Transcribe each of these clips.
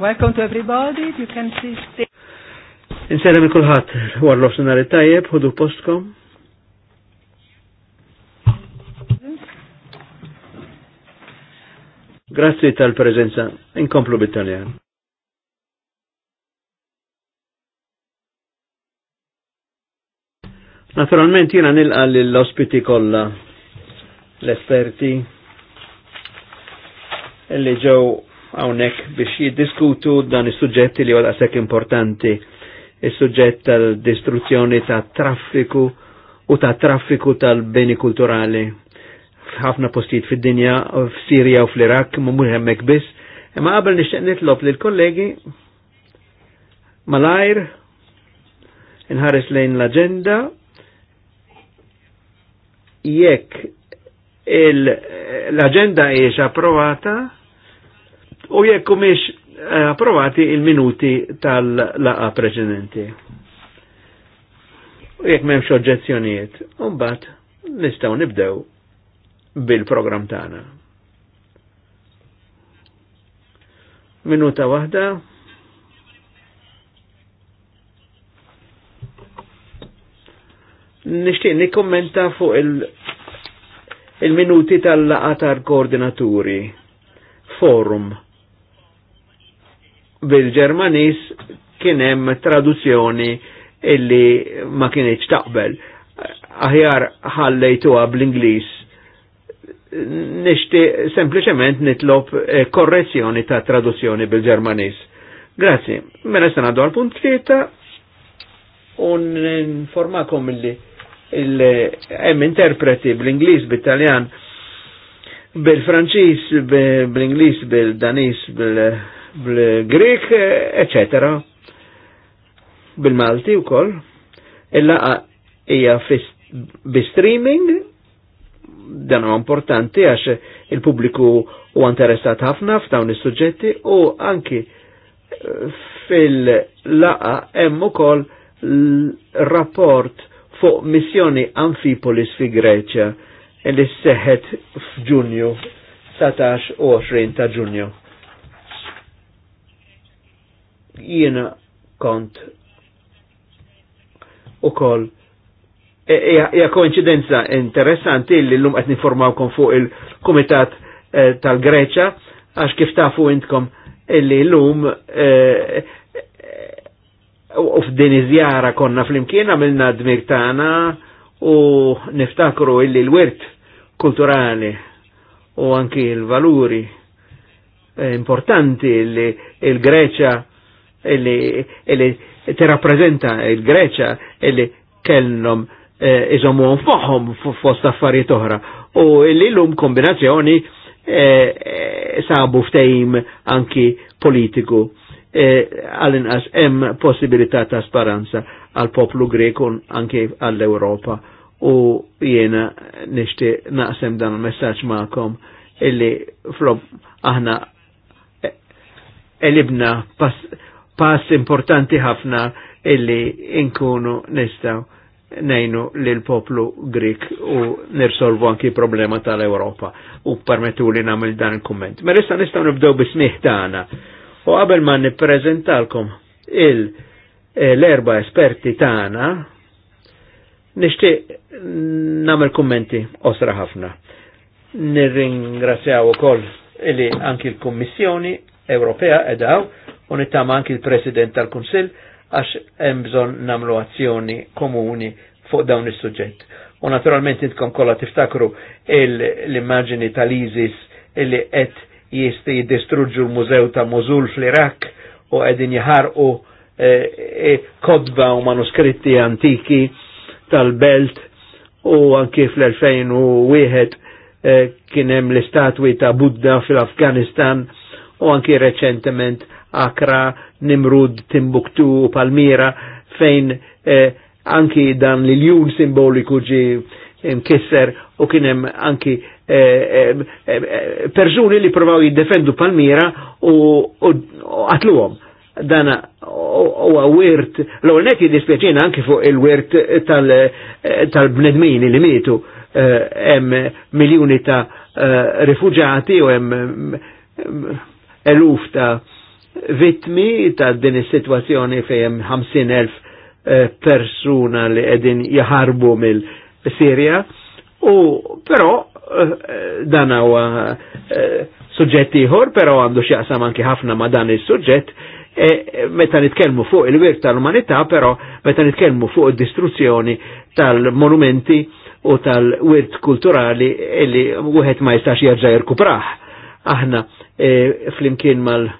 Welcome to everybody. You can see stay. Insera mi kulħat, war l-offsinari tajjeb, hudu postkom. Grazzi tal prezenza Inkomplu bit-Taljan. Naturalment jiena nilqa l-ospiti kollha l-esperti li ġew hawnhekk biex jiddiskutu dan is-suġġetti li għada sekk importanti, is-suġġett tal-distruzzjoni ta' traffiku u ta' traffiku tal-beni kulturali ħafna postijiet fid-dinja, f'Sirja u fl-Irak, mumur hemmek biss. Imma qabel nixtieq nitlob l kollegi malajr inħares lejn l agenda jekk l-agenda hiex approvata u jekk miex eh, approvati il-minuti tal-laqa preċedenti. U jekk m'hemmx oġġezzjonijiet, unbat nistgħu nibdew bil-programm tagħna. Minuta waħda. Nixtieq nikkommenta fuq il- il-minuti tal-laqa tal-koordinaturi. Forum bil-Ġermanis kien hemm traduzzjoni illi ma kienieċ taqbel. Aħjar ħallejtuha bl-Ingliż nishti sempliciment nitlob eh, korrezzjoni ta' traduzzjoni bil-Ġermanis. Grazzi. Mela se għaddu għal-punt tlieta un informakom li hemm interpreti bl-Ingliż, bil-Taljan, bil-Franċiż, bil-Ingliż, bil-Danis, bil danis bil bil-Grik, eccetera, bil-Malti u koll, il ija bi-streaming, dan huwa importanti għax il-pubbliku u interessat ħafna f'dawn is-suġġetti u anki eh, fil-laqa hemm ukoll rapport fuq missjoni Amfipolis fi Greċja li seħet f'Ġunju 19 u 20 ta' Ġunju jiena kont u kol. Ja e, e koincidenza interessanti li l-lum qed kon fuq il-Kumitat eh, tal-Greċa għax kif tafu intkom li l-lum eh, eh, u f'din iżjara konna fl-imkien għamilna Dmirtana u niftakru illi l-wirt kulturali u anki l-valuri importanti li il-Greċa l greċa il illi tirrappreżenta il-Greċa illi kellhom eh, iżommuhom foħħom fost affarijiet oħra u illi lum kombinazzjoni eh, sabu ftejim anki politiku eh, għal-inqas hemm possibilità ta' sparanza għal poplu Greku anki għall-Europa u jiena nishti naqsem dan il-messaġġ ma'kom illi flob aħna elibna pass pass importanti ħafna illi inkunu nistaw nejnu lil poplu Grik u nirsolvu anki problema tal-Europa u permettu li namil dan il-komment. Ma issa nistaw nibdew bismiħ tagħna. U qabel ma niprezentalkom eh, l-erba esperti tagħna nixtieq nagħmel kommenti osra ħafna. Nirringrazzjaw ukoll illi anki l-Kummissjoni Ewropea edaw u nittama anki l-President tal-Kunsill għax hemm bżonn nagħmlu azzjoni komuni fuq dawn is-suġġett. U naturalment intkom kollha tiftakru l-immaġini tal-ISIS illi qed jisti jiddistruġġu l-mużew ta' Mosul fl-Irak u qegħdin jaħarqu e, eh, eh, kodba u manuskritti antiki tal-belt u anki fl-2001 e, kien hemm l-istatwi ta' Budda fil-Afganistan u anki reċentement Akra, Nimrud, Timbuktu, Palmira, fejn eh, anki dan li jun simboliku ġi mkisser u kienem anki eh, eh, eh perżuni li provaw jiddefendu Palmira u għatluhom. Dan u wirt, l-għol net jiddispieċina anki fuq il-wirt eh, tal-bnedmin tal li mitu eh, hemm eh, miljoni ta' eh, rifugjati u em mm, eluf ta' vittmi ta' din is-sitwazzjoni fejn 50.000 eh, persuna li qegħdin jaħarbu mill-Sirja u però eh, dan huwa eh, suġġett ieħor, però għandu x'jaqsam anki ħafna ma' dan is-suġġett e, meta nitkellmu fuq il wirt tal-umanità, però meta nitkellmu fuq id-distruzzjoni tal-monumenti u tal-wirt kulturali illi wieħed ma jistax jerġa' jirkupraħ. Aħna e, flimkien mal-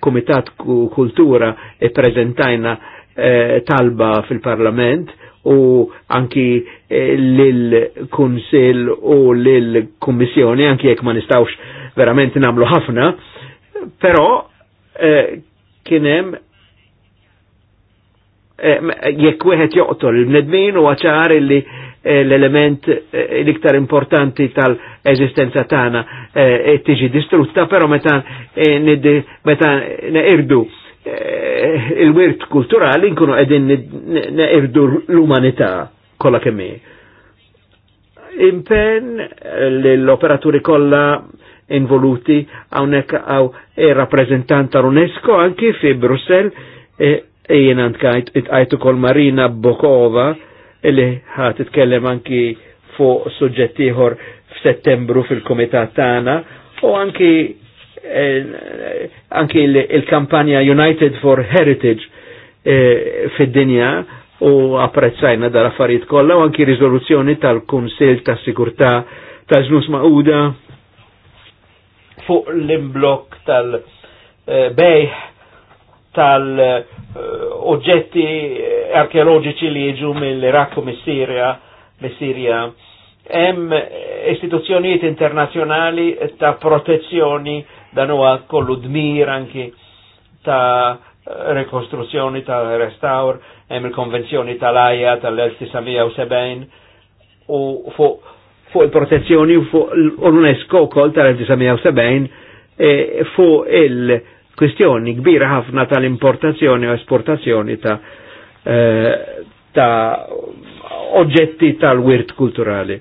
Kumitat Kultura e prezentajna eh, talba fil-Parlament u anki eh, lil-Kunsil u lil-Kummissjoni, anki jekk ma nistawx verament namlu ħafna, però eh, kienem eh, jekk wieħed joqtol il-bnedmin u għaċar illi Eh, l-element eh, l-iktar importanti tal-eżistenza tagħna eh, e tiġi distrutta, però meta meta irdu il-wirt kulturali nkunu qegħdin irdu l-umanità kollha kemm Impen l-operaturi kollha involuti hawnhekk għaw e rappreżentant tal-UNESCO anki fi Brussell e, jiena tkajt itqajtu kol Marina Bokova illi ħat titkellem anki fuq suġġett ieħor f'Settembru fil-Kumitat tagħna u anki eh, anki il-kampanja United for Heritage eh, fid-dinja u apprezzajna dal-affarijiet kollha u anki riżoluzzjoni tal-Kunsill tas-Sigurtà tal-Ġnus Mauda fuq l-imblok tal-bejħ eh, tal-oġġetti eh, arkeoloġiċi li jiġu mill-Iraq u mis-Sirja, mis-Sirja. Hemm eh, istituzzjonijiet internazzjonali ta' protezzjoni dan huwa kollu dmir anki ta' rekostruzzjoni ta' restaur, hemm il-konvenzjoni tal-Aja tal-1970 u fuq fu il-protezzjoni u fuq l-UNESCO kol tal-1970 e, fuq il- kwistjoni kbira ħafna tal-importazzjoni u esportazzjoni ta' eh, ta' oġġetti tal-wirt kulturali.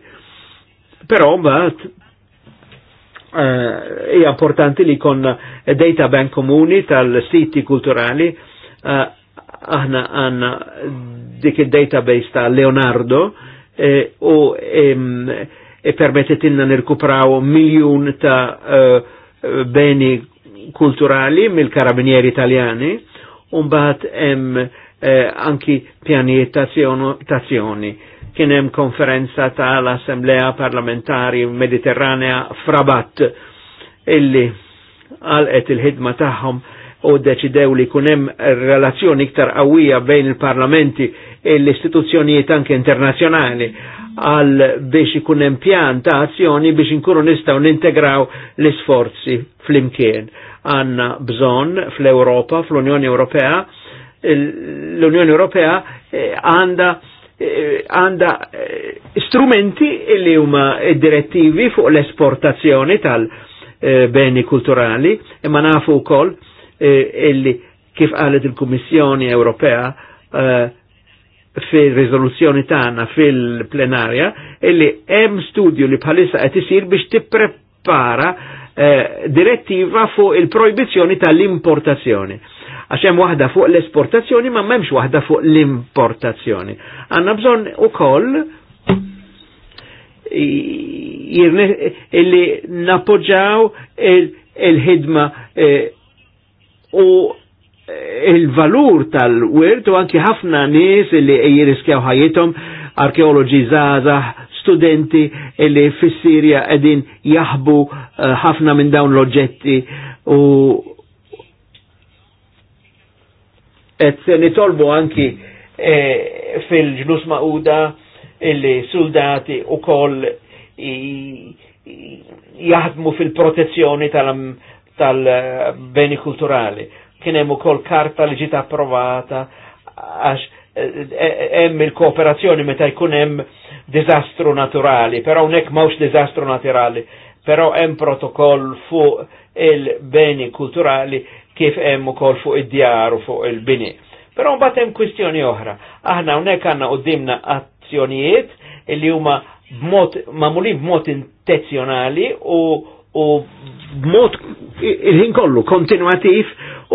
Però mbagħad eh, hija importanti li konna data bank komuni tal-siti kulturali eh, aħna għanna dik il-database ta' Leonardo u e permettetilna nirkupraw miljun ta' beni kulturali mill-karabinieri italjani un bat hemm eh, anki pjanijiet tazzjoni. Kien hemm konferenza tal-Assemblea Parlamentari Mediterranea Frabat illi għalqet il-ħidma tagħhom u deċidew li kunem relazzjoni iktar qawwija bejn il-parlamenti e l-istituzzjonijiet anke internazzjonali għal biex ikun hemm pjan ta' azzjoni biex inkunu nistgħu nintegraw l-isforzi flimkien għanna bżon fl-Europa, fl-Unjoni Ewropea, l-Unjoni Ewropea eh, għanda eh, għanda eh, strumenti li huma direttivi fuq l-esportazzjoni tal-beni kulturali, imma nafu wkoll illi kif qalet il-Kummissjoni Ewropea fil-rizoluzzjoni tagħna fil-plenarja illi hemm studju li bħalissa qed isir biex tipprepara Eh, direttiva fuq il-projbizzjoni tal-importazzjoni. Għax hemm waħda fuq l-esportazzjoni ma m'hemmx waħda fuq l-importazzjoni. Għandna bżonn ukoll illi napoġġaw il-ħidma il eh, u eh, il-valur tal-wirt u anki ħafna nies li jiriskjaw ħajjithom arkeoloġi zazah studenti li fis-Sirja qegħdin jaħbu eh, ħafna uh, minn dawn l-oġġetti u qed se nitolbu anki eh, fil-ġnus maquda il-soldati u koll jaħdmu fil-protezzjoni tal-beni tal kulturali. Kien hemm ukoll karta li ġiet approvata għax eh, eh, hemm il-kooperazzjoni meta jkun hemm dizastru naturali, però unek mawx dizastru naturali, però hemm protokoll fuq il-beni kulturali kif hemm ukoll fuq id-djar u fuq il-bini. Però mbagħad hemm kwistjoni oħra. Aħna hawnhekk għandna qudiemna azzjonijiet li huma b'mod mamulin b'mod intenzjonali u u b'mod il-ħin kollu kontinuativ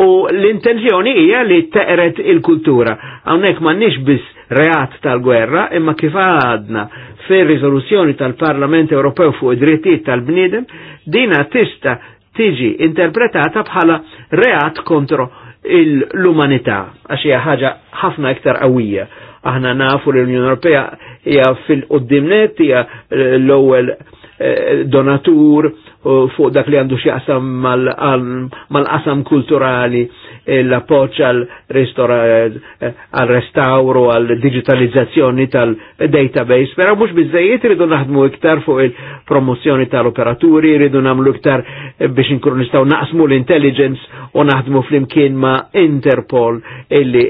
u l-intenzjoni hija li teqret il-kultura. Hawnhekk m'għandniex biss reat tal-gwerra imma kif għadna fir riżoluzzjoni tal-Parlament Ewropew fuq id-drittijiet tal-bniedem dina tista' tiġi interpretata bħala reat kontro l-umanità għax hija ħaġa ħafna iktar qawwija. Aħna nafu l-Unjoni Ewropea hija fil-qoddimnet hija l-ewwel eh, donatur fuq dak li għandu qasam mal-qasam kulturali, e, l-appoċ għal-restauro, e, għal-digitalizzazzjoni tal-database, pero mux bizzejiet rridu naħdmu iktar fuq il-promozzjoni tal-operaturi, rridu namlu iktar e, biex inkunu nistaw naqsmu l-intelligence u naħdmu fl-imkien ma' Interpol illi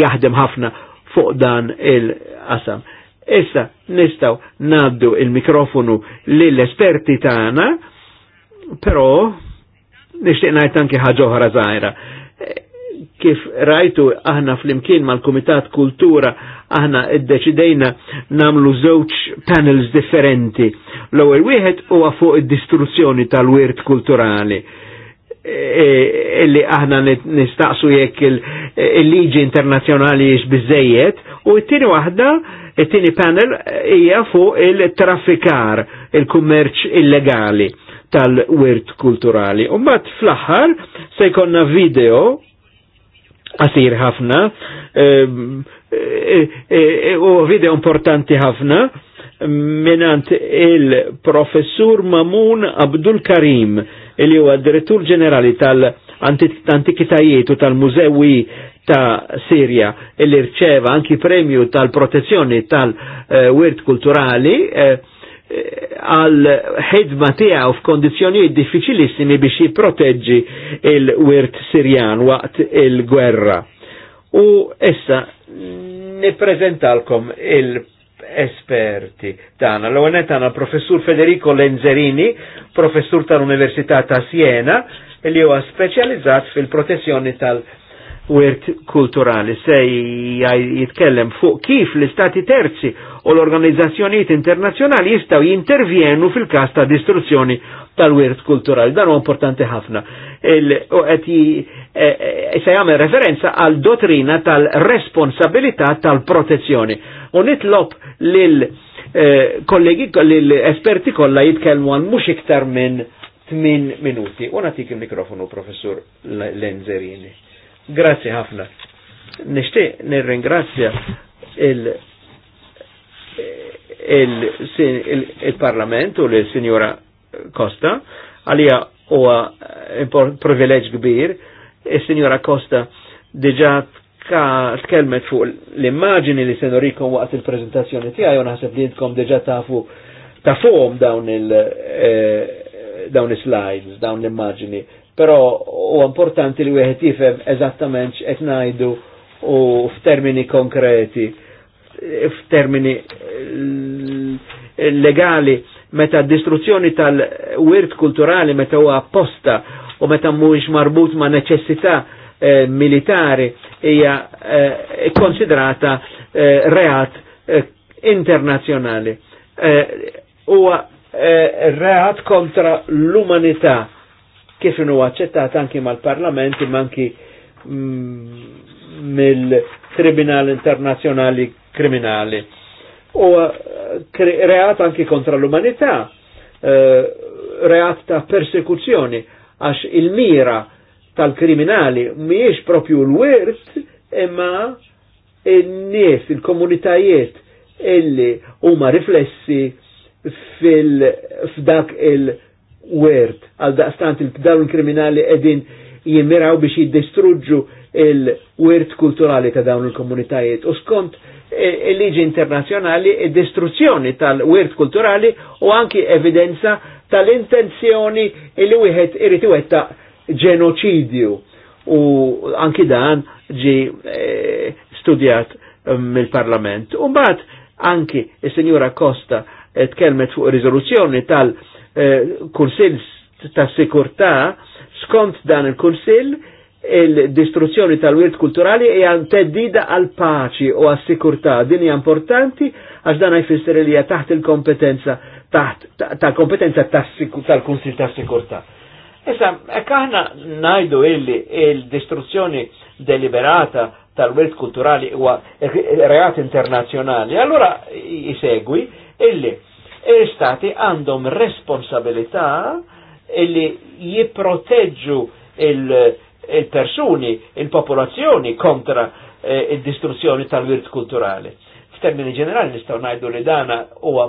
jaħdem ħafna fuq dan il-qasam. Issa nistaw naddu il-mikrofonu lill-esperti tagħna Però nixtieq ngħid anki ħaġa oħra żgħira. Kif rajtu aħna fl-imkien mal-Kumitat Kultura aħna id-deċidejna namlu żewġ panels differenti. L-ewwel wieħed huwa fuq id-distruzzjoni tal-wirt kulturali e, e, illi aħna nistaqsu jekk il-liġi internazjonali jiex bizzejiet u it-tini wahda, it-tini panel hija fuq il-traffikar, il-kummerċ illegali tal-wirt kulturali. U mbagħad fl-aħħar se jkollna video qasir ħafna ehm, e, e, e, u video importanti ħafna minant il-professur Mamun Abdul Karim il huwa direttur ġenerali tal-antikitajiet u tal-mużewi ta' Sirja il-irċeva anki premju tal-protezzjoni tal-wirt eh, kulturali eh, għal ħidma tiegħu f'kondizzjonijiet diffiċilissimi biex jipproteġġi il-wirt Sirjan waqt il-gwerra. U issa nippreżentalkom il esperti tana. L-għonet tana professur Federico Lenzerini, professur tal-Università ta' Siena, li huwa speċjalizzat fil-protezzjoni tal-wirt wirt kulturali se jitkellem fuq kif l-istati terzi u l-organizzazzjonijiet internazzjonali jistaw jintervjenu fil-kas ta' distruzzjoni tal-wirt kulturali. Dan u importanti ħafna. E- e- se jagħmel referenza għal dottrina tal-responsabilità tal-protezzjoni. U nitlob lil e, kollegi, l-esperti kollha jitkellmu għan mhux iktar minn 8 minuti. U il-mikrofonu, professur Lenzerini. Grazie ħafna. Nishtiq nirringrazzja il-Parlament il, il, il, u l-Sinjora Costa għalija huwa privileġ kbir. il sinjora Costa diġà tkelmet fuq l immagini li se waqt il prezentazzjoni tiegħi u naħseb li jintkom diġà tafu ta' dawn il- eh, dawn is-slides, dawn l immagini Pero u importanti li wieħed jifhem eżattament x'qed ngħidu u f'termini konkreti, f'termini eh, legali meta distruzzjoni tal-wirt kulturali meta huwa apposta u meta mhuwiex marbut ma' neċessità eh, militari hija eh, konsidrata eh, reat eh, internazzjonali. Eh, huwa eh, eh, reat kontra l-umanità kif inu accettat anki mal-Parlament imma anki mm, mill-Tribunal Internazjonali Kriminali. U eh, reat anki kontra l-umanità, eh, reat ta' persekuzzjoni, għax il-mira tal-kriminali miex propju l-wirt imma il-nies, il-komunitajiet illi huma riflessi fil-fdak il-, il wert għal daqstant il-dawn kriminali edin jimmiraw biex jiddistruġġu il-wert kulturali ta' dawn il-komunitajiet. U skont e, il-liġi internazjonali, il distruzzjoni tal-wert kulturali u anki evidenza tal-intenzjoni li wieħed irid iwetta ġenoċidju. U anki dan ġi e, studjat mm, mill-Parlament. U bat anki il-Senjura Costa e, tkellmet fuq rizoluzzjoni tal- Eh, kursil ta' sikurta skont dan il kursil il-distruzzjoni tal-wirt kulturali e għan teddida għal paċi u għal sikurta Din importanti għax dan jfisser li hija taħt il-kompetenza taħt ta' kompetenza tal kursil ta' sikurta. Issa, hekk aħna ngħidu illi il-distruzzjoni deliberata tal-wirt kulturali huwa reat internazjonali, allura jisegwi illi il-stati għandhom responsabilità illi jiproteġu il-persuni, il il-popolazzjoni kontra eh, il-distruzzjoni tal-wirt kulturali. F'termini ġenerali nistgħu ngħidu li dana huwa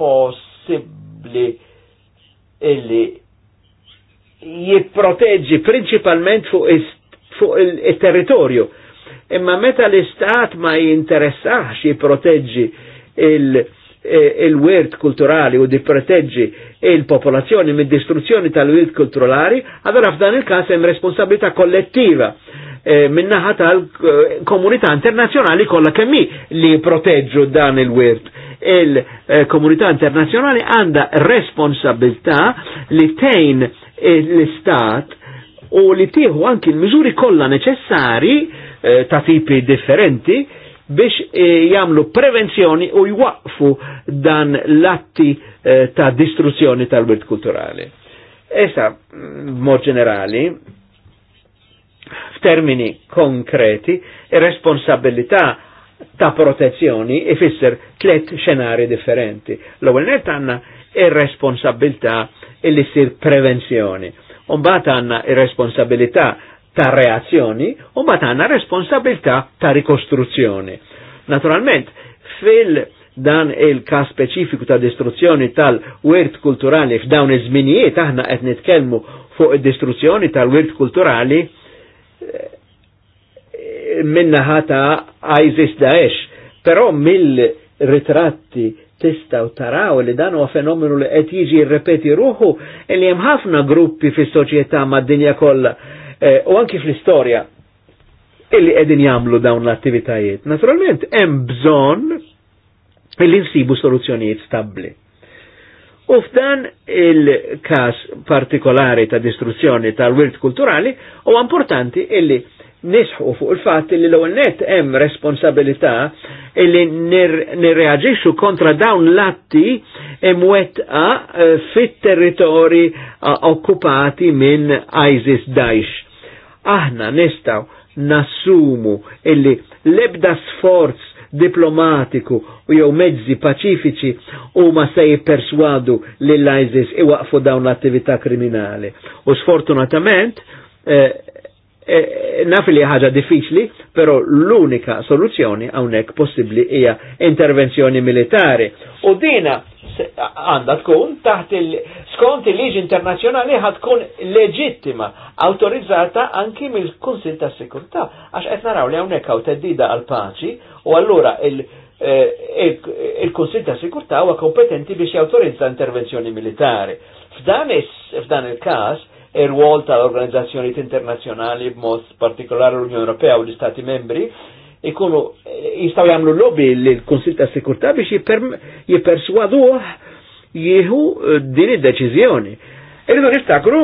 possibbli illi jipproteġġi principalment fuq fu il-territorju. il Imma meta l-istat ma jinteressax jiproteġġi il-territorju E, il-wirt kulturali u di proteġġi il-popolazzjoni mid distruzzjoni tal-wirt kulturali, allora f'dan il-kas hemm responsabilità kollettiva eh, minnaħa tal-komunità internazjonali kollha kemmi li proteġġu dan il-wirt. Il-komunità internazjonali għanda responsabilità li tejn l-istat u li tieħu anki l-miżuri kollha neċessari e, ta' tipi differenti biex eh, jamlu prevenzjoni u jwaqfu dan l-atti eh, ta' distruzzjoni tal-wirt kulturali. Esa, mod mm, ġenerali, f'termini konkreti, responsabilità ta' protezzjoni ifisser tlet xenari differenti. L-ewwel net għandna ir-responsabilità illi ssir prevenzjoni. Umbagħad għandna ir-responsabilità ta' reazzjoni u ma tagħna responsabilità ta' rikostruzzjoni. Naturalment, fil dan il-kas speċifiku ta' distruzzjoni tal-wirt kulturali f'dawn iż-żminijiet aħna qed nitkellmu fuq id-distruzzjoni tal-wirt kulturali eh, minnaħa ta' ISIS Daesh. Però mill-ritratti tistaw taraw li dan huwa fenomenu li qed jiġi ripeti ruħu li hemm ħafna gruppi fis-soċjetà mad-dinja kollha Eh, u anki fl-istorja illi qegħdin jagħmlu dawn l-attivitajiet. Naturalment hemm bżonn illi nsibu soluzzjonijiet stabbli. U f'dan il-każ partikolari ta' distruzzjoni tal-wirt kulturali huwa importanti illi nisħu fuq il fat li l-ewwel net hemm responsabilità illi nirreagġiċu kontra dawn l-atti imwettqa eh, fit-territori eh, okkupati minn ISIS Daesh aħna nistaw nassumu illi lebda sforz diplomatiku u jew mezzi paċifiċi u ma se jipperswadu l-ISIS iwaqfu dawn l-attività kriminali. U sfortunatament, eh, Eh, naf li ħaġa diffiċli, però l-unika soluzzjoni hawnhekk possibbli hija intervenzjoni militari. U dina għandha tkun taħt il-skont il-liġi internazzjonali ħad tkun leġittima, autorizzata anki mill-Kunsil ta' Sikurtà, għax qed naraw li hawnhekk hawn teddida għal paċi u allura eh, il-Kunsil ta' Sikurtà huwa kompetenti biex jawtorizza intervenzjoni militari. F'dan il-każ il wol tal-organizzazzjonijiet internazzjonali b'mod partikolari l-Unjoni Ewropea u l-Istati membri ikunu jistaw jagħmlu lobby lill-Kunsill ta' Sikurtà biex jipperswaduh jieħu eh, din id-deċiżjoni. Irridu niftakru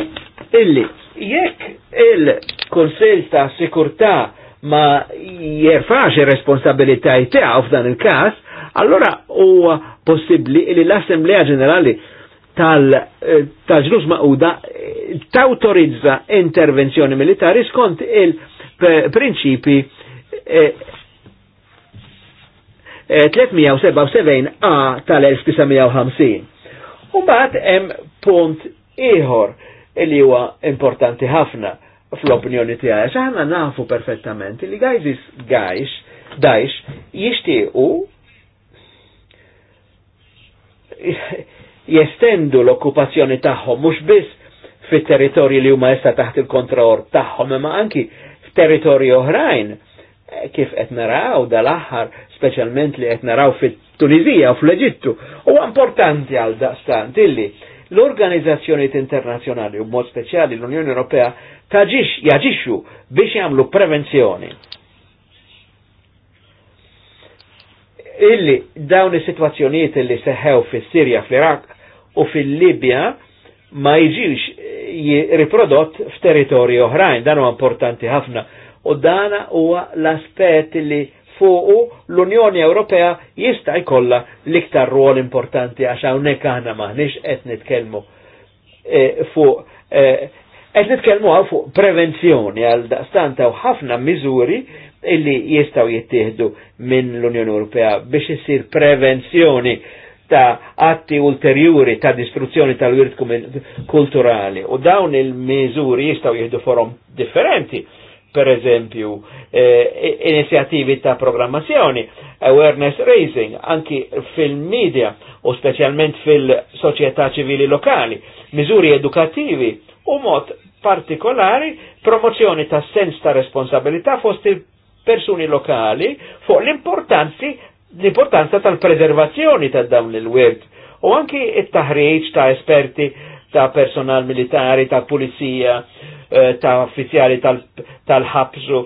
illi jekk il-Kunsill ta' Sikurtà ma jerfax ir-responsabilitajt tiegħu f'dan il-każ, allora huwa possibbli li l-Assemblea Ġenerali tal eh, ġlus maquda tawtorizza intervenzjoni militari skont il-prinċipi 377a tal-1950. Umbat hemm punt ieħor li huwa importanti ħafna fl-opinjoni tiegħi. Aħna nafu perfettament li gajzis gajx, dajx jixtiequ jestendu l-okkupazzjoni tagħhom mhux biss fit-territorji li huma issa taħt il-kontroll tagħhom imma anki f'territorji oħrajn eh, kif qed naraw dal-aħħar speċjalment li qed naraw fit-Tunizija u fl-Eġittu. Huwa importanti għal daqstan illi l-organizzazzjonijiet internazzjonali u mod speċjali l-Unjoni Ewropea taġix jaġixxu biex jagħmlu prevenzjoni illi dawn is-sitwazzjonijiet illi seħħew fis-Sirja, fl-Iraq u fil-Libja ma jiġix eh, riprodott f'territorju oħrajn, dan huwa importanti ħafna. U dan huwa l-aspett li fuqu l-Unjoni Ewropea jista' jkollha l-iktar rwol importanti għax hawnhekk aħna maħniex qed nitkellmu eh, fuq eh, qed nitkellmu fuq prevenzjoni għal daqstanta u ħafna miżuri illi jistaw jittieħdu minn l-Unjoni Ewropea biex isir prevenzjoni ta' atti ulterjuri ta' distruzzjoni tal-wirt kulturali. U dawn il-miżuri jistaw jihdu forum differenti, per eżempju, eh, inizjativi ta' programmazzjoni, awareness raising, anki fil-media u specialment fil-soċjetà ċivili lokali, miżuri edukativi u mod partikolari promozzjoni ta' sens ta' responsabilità fost il persuni lokali fuq l-importanzi l-importanza tal-preservazzjoni ta' dawn il-wirt u anki it-taħriġ ta' esperti ta' personal militari, ta' pulizija, eh, ta' uffiċjali tal-ħabsu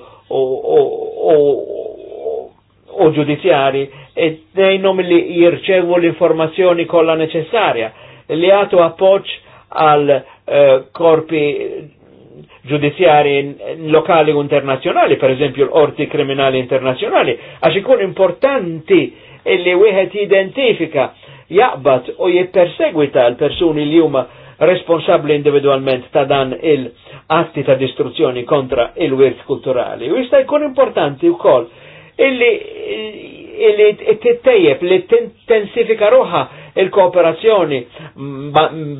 u ġudizjari, id-dejnom e li jirċevu l-informazzjoni kolla neċessarja li għatu appoċ għal eh, korpi ġudizzjari lokali u internazjonali, per eżempju l-orti kriminali internazjonali, għax ikun importanti li wieħed jidentifika jaqbad u jippersegwita l-persuni li huma responsabli individualment ta' dan il-atti ta' distruzzjoni kontra il-wirt kulturali. U jista' jkun importanti wkoll illi li tittejjeb, li tintensifika ruħa il-kooperazzjoni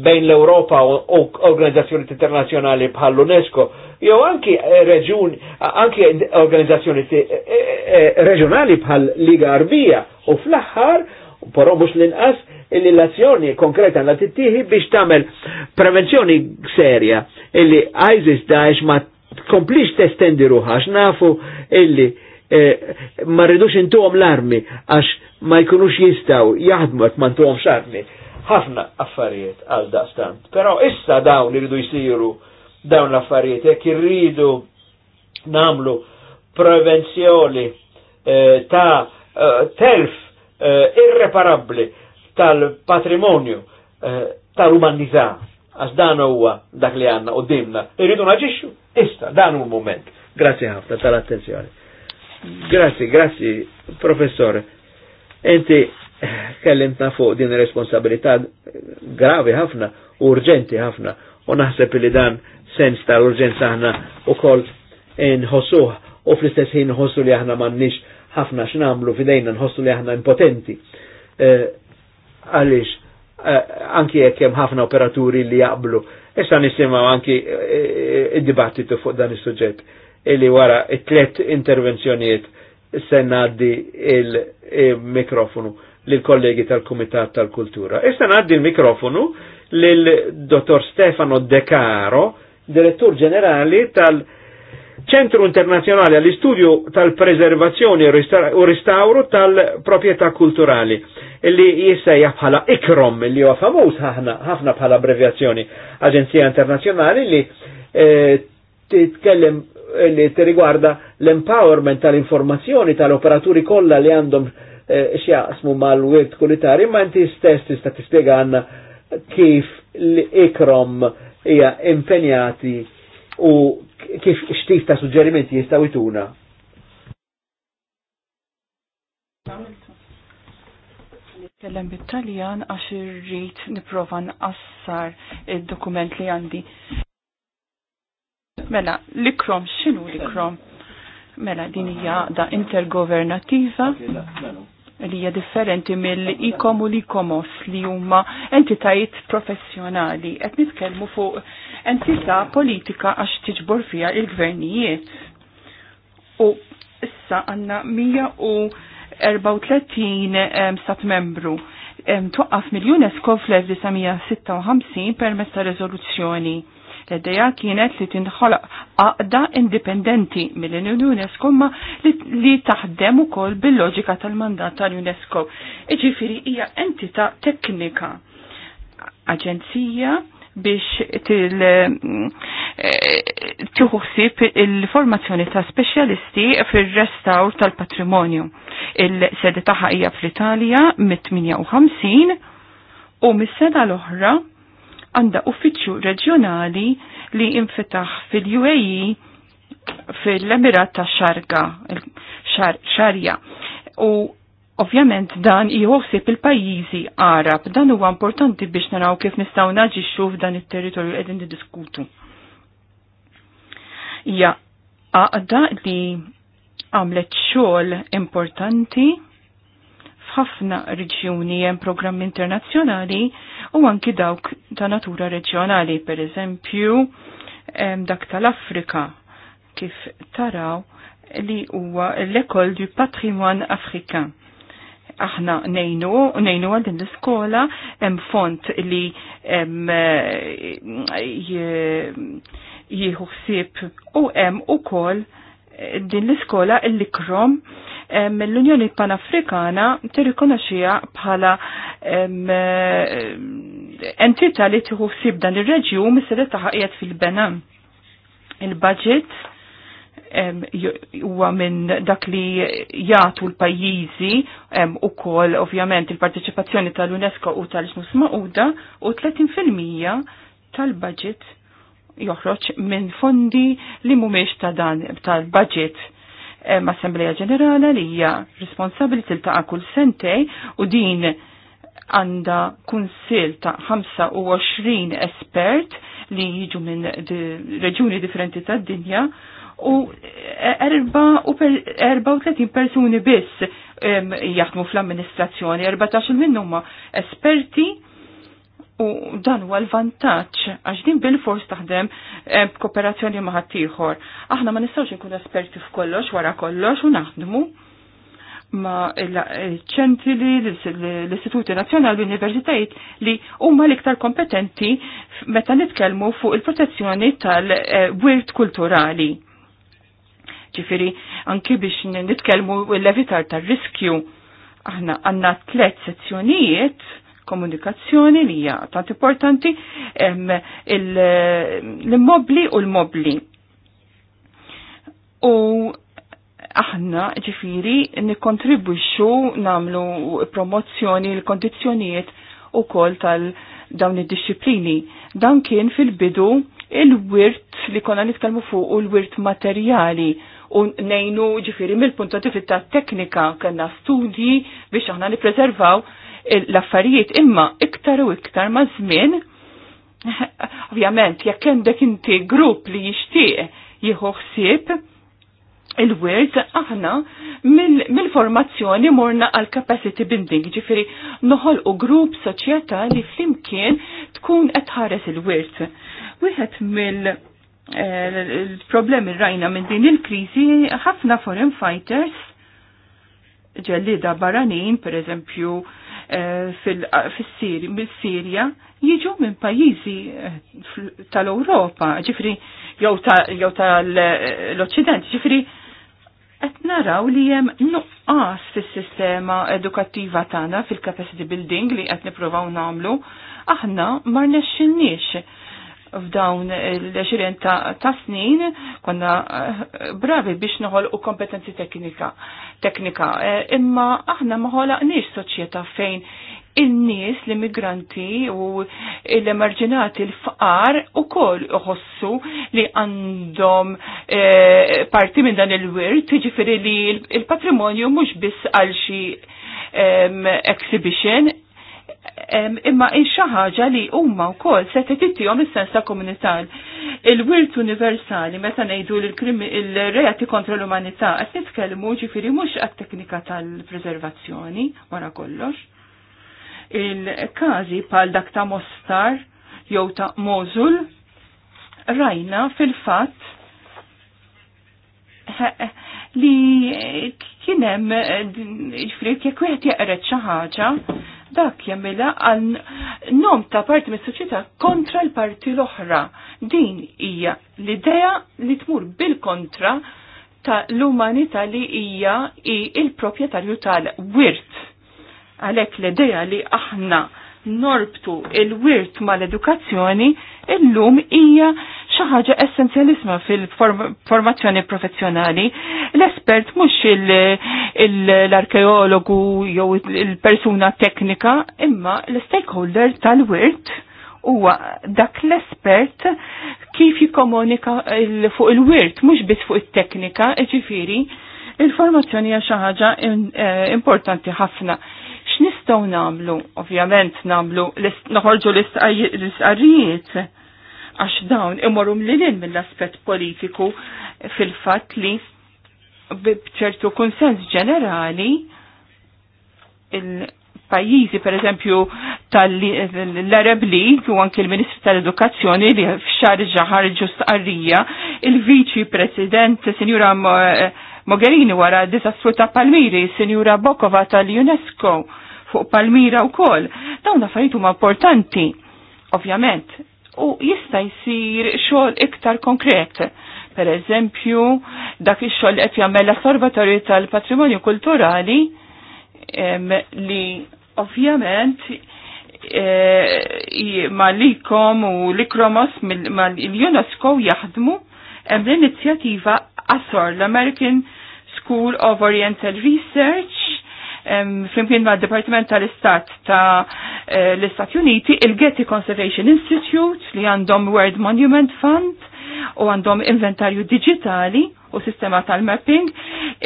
bejn l-Europa u organizzazzjoni internazjonali bħal l-UNESCO, jew anki reġun, anki organizzazzjoni eh, eh, eh, reġjonali bħal Liga Arbija u fl-aħħar, però mux l-inqas, il lazzjoni konkreta la tittiħi biex tamel prevenzjoni serja illi ISIS daħx ma tkomplix testendi ruħax nafu illi Eh, ma rridux intuhom l-armi għax ma jkunux jistaw jaħdmu għet ma intuhomx armi. Ħafna affarijiet għal daqstant. Però issa dawn irridu jisiru dawn l-affarijiet jekk irridu namlu prevenzjoni eh, ta' eh, telf irreparabli tal-patrimonju tal-umanità għax dan huwa dak li għanna u dimna irridu naġixxu issa dan hu moment. Grazie ħafna tal-attenzjoni. Grazzi, grazzi, professore. Enti kellimtna fuq din responsabilità gravi ħafna, urġenti ħafna, u naħseb li dan sens tal-urġenza ħna u koll nħossuħ u fl-istess ħin nħossu li aħna mannix ħafna x'namlu fidejna nħossu li aħna impotenti. Eh, għaliex, eh, anki jekk hemm ħafna operaturi li jaqblu. Issa nisimgħu anki eh, id-dibattitu fuq dan is-suġġett illi wara it-tlet intervenzjonijiet sennaddi il-mikrofonu lill-kollegi tal-Kumitat tal-Kultura. Issa naddi il-mikrofonu lill-Dottor Stefano De Caro, direttur ġenerali tal- Ċentru Internazjonali għall-Istudju tal-Preservazzjoni e u Ristauru tal-Propieta Kulturali, illi jissej bħala ikrom, illi huwa famuż ħafna bħala abbreviazzjoni, Aġenzija Internazjonali li eh, titkellem li riguarda l-empowerment tal-informazzjoni tal-operaturi kollha li għandhom eh, xjaqsmu mal-wirt kulitari, ma inti stess tista' tispjega għandna kif l-ikrom hija impenjati u kif xtif ta' suġġerimenti jistgħu jtuna. bit-Taljan għax irrid niprofa nqassar id-dokument li għandi. Mela, l-ikrom, xinu l-ikrom? Mela, din hija da intergovernativa li hija differenti mill-ikom u l-ikomos li huma entitajiet professjonali. Qed nitkellmu fuq entità politika għax tiġbor fija il-gvernijiet. U issa għandna 134 stat membru twaqqaf mill-UNESCO fl-1956 permezz ta' rezoluzzjoni L-ideja kienet li tinħolaq għaqda indipendenti mill-UNESCO ma li taħdem ukoll bil-loġika tal-mandat tal-UNESCO. Iġifieri hija entità teknika. Aġenzija biex til eh, tuħsib il-formazzjoni ta' speċjalisti fil restaur tal-patrimonju. Il-sede taħħa hija fl-Italja mit-58 u mis-sena l-oħra għanda uffiċċju reġjonali li infetaħ fil-UAE fil-Emirat ta' Xarga, Xarja. U Ovvjament dan jħossib il-pajjiżi Arab, dan huwa importanti biex naraw kif nistgħu naġixxu f'dan it-territorju edin qegħdin niddiskutu. Ja, għaqda li għamlet xogħol importanti f'ħafna reġjuni hemm programm internazzjonali u anki dawk ta' natura reġjonali, per eżempju dak tal-Afrika kif taraw li huwa l-ekol du patrimoine afrikan aħna nejnu, nejnu għal din l-iskola, hemm font li eh, jieħu ħsieb u hemm ukoll din l-iskola illi krom mill-Unjoni Panafrikana tirrikonoxija bħala entita li tieħu sib dan ir-reġjun mis-sedet fil bena Il-budget huwa minn dak li jagħtu l-pajjiżi kol ovvjament il-parteċipazzjoni tal-UNESCO u tal-ġnus Mauda u 30% tal-budget joħroġ minn fondi li mhumiex ta' dan tal-budget ma' Assembleja Ġenerala li hija responsabbli tiltaqa' kull sentej u din għanda kunsil ta' 25 espert li jiġu minn reġuni differenti tad dinja u 34 persuni biss jaħdmu fl-amministrazzjoni, 14 minnum esperti U dan huwa l-vantaġġ għax din bil-fors taħdem eh, kooperazzjoni ma' ħaddieħor. Aħna ma nistgħux inkunu esperti f'kollox wara kollox u naħdmu ma ċentri li l-Istituti Nazzjonali l-Universitajiet li huma l-iktar kompetenti meta nitkellmu fuq il-protezzjoni tal-wirt kulturali. Ġifiri, anki biex nitkellmu l-levitar tal-riskju, aħna għanna tlet sezzjonijiet komunikazzjoni li hija tant importanti l-immobli u l-mobli. U aħna ġifiri nikontribwixxu namlu promozzjoni l-kondizzjonijiet u kol tal-dawn id-disciplini. Dan kien fil-bidu il-wirt li konna nitkalmu fuq u l-wirt materjali u nejnu ġifiri mill-punto di fitta teknika kena studji biex aħna nipreservaw l-affarijiet imma iktar u iktar ma' żmien. Ovvjament, jekk kendek inti grupp li jixtieq jieħu ħsieb il wirt aħna mill-formazzjoni mil morna għal capacity building, ġifiri noħol u grupp soċjetà li flimkien tkun qed ħares il wirt Wieħed mill il-problemi eh, rajna minn din il-krizi ħafna foreign fighters ġellida baranin, per eżempju, Eh, fil-Sirja jiġu minn pajjiżi eh, tal-Ewropa, ġifri jew tal-Occident, ġifri qed naraw li hemm nuqqas fis-sistema edukattiva tagħna fil-capacity building li qed nippruvaw nagħmlu, aħna ma rnexxinniex f'dawn l-20 ta' snin konna eh, bravi biex noħol u kompetenzi teknika. teknika. Eh, imma aħna nix soċieta fejn in-nies, l-immigranti u l-emarġinati l-faqar u koll uħossu li għandhom eh, parti minn dan il-wirt, tiġifiri li il-patrimonju mux biss għal xi exhibition, imma xi ħaġa li huma wkoll se titittihom is-sens ta' komunital. Il-wirt universali meta ngħidu l reati kontra l-umanità qed nitkellmu ġifieri mhux għat-teknika tal-preservazzjoni wara kollox. Il-każi bħal dak ta' Mostar jew ta' Mosul rajna fil-fatt li kienem ġifri kjek wieħed jaqret xi ħaġa dak jemmela għal nom ta' parti mis soċjetà kontra l-parti l-oħra. Din hija l-idea li tmur bil-kontra ta' l-umanità li hija il-proprjetarju tal-wirt. Għalhekk l-idea li aħna norbtu il-wirt mal-edukazzjoni illum hija xi ħaġa essenzjalisma fil-formazzjoni professjonali. L-espert mhux l-arkeologu jew il-persuna teknika, imma l-stakeholder tal-wirt huwa dak l-espert kif jikomunika fuq il-wirt, mhux biss fuq it-teknika, ġifiri, il-formazzjoni hija xi ħaġa eh, importanti ħafna. X'nistgħu nagħmlu? Ovvjament nagħmlu noħorġu l-istqarrijiet għax dawn imorru mlilin mill-aspet politiku fil-fat li bċertu konsens ġenerali il-pajizi per eżempju tal-Arab League u anki l-Ministru tal-Edukazzjoni li fxar ġaħar għarrija, il-Viċi President Sinjura Mogherini wara disastru ta' Palmiri, Sinjura Bokova tal-UNESCO fuq Palmira u kol. Dawn affarijiet huma importanti. Ovvjament, u jista' jsir xogħol iktar konkret. Per eżempju, dak ix-xogħol qed jagħmel l-Osservatorju tal-Patrimonju Kulturali li ovvjament e, ma u l-Ikromos mal-UNESCO jaħdmu hemm l-inizjattiva ASOR, l-American School of Oriental Research, flimkien ma' Departiment tal-Istat ta' eh, l-Istati Uniti, il-Getty Conservation Institute li għandhom World Monument Fund u għandhom inventarju digitali u sistema tal-mapping,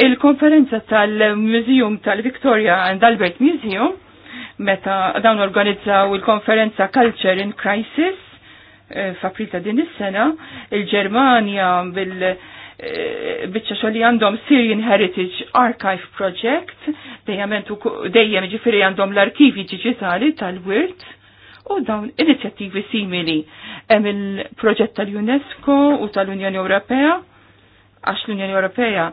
il-konferenza tal-Museum tal-Victoria and Albert Museum, meta dawn organizzaw il-konferenza Culture in Crisis eh, f'April ta' din is-sena, il-Ġermanja bil- eh, biċċa xogħol li għandhom Syrian Heritage Archive Project dejjament u dejjem ġifiri għandhom l-arkivi ġiġitali tal-wirt u dawn inizjattivi simili hemm il-proġett tal-UNESCO u tal-Unjoni Ewropea għax l-Unjoni Ewropea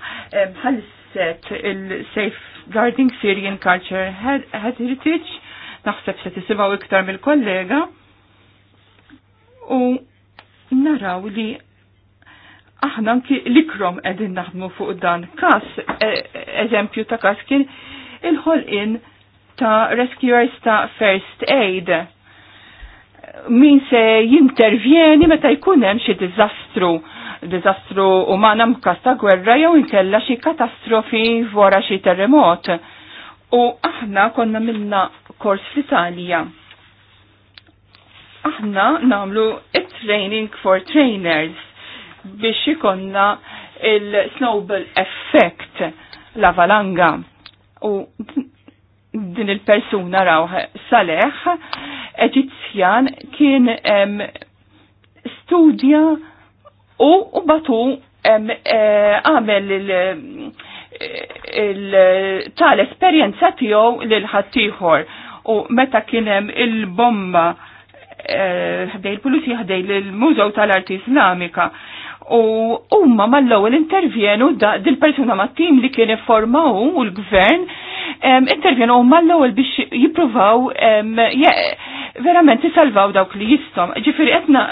ħallset il-Safeguarding Syrian Culture Heritage naħseb se tisimgħu iktar mill-kollega u naraw li aħna anki l-ikrom edin naħdmu fuq dan. Kas, e- eżempju ta' kas kien il-ħolqin ta' rescuers ta' first aid. Min se jintervjeni meta jkun hemm xi diżastru, diżastru umana mkas ta' gwerra jew inkella xi katastrofi wara xi terremot. U aħna konna minna kors fl-Italja. Aħna namlu it-training for trainers biex ikonna il-snowball effect, la valanga u din il-persuna raw Saleh Eġizzjan kien em, studja u, batu e, għamel tal-esperienza tiegħu lil ħaddieħor u meta kien hemm il-bomba eh, ħdej il-pulizija ħdej il-Mużew tal-Arti Islamika U umma mal-lowel intervjenu dil-persuna ma' tim li kien informaw u l-gvern intervjenu umma l-lowel biex jiprovaw verament jisalvaw dawk li jistom. Ġifiri etna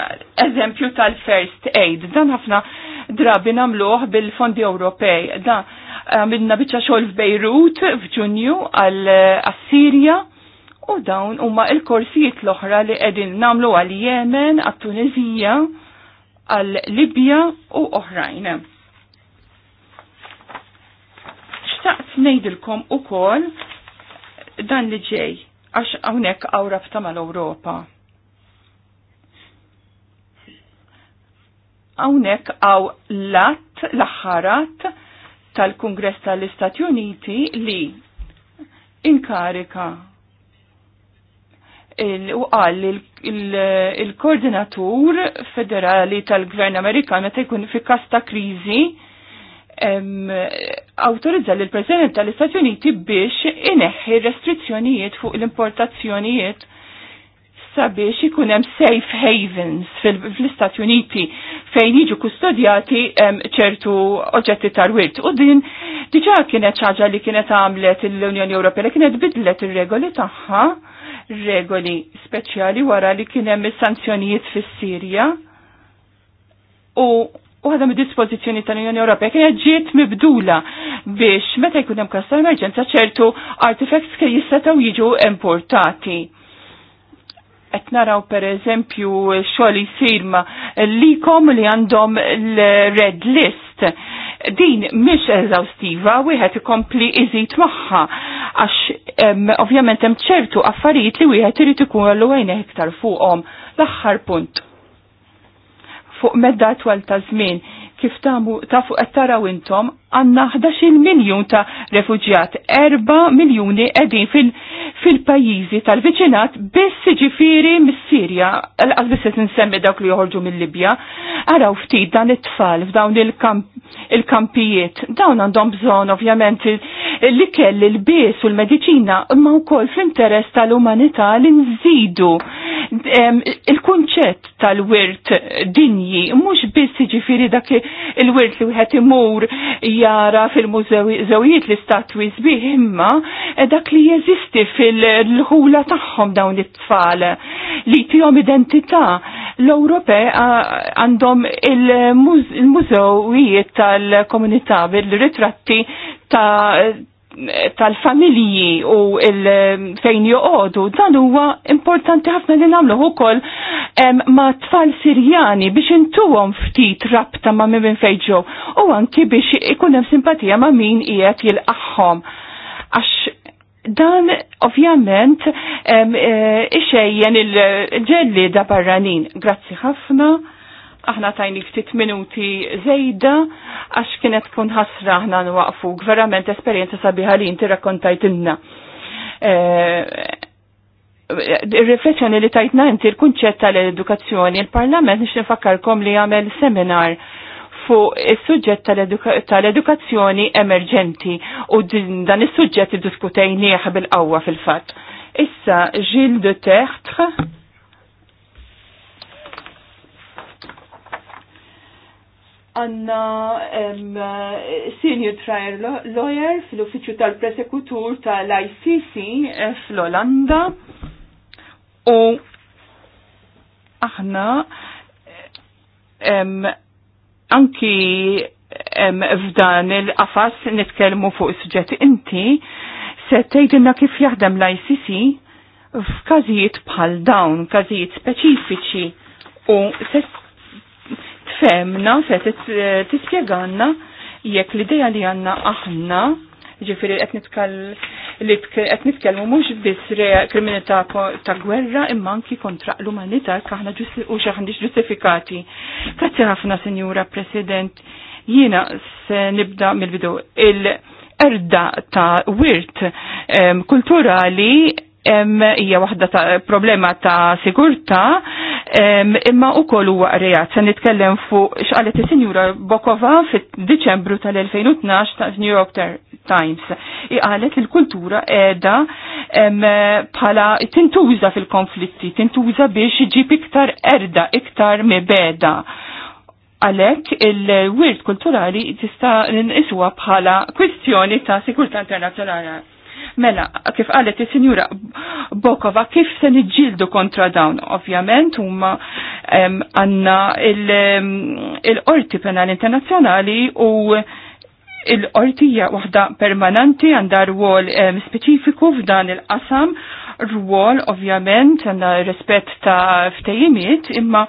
eżempju tal-first aid, dan ħafna drabi namluħ bil-fondi Ewropej. Da minna bieċa xol f'Bejrut f'Ġunju għal-Assirja u dawn umma il-korsijiet l-oħra li edin namlu għal-Jemen, għal-Tunizija. għal jemen għal għal jemen għal tunizija għal Libja u oħrajn. Xtaqt nejdilkom u kol dan li ġej, għax għawnek għaw rabta mal-Europa. Għawnek għaw lat, laħħarat tal-Kongress tal-Istati Uniti li inkarika u qal il-koordinatur federali tal-gvern Amerikan meta jkun fi kasta ta' kriżi autorizza l president tal-Istati Uniti biex ineħħi restrizzjonijiet fuq l-importazzjonijiet sabiex ikun hemm safe havens fl-Istati Uniti fejn jiġu kustodjati ċertu oġġetti tal-wirt. U din diġà kienet ċaġa li kienet għamlet l-Unjoni Ewropea li kienet bidlet ir-regoli tagħha, regoli speċjali wara li kien hemm is-sanzjonijiet fis-Sirja. U waħda mid dispożizzjoni tal-Unjoni Ewropea kienet ġiet mibdula biex meta jkun hemm kas emerġenza ċertu artifacts kien jistgħu jiġu importati qed naraw pereżempju xogħol jsir li likom li għandhom l-red list. Din mhix eżawstiva wieħed ikompli iżid magħha għax ovvjament hemm ċertu affarijiet li wieħed irid ikun għallu għajneh iktar fuqhom. L-aħħar punt. Fuq medda twal ta' żmien kif ta' tafu qed taraw intom għanna 11 miljon ta' refugjat, 4 miljoni edin fil-pajizi fil tal-viċinat biss ġifiri mis-Sirja, għazbis se nsemmi dawk li joħorġu mill-Libja, għaraw ftit dan it-tfal f'dawn il-kampijiet, dawn għandhom bżon ovvjament li kell il-bis u l-medicina, ma u fl-interess tal-umanità li nżidu il-kunċett tal-wirt dinji, mux biss ġifiri dak il-wirt li wieħed imur jara fil-mużewijiet li statwi sbieħ imma e dak li jeżisti fil-ħula tagħhom dawn it-tfal li tihom identità l-Ewropej għandhom il-mużewijiet tal-komunità bil-ritratti ta' tal-familji u fejn joqogħdu dan huwa importanti ħafna li nagħmlu ukoll ma' tfal Sirjani biex intuhom ftit rabta ma' minn fejn ġew u anki biex ikun hemm simpatija ma' min qiegħed jilqaħħom. Għax dan ovvjament eh, ixejjen il-ġelli da barranin. Grazzi ħafna aħna tajni ftit minuti zejda, għax kienet kun ħasra aħna nwaqfu, verament esperienza sabiħa li inti inna. Il-rifleċjoni eh, eh, li tajtna inti l-kunċett tal-edukazzjoni, il-Parlament nix nifakkarkom li għamel seminar fuq is-suġġett tal-edukazzjoni emerġenti u dan is id-diskutajnieħ bil-qawwa fil-fatt. Issa, Gilles de Tertre, għanna senior trial lawyer fil uffiċu tal presekutur tal-ICC eh, fl-Olanda u aħna anki f'dan il-qafas nitkellmu fuq is-suġġett inti se tgħidilna kif jaħdem l-ICC f'każijiet bħal dawn, każijiet speċifiċi u se tfemna, se tispjeganna jekk l-ideja li għanna aħna, ġifiri qed nitkellmu mhux biss kriminalità ta' gwerra imma anki kontra l-umanità kaħna u xaħandix ġustifikati. Grazzi ħafna, Sinjura President, jiena se nibda mill-bidu. Il- erda ta' wirt um, kulturali hija waħda ta' problema ta' sigurta imma u koll huwa rejat se nitkellem fuq x'qalet is-Sinjura Bokova fid-Diċembru tal-2012 ta' New York Times. I qalet li l-kultura qiegħda bħala tintuża fil-konflitti, tintuża biex iġib iktar erda, iktar mibeda għalek il-wirt kulturali tista' niswa bħala kwistjoni ta' sikurta internazzjonali Mela, kif qalet il-Sinjura Bokova, kif se niġġieldu kontra dawn? Ovvjament, huma għandna il-Qorti Penali Internazzjonali u il-qortija waħda permanenti għandha rwol speċifiku f'dan il-qasam, rwol ovvjament għanna rispett ta' ftejimiet, imma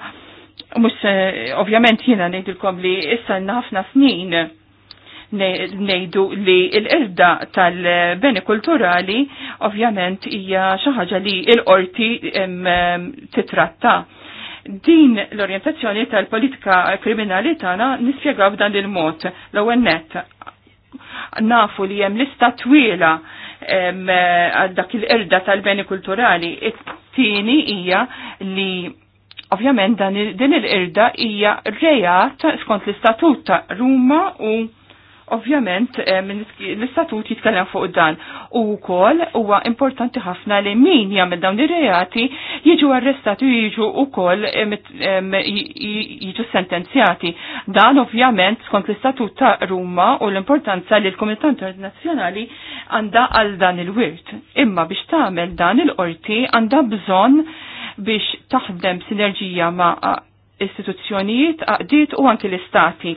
Mus, ovvjament jiena ngħidilkom li issa ħafna snin ngħidu li l-irda tal-beni kulturali ovvjament hija xi ħaġa li l-qorti titratta. Din l orientazzjoni tal-politika kriminali tagħna nispjegaw f'dan il-mod l-ewwel nett nafu li hemm lista twila għal dak il-irda tal-beni kulturali. It-tieni hija li ovvjament din il-irda hija rejat skont l-istatut ta' Ruma u Ovvjament, eh, l-istatut jitkellem fuq dan u wkoll huwa importanti ħafna li min jagħmel dawn ir-reati jiġu arrestati u jiġu wkoll eh, eh, jiġu sentenzjati. Dan ovvjament skont l-istatut ta' Ruma u l-importanza li l-Komunità Internazzjonali għandha għal dan il-wirt. Imma biex tagħmel dan il-qorti għandha bżonn biex taħdem sinerġija ma' istituzzjonijiet, għaqdiet u anki l-istati.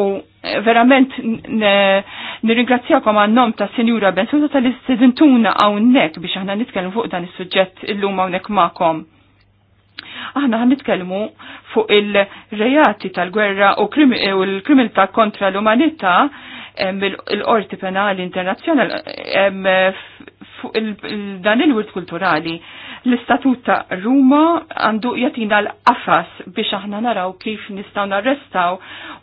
U eh, verament nirringrazzjakom għannom ta' Senjura Bensuta tal-istidentuna għawnek biex aħna nitkellmu fuq dan is-suġġett illum hawnhekk ma'kom. Aħna għan nitkellmu fuq il-rejati tal-gwerra u l krimilta eh, kontra l-umanità mill-Qorti Penali Internazzjonali fuq dan il-wirt kulturali L-istatut ta' Ruma għandu jatina l-qafas biex aħna naraw kif nistaw narrestaw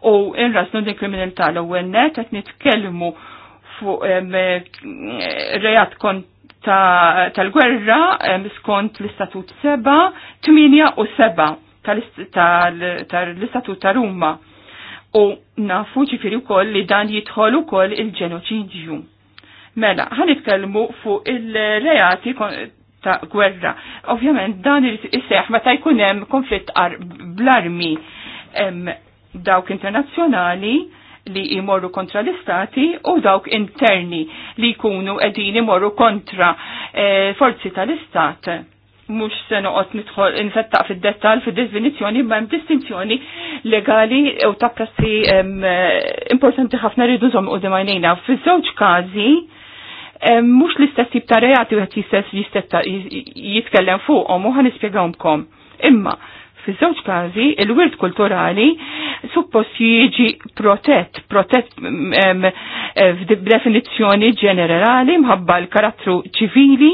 u nrasnu din kriminalità l-ewwel net qed nitkellmu fuq rejat kont tal-gwerra skont l-istatut seba, 8 u seba tal-istatut ta' Ruma. U nafu ġifiri wkoll li dan jidħol ukoll il-ġenoċidju. Mela, ħanitkellmu fuq il-reati ta' gwerra. Ovvjament dan il-seħ meta jkun hemm konflitt bl-armi dawk internazzjonali li jmorru kontra l-istati u dawk interni li jkunu qegħdin imorru kontra e, forzi tal-istat. Mhux se noqgħod nidħol infettaq fid-dettall fid-definizzjoni ma distinzjoni legali u ta' prassi eh, importanti ħafna rridu zom u dimajnejna. Fiż-żewġ każi mux l-istess tip ta' reati u għet jistess jitkellem fuq, u muħan ispiegawmkom. Imma, fi żewġ każi il-wirt kulturali suppost jiġi protett, protett f'definizzjoni ġenerali mħabba l-karattru ċivili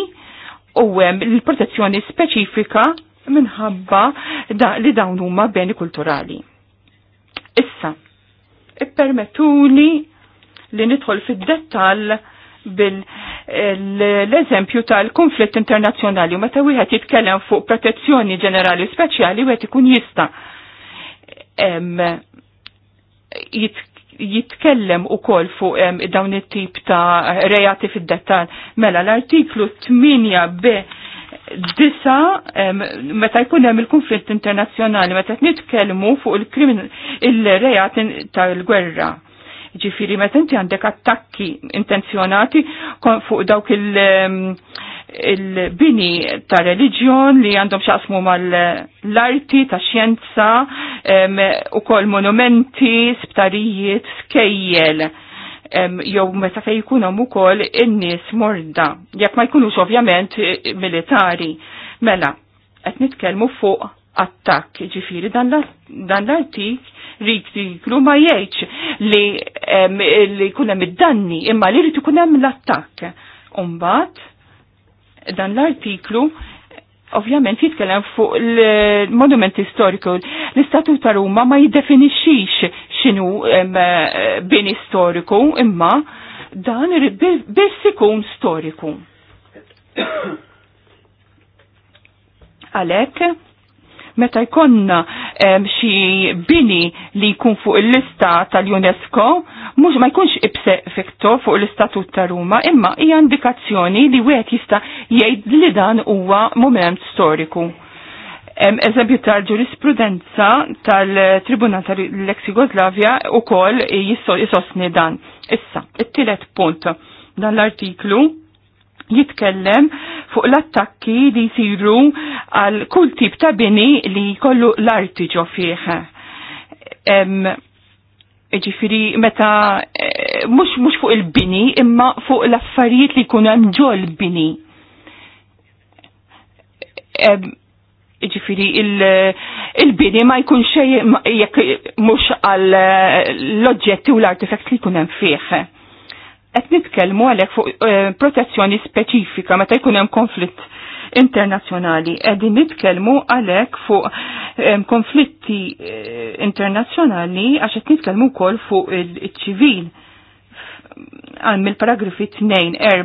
u l-protezzjoni speċifika minħabba da, li dawn huma beni kulturali. Issa, ippermettuli li nidħol fid-dettall bil-eżempju tal-konflitt internazzjonali meta wieħed jitkellem fuq protezzjoni ġenerali speċjali wieħed ikun jista' jitkellem u kol fuq dawn it-tip ta' rejati fid-dettal. Mela l-artiklu 8b disa meta jkun hemm il-konflitt internazzjonali meta nitkellmu fuq il-rejat tal-gwerra Ġifiri, meta inti għandek attakki intenzjonati fuq dawk ehm, il-bini ta' religjon li għandhom xaqsmu mal-arti, ta' xjenza, ehm, u kol monumenti, sptarijiet, skejjel ehm, jew meta fej jkunhom ukoll in-nies morda, jekk ma jkunux ovvjament militari. Mela, qed nitkellmu fuq attakk, ġifiri dan l-artik jiklu ma jgħidx li, um, li kunem id-danni imma li rritu kunem l-attak. Umbat, dan l-artiklu ovvjament jitkellem fuq il-monumenti storiku. L-Istatut ta' Ruma ma jiddefinixix xinu bini storiku, imma dan biss ikun storiku. Għalek, meta jkonna xi bini li jkun fuq il-lista tal-UNESCO, mhux ma jkunx ibse fikto fuq l-istatut ta' Ruma, imma hija indikazzjoni li wieħed jista' jgħid li dan huwa moment storiku. Eżempju tal-ġurisprudenza tal-Tribunal tal-Ex u kol jisosni dan. Issa, it-tielet punt dan l-artiklu jitkellem fuq l-attakki li jisiru għal kull tip ta' bini li kollu l-arti ġo fih. Ġifiri, meta eh, mux, mux fuq il-bini, imma fuq l-affarijiet li kunu hemm l-bini. Ġifiri, il-bini ma jkun xej jekk mux għal eh, l-oġġetti u l-artefakt li kunu hemm fih qed nitkellmu għalhekk fuq eh, protezzjoni speċifika meta jkun hemm konflitt internazzjonali. Qegħdin nitkellmu għalhekk fuq eh, konflitti eh, internazzjonali għax qed nitkellmu wkoll fuq il-ċivil. Għal mill paragrafi 2, 4,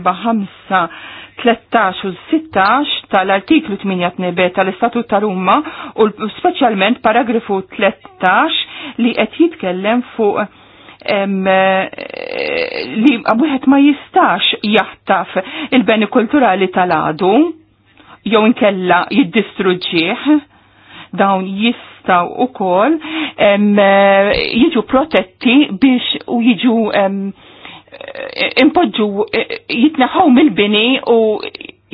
5, 13 u 16 tal-artiklu 8 tal-Istatut tal-Umma u speċjalment paragrafu 13 li qed jitkellem fuq Eh, li għabuħet ma jistax jaħtaf il-beni kulturali tal-għadu jew inkella jiddistruġġieħ dawn jistaw u kol eh, jiġu protetti biex u jiġu eh, impoġġu jitneħaw mill-bini u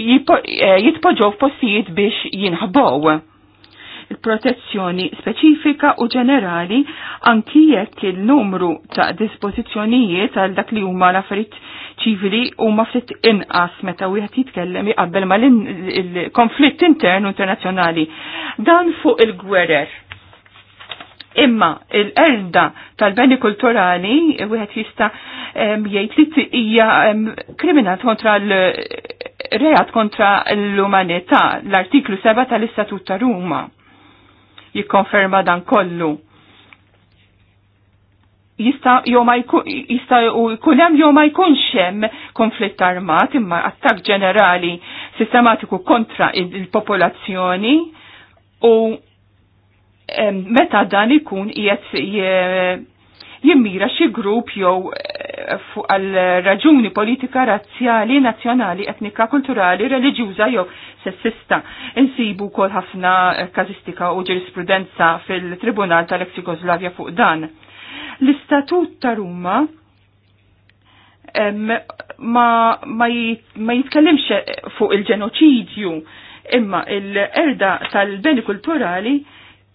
jitpoġġu postijiet biex jinħbow protezzjoni speċifika u ġenerali anki jekk il-numru ta' dispożizzjonijiet għal dak li huma l-affarijiet ċivili u ma ftit inqas meta wieħed jitkellem qabel ma l-konflitt intern u internazzjonali. Dan fuq il-gwerer. Imma l-erda tal-beni kulturali wieħed jista' jgħid li hija kriminat kontra l reat kontra l-umanità, l-artiklu 7 tal-Istatut ta' Ruma jikkonferma dan kollu. Jista jew ma jkun hemm jew ma jkunx hemm konflitt armat imma attakk ġenerali sistematiku kontra il-popolazzjoni u meta dan ikun qiegħed jimmira xi grupp jew għal raġuni politika razzjali, nazjonali, etnika, kulturali, reliġjuża jew sessista. Insibu kol ħafna eh, kazistika u ġurisprudenza fil-Tribunal tal-Eksikoslavja fuq dan. L-Istatut ta' Ruma ma, ma, ma jitkellimx fuq il-ġenoċidju imma l-erda il ġenoċidju imma l erda tal beni kulturali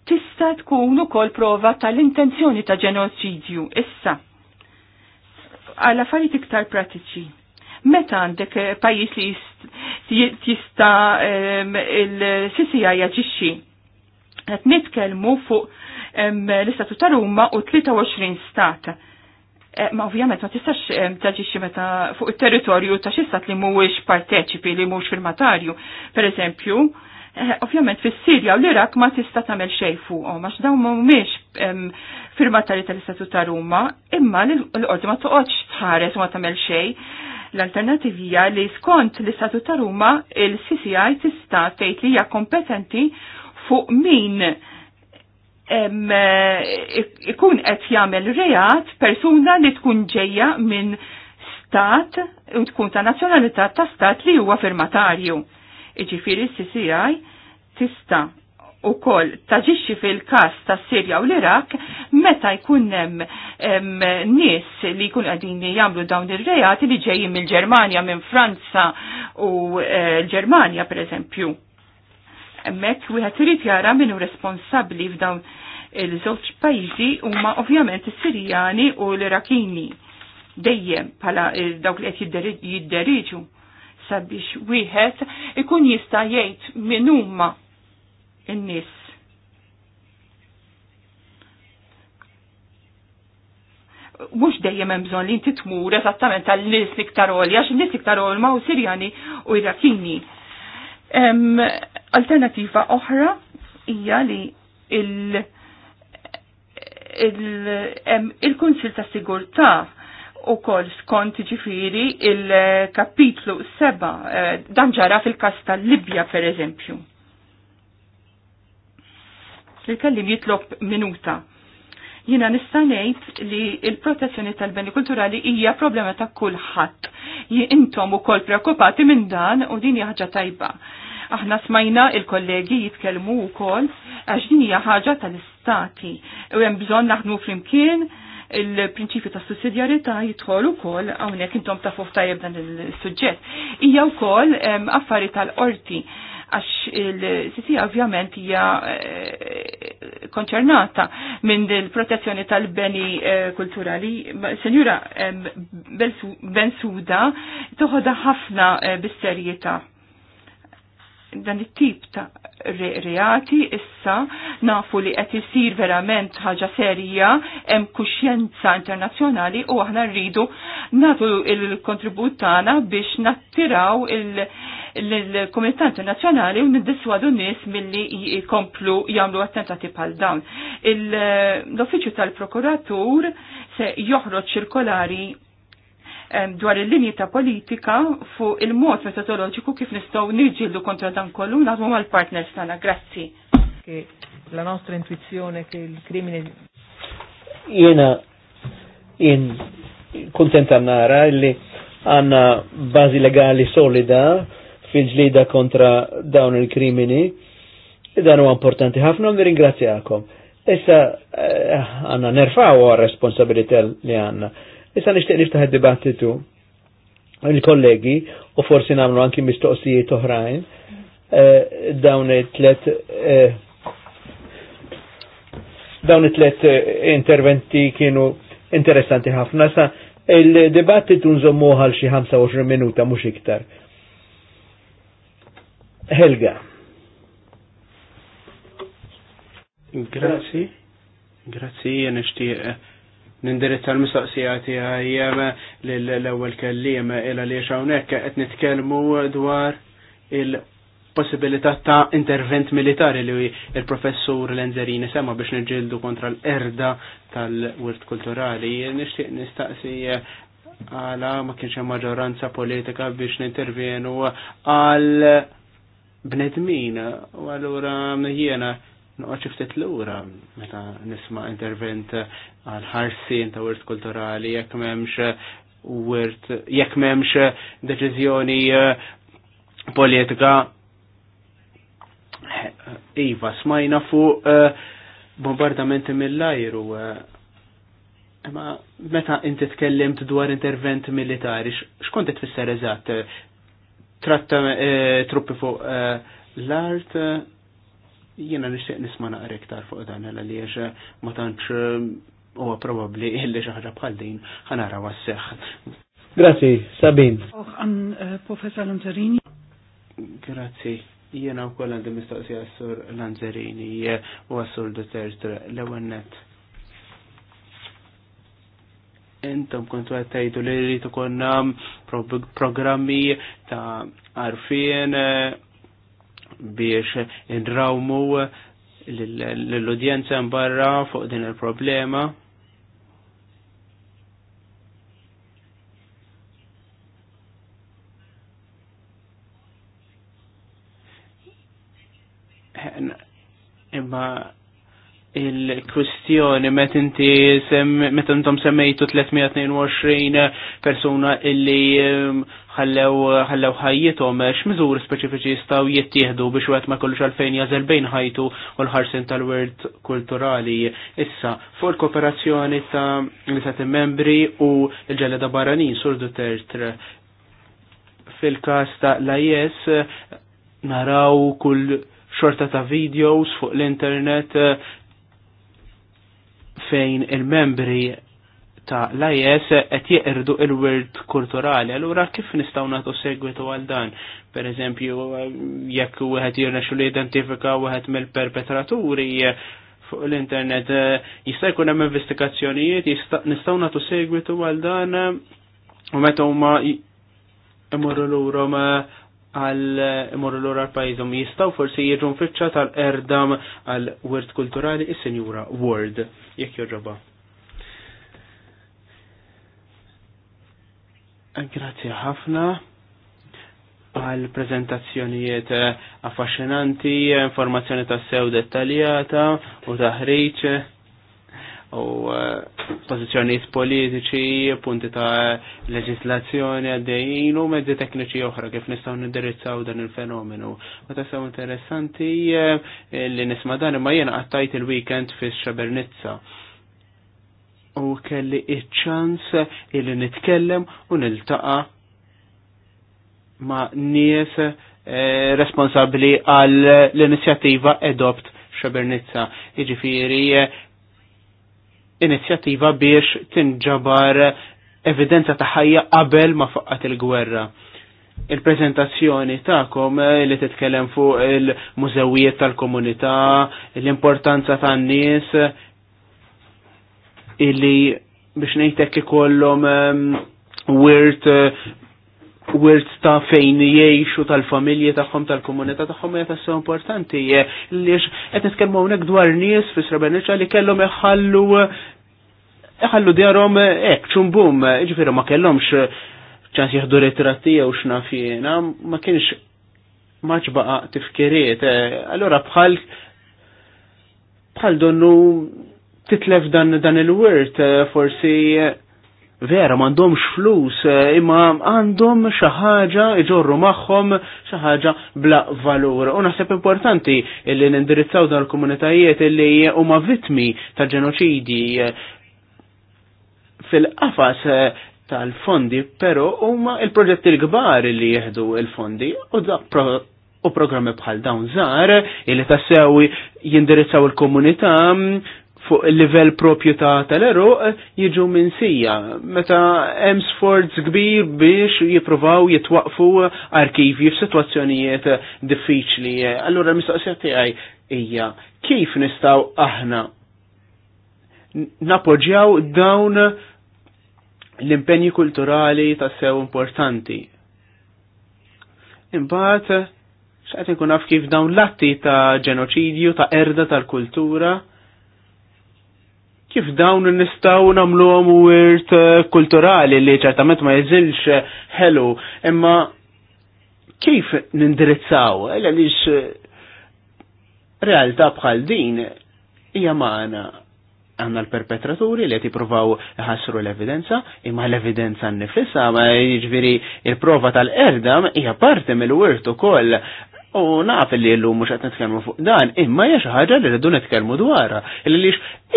tista tkun ukoll prova tal-intenzjoni ta' ġenoċidju issa għal affarijiet iktar pratiċi. Meta għandek eh, pajjiż li jista ehm, il sisija jaġixxi qed nitkellmu fuq ehm, l-Istatut ta' Ruma u 23 stat. Eh, ma ovvjament ma tistax ehm, taġixxi meta fuq it-territorju ta' xi li mhuwiex parteċipi li mhux firmatarju. Per eżempju, Eh, ovvjament fis-Sirja u l-Irak ma tista' tagħmel xejn fuqhom għax dawn mhumiex firmatari tal-Istatut ta' Ruma, imma l-qorti ma toqgħodx tħares ma tagħmel xejn. L-alternativija li skont l-Istatut ta' Ruma il-CCI tista' tgħid li hija kompetenti fuq min eh, ikun qed jagħmel reat persuna li tkun ġejja minn stat u tkun ta' nazzjonalità ta' stat li huwa firmatarju iġifiri CCI tista u kol taġiċi fil-kas ta' Sirja u l-Irak meta jkun nis li jkun għadin jamlu dawn il-rejati li ġejjin mill ġermania minn Franza u eh, l-Germania per eżempju. Mek wieħed irid jara minnu responsabbli f'dawn il-żewġ pajjiżi huma ovvjament is-Sirjani u l-Irakini dejjem pala eh, dawk li qed jidderiġu biex wieħed ikun jista' jgħid min huma n-nies. Mhux dejjem hemm bżonn li inti tmur eżattament għall-nies iktar għolja, għax nies iktar olma u Sirjani u Irakini. Alternativa oħra hija li il- il-Kunsil ta' Sigurtà u kol skont ġifiri il-kapitlu 7 eh, dan ġara fil-kas tal-Libja per eżempju. Il-kellim jitlob minuta. Jina nistanejt li il-protezzjoni tal-beni kulturali hija problema ta' kulħadd. Intom ukoll preokupati minn dan u din hija ħaġa tajba aħna smajna il-kollegi jitkellmu wkoll għax din hija ħaġa tal-istati u hemm bżonn naħdmu flimkien il-prinċipju ta' sussidjarità jidħol ukoll hawnhekk intom ta' fuq tajjeb dan il-suġġett. Hija wkoll affari tal-qorti għax il-sisi ovvjament hija eh, konċernata minn il-protezzjoni tal-beni eh, kulturali. Senjura Bensuda toħoda ħafna eh, bis-serjetà dan it-tip ta' reati issa nafu li qed isir verament ħaġa serja hemm kuxjenza internazzjonali u aħna rridu nagħtu il-kontribut tagħna biex nattiraw il-Komunità Internazzjonali u niddiswadu nies milli jkomplu jagħmlu attentati bħal dawn. l offiċċju tal-Prokuratur se joħroġ ċirkolari dwar il-linji ta' politika fuq il-mod metodoloġiku kif nistgħu niġġieldu kontra dan kollu nagħmlu mal-partners tagħna. Grazzi. La nostra intuizione che il crimine jiena jien kuntenta nara li għanna bazi legali solida fil-ġlida kontra dawn il-krimini e dan huwa importanti ħafna u nirringrazzjakom. Issa eh, għanna nerfaw għal responsabilità li għanna. Issa nixtieq niftaħ id-dibattitu il-kollegi u forsi nagħmlu anki mistoqsijiet oħrajn eh, dawn it-tlet eh, dawn it-tlet eh, interventi kienu interessanti ħafna sa il-dibattitu nżommu għal xi 25 minuta mhux iktar. Helga. Grazzi. Grazzi, nishtiq nindirizza l-mistoqsija tiegħi l-ewwel kelliem ila li hawnhekk qed nitkellmu dwar il-possibilità ta' intervent militari li il-professur Lenzerini sema biex niġġieldu kontra l-erda tal-wirt kulturali. Nixtieq nistaqsi għala ma kienx hemm maġġoranza politika biex nintervenu għal bnedmin u allura jiena noqgħod ċiftet ftit lura meta nisma' intervent għal ħarsien ta' wirt kulturali jekk m'hemmx wirt jekk m'hemmx deċiżjoni eh, politika iva smajna fuq eh, bombardamenti mill-ajru eh, imma meta inti tkellimt dwar intervent militari xkont tfisser eżatt tratta truppi fuq l-art Jiena nixtieq nisma' naqra iktar fuq dan għal li eh, ma tantx eh, huwa probabli illi xi bħal din ħanara wasseħ. Grazzi, Sabin. Għan eh, Professor Lanzerini. Grazzi. Jiena wkoll għandi mistoqsija s-sur Lanzarini u għassur Duterte l-ewwel intom kontu għattajdu li rritu konna programmi ta' arfien biex indrawmu l-udjenza mbarra fuq din il-problema. Imma il-kwistjoni met inti met intom semmejtu 322 persuna illi um, ħallew ħajjithom eh, x'miżuri speċifiċi jistgħu jittieħdu biex wieħed ma kollux għalfejn jażel bejn ħajtu u l-ħarsin tal-wirt kulturali. Issa, fuq il-kooperazzjoni ta' l-istati membri u l-ġeleda barranin surdu Tertr. Fil-każ ta' l-IS naraw kull xorta ta' videos fuq l-internet eh, fejn il-membri ta' l-IS qed jeqirdu il-wirt kulturali. Allura kif nistgħu nagħtu segwitu għal dan? Per eżempju, jekk wieħed jirnexu li identifika wieħed mill-perpetraturi fuq l-internet, jista' jkun hemm investigazzjonijiet, nistgħu nagħtu segwitu għal dan u meta huma imorru lurhom għal imorru l għal pajizom jistaw forsi jieġu nfittxa tal-erdam għal wirt kulturali is-senjura Word, jekk jorroba. Grazie ħafna għal prezentazzjonijiet eh, affaxxinanti, informazzjoni ta' sew dettaljata u taħriġ u eh, pożizzjonijiet politiċi, punti ta' leġislazzjoni għaddejjin u mezzi tekniċi oħra kif nistgħu nindirizzaw dan il-fenomenu. Ma ta' sew interessanti eh, li nisma' dan imma jiena qattajt il-weekend fix Xabernizza u kelli iċ-ċans illi nitkellem u niltaqa ma' nies eh, responsabli għal l-inizjattiva Adopt Xabernizza. Iġifiri, eh, inizjattiva biex tinġabar evidenza ta' ħajja qabel ma faqqat il-gwerra. Il-prezentazzjoni ta'kom eh, li titkellem fuq il-mużewijiet tal-komunità, l-importanza tan-nies, illi biex nejtek ikollhom ehm, wirt eh, wirt ta' fejn jiexu tal-familji tagħhom tal-komunità tagħhom hija tassew importanti liex qed nitkellmu hawnhekk dwar nies fi Srebrenica li kellhom iħallu iħallu djarhom hekk ċumbum, jiġifieri ma kellhomx ċans jieħdu ritratti jew x'naf jiena, ma kienx baqa tifkiriet. Eh, allora bħal bħal donnu titlef dan, dan il-wirt, eh, forsi eh, vera m'għandhomx flus, eh, imma għandhom xi ħaġa iġorru magħhom xi ħaġa bla valur. U naħseb importanti li nindirizzaw dan il-komunitajiet li huma vittmi ta' ġenoċidi fil-qafas tal-fondi, però huma il-proġetti l-kbar li jieħdu il-fondi u da u programmi bħal dawn żgħar li tassew jindirizzaw il-komunità mm, fuq il-livell propju ta' tal-eru eh, jiġu minn sija. Meta hemm sforz kbir biex jippruvaw jitwaqfu arkivi f'sitwazzjonijiet diffiċli. Allura mistoqsija tiegħi hija kif nistgħu aħna napoġġjaw dawn l-impenji kulturali ta' sew importanti. Imbagħad x'qed inkun naf kif dawn l-atti ta' ġenoċidju ta' erda tal-kultura kif dawn nistaw namluhom wirt eh, kulturali li ċertament ma jeżilx eh, ħelu, imma kif nindirizzaw eh, għaliex realtà bħal din hija magħna għanna l-perpetraturi li jtipruvaw ħassru l-evidenza, imma l-evidenza n-nifissa, ma jġviri il-prova tal-erdam hija parti mill-wirt ukoll U naf li l-lum mux għat netkelmu fuq dan, imma jax ħagġa li rridu netkelmu dwarra. Illi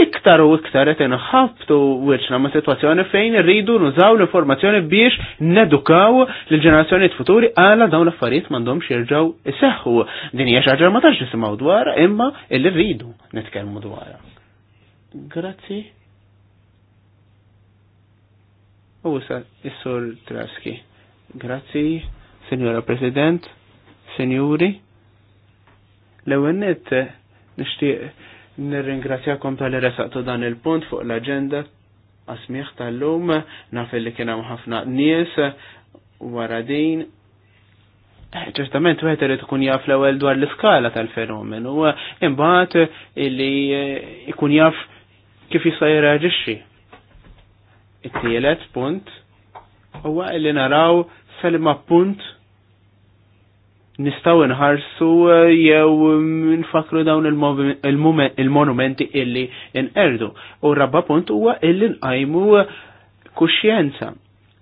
iktar u iktar għet nħabtu wieċna ma situazzjoni fejn rridu nużaw l-informazzjoni biex nedukaw l-ġenerazzjoni futuri għala dawn l-affarijiet mandom xirġaw seħu. Din jax ħagġa ma tax simaw dwarra, imma illi rridu netkelmu dwarra. Grazzi. U sa' jissur Traski. Grazzi, Signora President. Senjuri, l-ewwel nett eh, nixtieq nirringrazzjakom tal resaqtu dan il-punt fuq l agenda għasmiħ tal-lum naf li kien hemm ħafna nies wara din. Ċertament eh, wieħed irid ikun jaf l-ewwel dwar l-iskala tal-fenomenu, imbagħad eh, illi ikun jaf kif jista' jirraġixxi. It-tielet punt u li naraw sal punt nistaw nħarsu eh, jew mm, nfakru dawn il-monumenti illi nqerdu. U rabba punt huwa illi nqajmu eh, kuxjenza.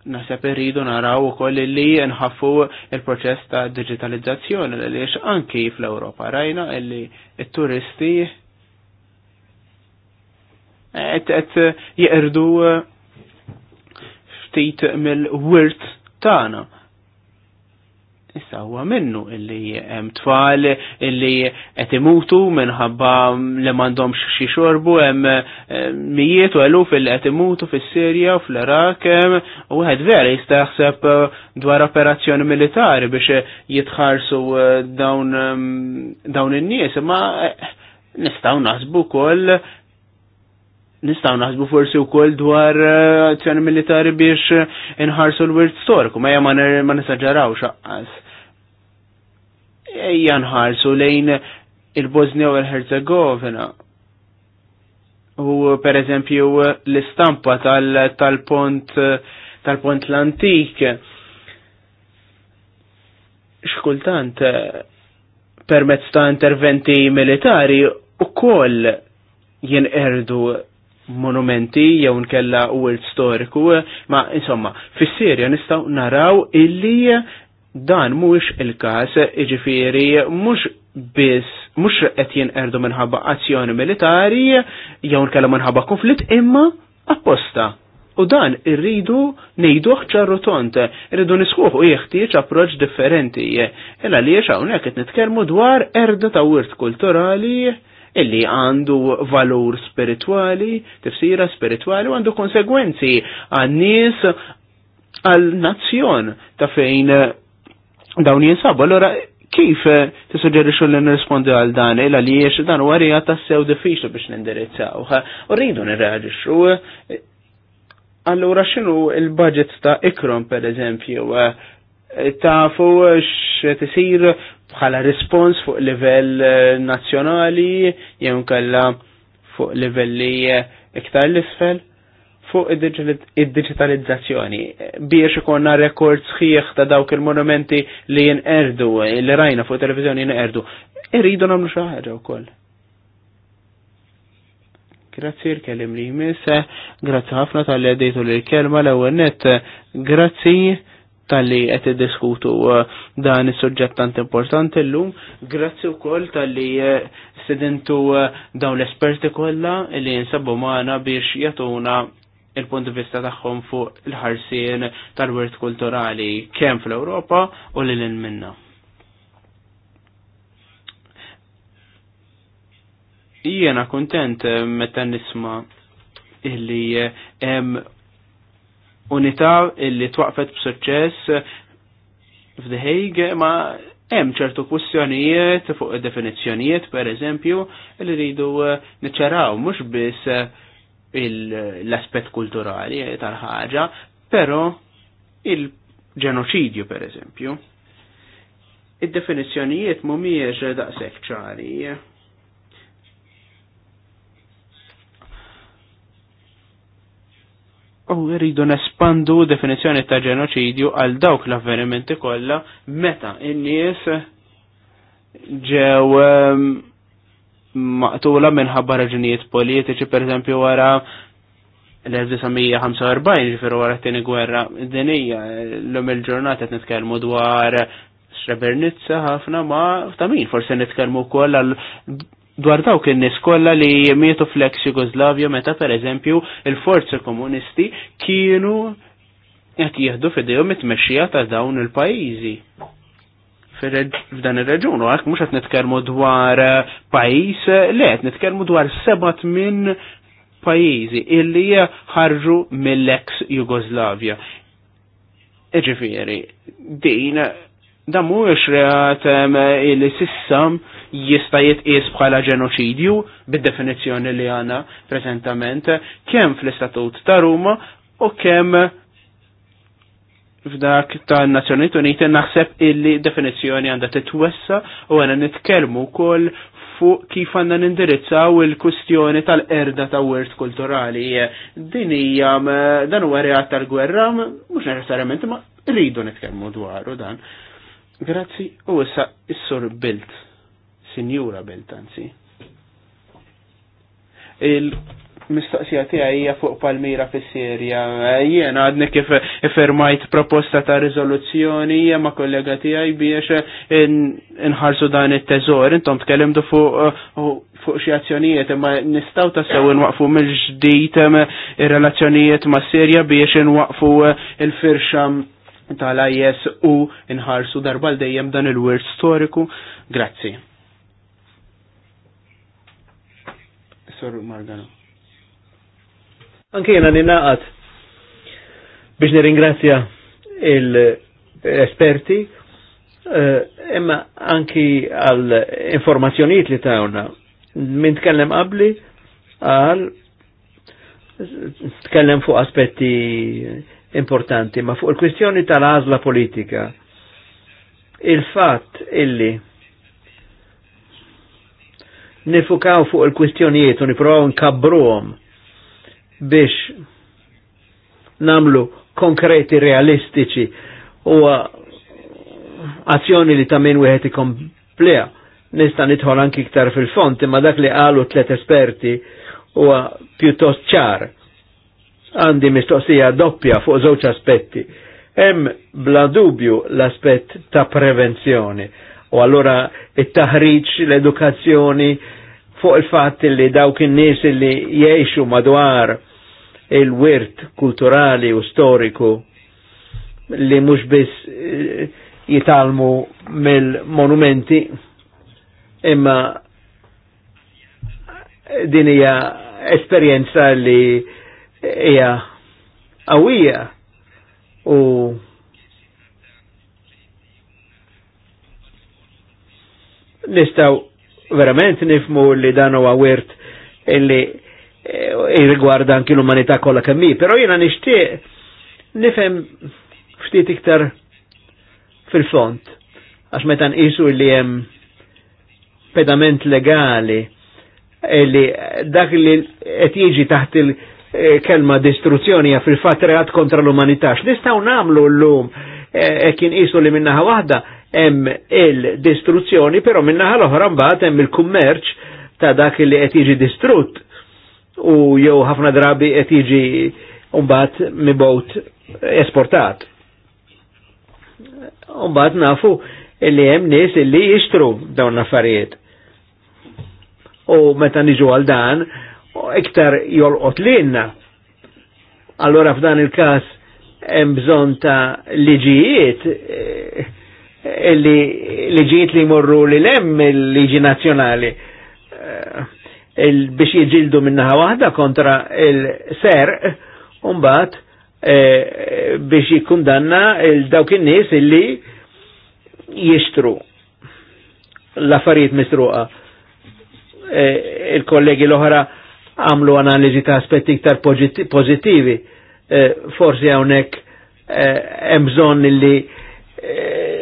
Nasab irridu naraw ukoll illi nħaffu il-proċess ta' digitalizzazzjoni għaliex anki fl-Ewropa rajna illi it-turisti qed eh, jeqrdu ftit mill-wirt tagħna Issa huwa minnu illi hemm tfal illi qed imutu minħabba li m'għandhomx xi xorbu hemm eh, mijiet u eluf illi qed imutu fis-Sirja u fl-Iraq u wieħed vera jista' jaħseb eh, dwar operazzjoni militari biex jitħarsu eh, dawn dawn in-nies imma nistgħu naħsbu wkoll nistaw naħsbu forsi u koll dwar azzjoni militari biex inħarsu l-wirt storiku, ma jgħam ma nisagġaraw xaqqas ejja nħarsu lejn il-Bosnia u l-Herzegovina. U per eżempju l-istampa tal-pont tal-pont l-antik. Xkultant, permezz ta' interventi militari u koll erdu monumenti jew nkella wirt storiku, ma insomma, fis-Sirja nistgħu naraw illi Dan mhuwiex il-każ, jiġifieri mhux biss mhux qed jinqerdu minħabba azzjoni militari jew nkellem minħabba konflitt imma apposta. U dan irridu nejdu ċarru tont, irridu nisħuħu u jieħtieġ approċ differenti. Illa li hawnhekk qed nitkellmu dwar erda ta' wirt kulturali illi għandu valur spirituali, tifsira spirituali u għandu konsegwenzi għan nies għal nazzjon ta' fejn dawn jinsabu. Allora, kif eh, tissuġġerixu li nirrispondi għal dan li jiex dan huwa għarija tassew diffiċli biex nindirizzaw. U rridu nirraġiċu. Eh, allora, x'inhu il-budget ta' ikrom per eżempju eh, tafu x'tisir bħala respons fuq livell nazzjonali jew fuq livelli iktar l-isfel? fuq id-digitalizzazzjoni biex ikonna rekord sħiħ ta' dawk il-monumenti li jinqerdu, li rajna fuq televizjoni jinqerdu. Irridu namlu xi ħaġa wkoll. Grazzi l-kelim li jmiss, grazzi ħafna tal-li għaddejtu l-kelma l-ewwel net, grazzi tal-li qed iddiskutu uh, dan is-suġġett tant importanti llum. Grazzi wkoll tal-li uh, sedentu uh, dawn l-esperti kollha li jinsabu maħna biex jagħtuna il-punt vista tagħhom fuq il-ħarsien tal-wirt kulturali kemm fl-Ewropa u lil minna. Jiena kontent eh, meta nisma illi hemm eh, unità illi twaqfet b'suċċess f'The Hague ma hemm ċertu kwistjonijiet fuq definizzjonijiet per eżempju li rridu eh, niċċaraw mhux biss l-aspet kulturali eh, tal-ħaġa, pero il-ġenoċidju per eżempju. Id-definizjonijiet mumiex daqshekk ċari. u rridu nespandu definizjoni ta' ġenoċidju għal dawk l-avvenimenti kollha meta in-nies ġew ehm, maqtula minħabba raġunijiet politiċi, per eżempju wara l-1945, ġifiru wara t-tini gwerra dinija, l-lum il-ġurnata t-nitkelmu dwar Srebrenica ħafna ma ftamin, forse nitkelmu kolla dwar dawk in-nies kollha li mietu f'lex Jugoslavia Jugoslavja meta pereżempju il-forzi komunisti kienu qed jieħdu fidejhom it-tmexxija ta' dawn il-pajjiżi f'dan ir-reġun u għak mhux qed nitkellmu dwar eh, pajjiż, eh, le qed nitkellmu dwar sebat minn pajjiżi illi ħarġu mill-ex Jugoslavja. Iġifieri, din dan mhuwiex reat illi sissam jista jitqies bħala ġenoċidju bid-definizzjoni li għana prezentament kemm fl-Istatut ta' Ruma u kemm f'dak ta' Nazzjonijiet Uniti naħseb illi definizzjoni għandha titwessa u għana nitkellmu wkoll fuq kif għandna nindirizzaw il-kustjoni tal-erda ta' wirt kulturali. Din hija dan huwa reat tal-gwerra mhux neċessarjament ma rridu nitkellmu dwaru dan. Grazzi u issa is-sur Bilt, Sinjura Bilt anzi mistoqsija tiegħi hija fuq Palmira fis-Sirja. Jiena għadni kif ifermajt proposta ta' riżoluzzjoni ma' kollega tiegħi biex inħarsu dan it-teżor. Intom tkellimtu fuq fuq xi azzjonijiet imma nistgħu tassew inwaqfu mill-ġdid ir-relazzjonijiet ma' Sirja biex inwaqfu eh, il-firxa tal-IS u inħarsu darba dejjem dan il-wirt storiku. Grazzi. Sor Margano. Anke jena ninaqat biex nirringrazzja l esperti eh, imma anki għal informazzjonijiet li tawna. Min tkellem qabli għal tkellem fuq aspetti importanti, ma fuq il-kwistjoni tal azla politika. Il-fat illi nifukaw fuq il-kwistjonijiet u niprofaw nkabruhom biex namlu konkreti realistiċi u azzjoni li tamin wieħed ikom plea. Nista' nidħol anki iktar fil-font, imma dak li qalu tliet esperti huwa pjuttost ċar. Għandi mistoqsija doppja fuq żewġ aspetti. Hemm bla dubju l-aspett ta' prevenzjoni. U allura it-taħriġ, l-edukazzjoni fuq il-fatt li dawk in-nies li jgħixu madwar il-wirt kulturali u storiku li mhux biss eh, jitalmu mill-monumenti imma din hija esperjenza li hija qawwija u nistaw verament nifmu li dan huwa wirt illi jirrigwarda eh, e anki l-umanità kollha kemmi, però jiena nixtieq nifhem ftit iktar fil-font għax meta nqisu li hemm pedament legali e li dak li qed jiġi taħt il-kelma e, distruzzjoni ja fil-fatt reat kontra l-umanità. X'nistgħu nagħmlu llum hekk inqisu li minnaħa waħda hemm il-distruzzjoni, però minnaħa l-oħra mbagħad hemm il-kummerċ ta' dak li qed jiġi distrutt u jew ħafna drabi qed jiġi mbagħad mibgħut esportat. Mbagħad nafu li hemm nies illi jixtru dawn l-affarijiet. U meta niġu għal dan, iktar jolqot lilna. Allora f'dan il-każ hemm bżonn ta' liġijiet eh, li liġijiet li jmorru li hemm il-liġi nazzjonali. Eh, biex jiġildu minna waħda kontra il-ser, umbat eh, biex jikundanna il-dawk in-nies illi jixtru l-affarijiet misruqa. Eh, il-kollegi l-oħra għamlu analiżi ta' aspetti iktar pozittivi. Eh, forsi hawnhekk hemm bżonn illi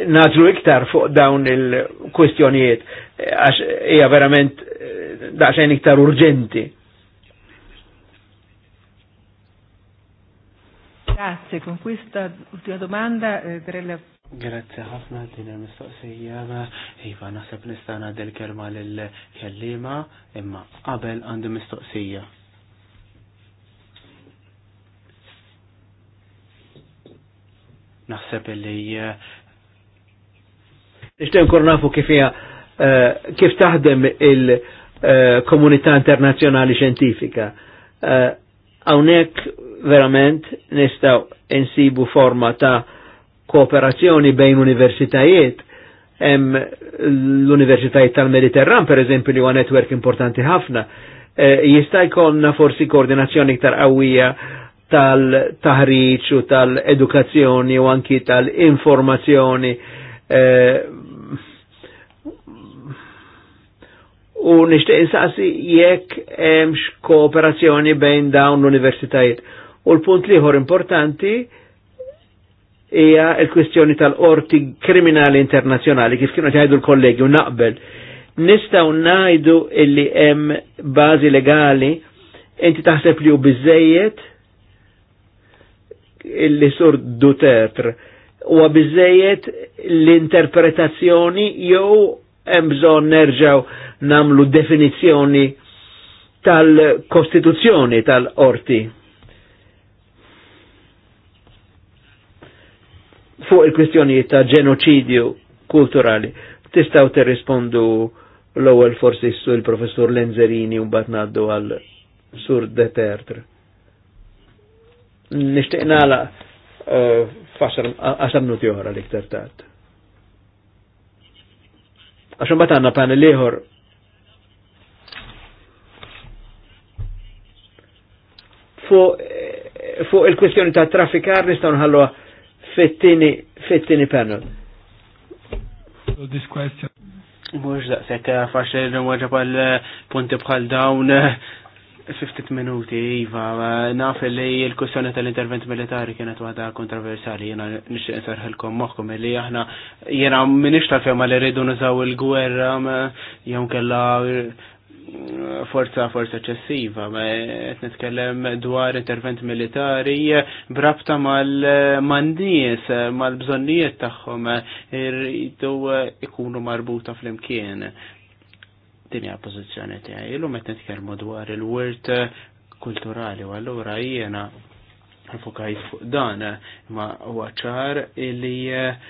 nadru iktar fuq dawn il-kwestjonijiet għax hija verament eh, daċen iktar urġenti. Grazie, con questa ultima domanda eh, Grella. Grazie ħafna din il-mistoqsija, iva naħseb nistana del-kelma l-kellima, imma qabel għandu mistoqsija. Naħseb li eh, Nishtem kur nafu kif hija eh, kif taħdem il-komunità eh, uh, internazzjonali xjentifika. Eh, hawnhekk verament nistgħu insibu forma ta' kooperazzjoni bejn universitajiet hemm l-Universitajiet tal-Mediterran pereżempju li huwa netwerk importanti ħafna. jista' jkollna forsi koordinazzjoni iktar qawwija tal-taħriġ u tal-edukazzjoni u anki tal-informazzjoni u nishtiq insaqsi jekk hemmx kooperazzjoni bejn dawn l-universitajiet. U l-punt liħor importanti hija l-kwistjoni tal-qorti kriminali internazzjonali kif kienu jgħidu l-kollegi u naqbel. Nistgħu ngħidu illi hemm bażi legali inti taħseb li hu biżejjed illi sur Dutertre U biżejjed l-interpretazzjoni jew hemm bżonn namlu definizjoni tal-Kostituzzjoni tal-Orti. Fuq il kwistjoni ta' ġenoċidju kulturali. Tistaw terrispondu l-ewwel forsi su il-professur Lenzerini u batnaddu għal Sur Detertr. Nixtieq nagħlaq eh, għaxar minuti oħra li ktar tard. Għaxum bat għanna panel liħor. Fuq fu il-kwestjoni ta' traffikar nistaw nħalluha fit fettini panel. This question. Mux daqsek faċli l-mwaġa pal punti bħal dawn 50 minuti, Iva, naf li l-kussjoni tal-intervent militari kienet waħda kontroversali, jena nixtieq nsarħilkom moħkom li aħna jena minix tal-fema li rridu nużaw il-gwerra jew kella forza forza ċessiva, ma qed nitkellem dwar intervent militari brabta mal mandijes mal-bżonnijiet tagħhom irridu ikunu marbuta fl-imkien dinja pozizjoni tiegħi. Illum qed nitkellmu dwar il-wirt kulturali u allura jiena fukajt fuq dan ma huwa ċar illi eh,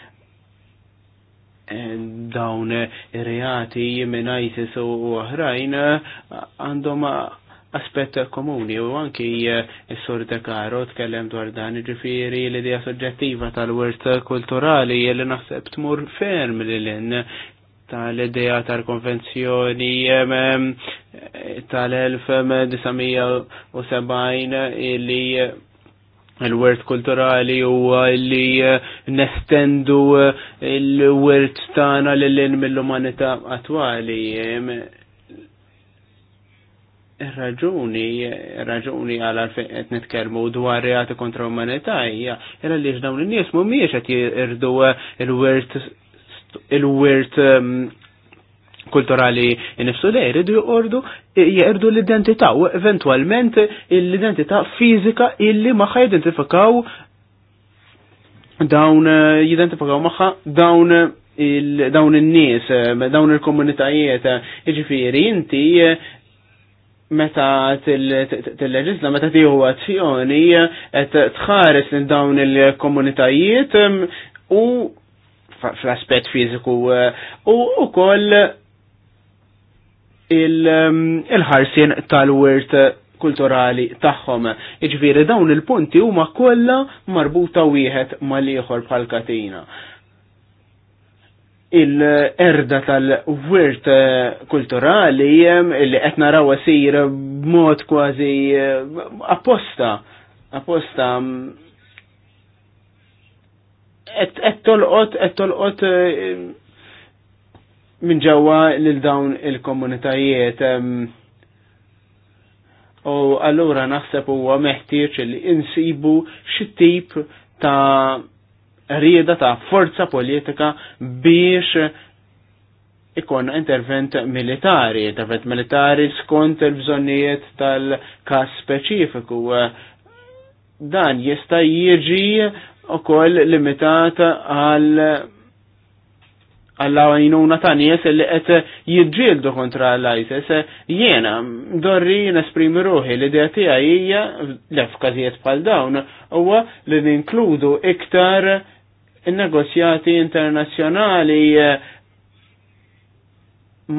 dawn ir-reati minn ISIS u oħrajn għandhom aspett komuni u anki eh, s-sur De Caro tkellem dwar dan ġifiri l-idea soġġettiva tal-wirt kulturali li naħseb tmur ferm li l tal-idea tal-konvenzjoni tal-1970 illi il-wirt kulturali u li nestendu il-wirt tana l-lin mill-umanita attwali. Raġuni, raġuni għal qed nitkellmu dwar reati kontra umanita hija era li dawn in-nies mhumiex qed jirdu il-wirt il-wirt um, kulturali nifsu le jridu jordu jirdu l-identità u eventualment l-identità fizika illi maħħa identifikaw dawn eh, jidentifikaw maħħa dawn dawn il-nies, eh, dawn il-komunitajiet, iġifiri, inti eh, meta til leġisla meta tiħu azzjoni, tħares l dawn il-komunitajiet u fl-aspet fiziku eh, u ukoll um, il-ħarsien tal-wirt kulturali tagħhom. Iġviri dawn il-punti huma kollha marbuta wieħed mal-ieħor bħal katina. Il-erda tal-wirt kulturali li qed naraw sir b'mod kważi eh, apposta apposta qed tolqot qed tolqot eh, minn ġewwa lil dawn il-komunitajiet. U allura naħseb huwa meħtieġ li insibu xi tip ta' rieda ta' forza politika biex ikonna intervent militari, intervent militari skont il-bżonnijiet tal-kas speċifiku. Dan jista' jiġi u koll limitata għal għall-għajnuna ta' nies li qed jidġildu kontra l-ISIS, jiena dorri nesprimi ruħi li idea tiegħi hija l-fkażijiet bħal dawn huwa li ninkludu iktar in-negozjati internazzjonali eh,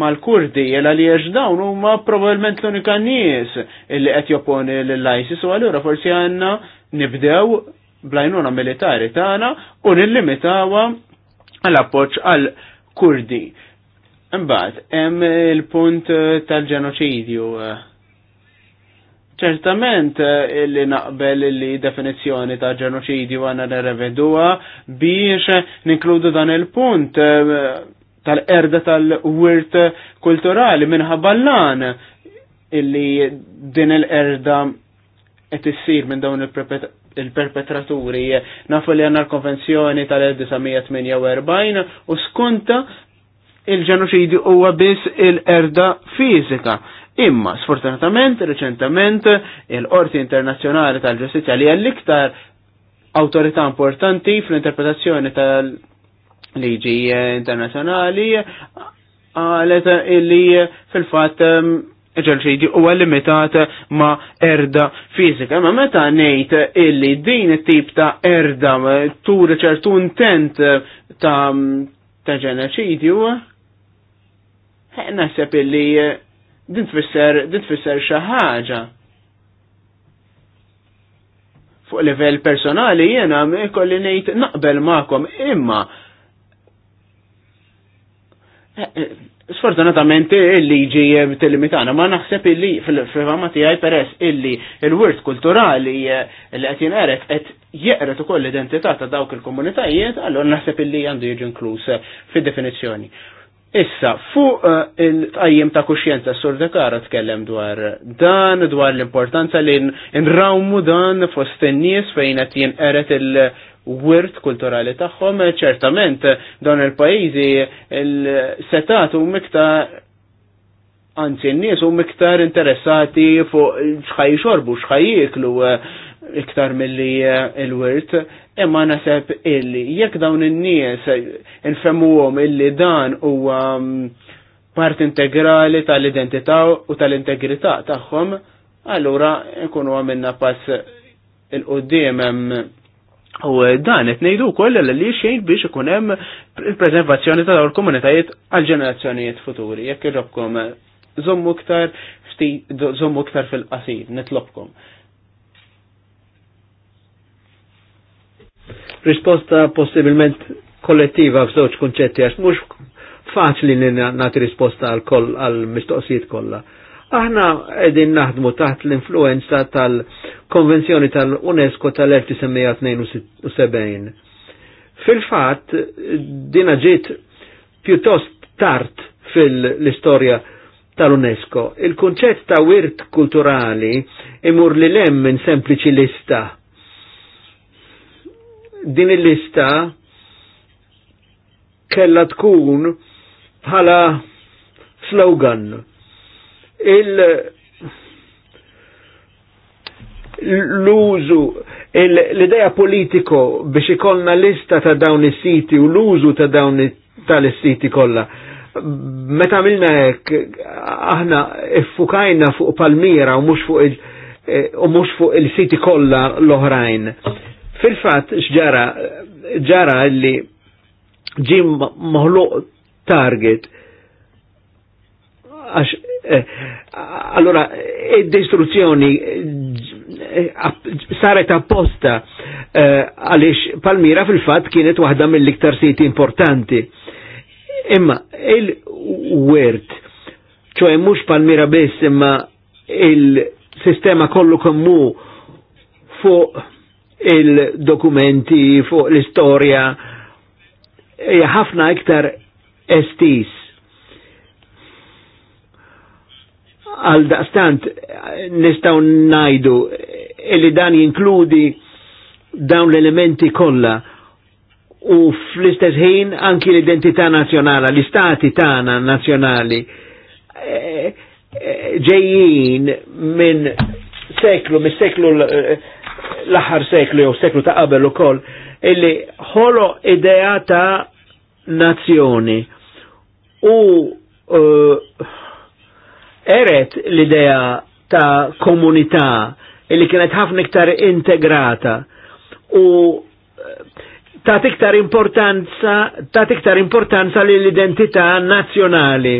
mal-Kurdi jela li dawn huma probabbilment l-unika nies li qed jopponi l-ISIS u allura forsi għandna nibdew blajnuna militari tagħna u nillimitawa għal appoġġ għal Kurdi. Imbagħad hemm il-punt eh, tal-ġenoċidju. Ċertament eh, li naqbel li definizzjoni ta' ġenoċidju għandna nirrevedua biex ninkludu dan il-punt eh, tal-erda tal-wirt kulturali minħabba l-lan illi din l-erda qed issir minn dawn il-proprjetà il-perpetraturi nafu li għanna l-konvenzjoni tal-1948 u skunta il-ġenoċidi huwa biss il-erda fizika. Imma, sfortunatament, reċentament, il-Qorti Internazzjonali tal-Ġustizja li għall-iktar autorità importanti fl-interpretazzjoni tal-liġi internazzjonali għalet illi fil-fat um, xejdi u limitat ma erda fizika. Ma meta nejt illi din it-tip ta' erda tur ċertu intent ta' ta' ġeneċidju, eh, naħseb illi eh, din tfisser din tfisser xi ħaġa. Fuq livell personali jiena ikolli ngħid naqbel magħkom imma eh, Sfortunatament il-liġi t-limitana, ma naħseb illi fil-fama tijaj peress illi il-wirt kulturali eh, li qed jinqeret qed jieqret ukoll l-identità ta' dawk il-komunitajiet, allora naħseb illi għandu jiġi inkluż eh, fid-definizzjoni. Issa, fuq eh, il-tqajjim ta' kuxjenta Sur Dekara tkellem dwar dan, dwar l-importanza li nrawmu dan fost in-nies fejn qed jinqeret il- wirt kulturali tagħhom, ċertament dawn il-pajjiżi l setat u miktar anzi n-nies u miktar interessati fuq xħaj xorbu, xħaj jiklu iktar mill-li eh, il-wirt, imma naseb illi jekk dawn in-nies infemmuhom illi dan huwa mm, part integrali tal-identità u tal-integrità tagħhom, allura ikunu għamilna pass il-qudiem mm, U eh, dan qed ngħidu wkoll li xejn biex ikun hemm il-preservazzjoni ta' dawn komunitajiet għal ġenerazzjonijiet futuri. Jekk irrobkom eh, żommu iktar żommu iktar fil-qasir, nitlobkom. Risposta possibilment kollettiva f'żewġ kunċetti għax mhux faċli li nagħti risposta għal mistoqsijiet kollha. Aħna edin naħdmu taħt l-influenza tal-Konvenzjoni tal-UNESCO tal-1972. Fil-fat, dina ġit pjuttost tart fil-istoria tal-UNESCO. Il-konċett ta' wirt kulturali imur li lem minn sempliċi lista. Din il-lista kella tkun bħala slogan il- l-użu, l-ideja politiko biex ikollna lista ta' dawn is-siti u l-użu ta' dawn tal-siti kollha. Meta għamilna hekk aħna effukajna fuq Palmira u mhux fuq il- u mhux fuq il-siti kollha l-oħrajn. Fil-fatt x'ġara ġara li ġim moħluq target għax Eh, allora id-distruzzjoni eh, eh, saret apposta għaliex Palmira fil-fatt kienet waħda mill-iktar siti importanti. Imma il-wert, ċoħe mux Palmira Bes, imma il-sistema kollu kommu fuq il-dokumenti, fuq l-istoria, ħafna iktar estis Għal daqstant nistaw najdu illi dan jinkludi dawn l-elementi kollha u fl-istess ħin anki l-identità nazjonali, l-istati tagħna nazzjonali ġejjin minn seklu, mis seklu eh, l-aħħar seklu jew seklu ta' qabel ukoll illi ħolo idea ta' nazzjoni u uh, eret l-idea ta' komunità li kienet ħafna iktar integrata u eh, ta' iktar importanza ta' iktar importanza li l-identità nazzjonali.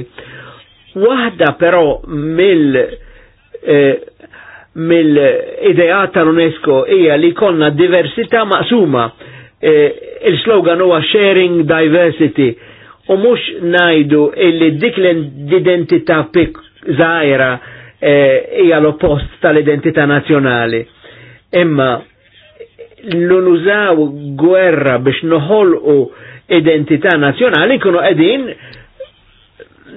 Waħda però mill eh, mill-idea tal-UNESCO hija li konna diversità maqsuma. Eh, Il-slogan huwa sharing diversity u mhux najdu illi dik l-identità zaħira eh, hija e, l-oppost tal-identità nazjonali. Imma l-unużaw gwerra biex noħolqu identità nazjonali kunu edin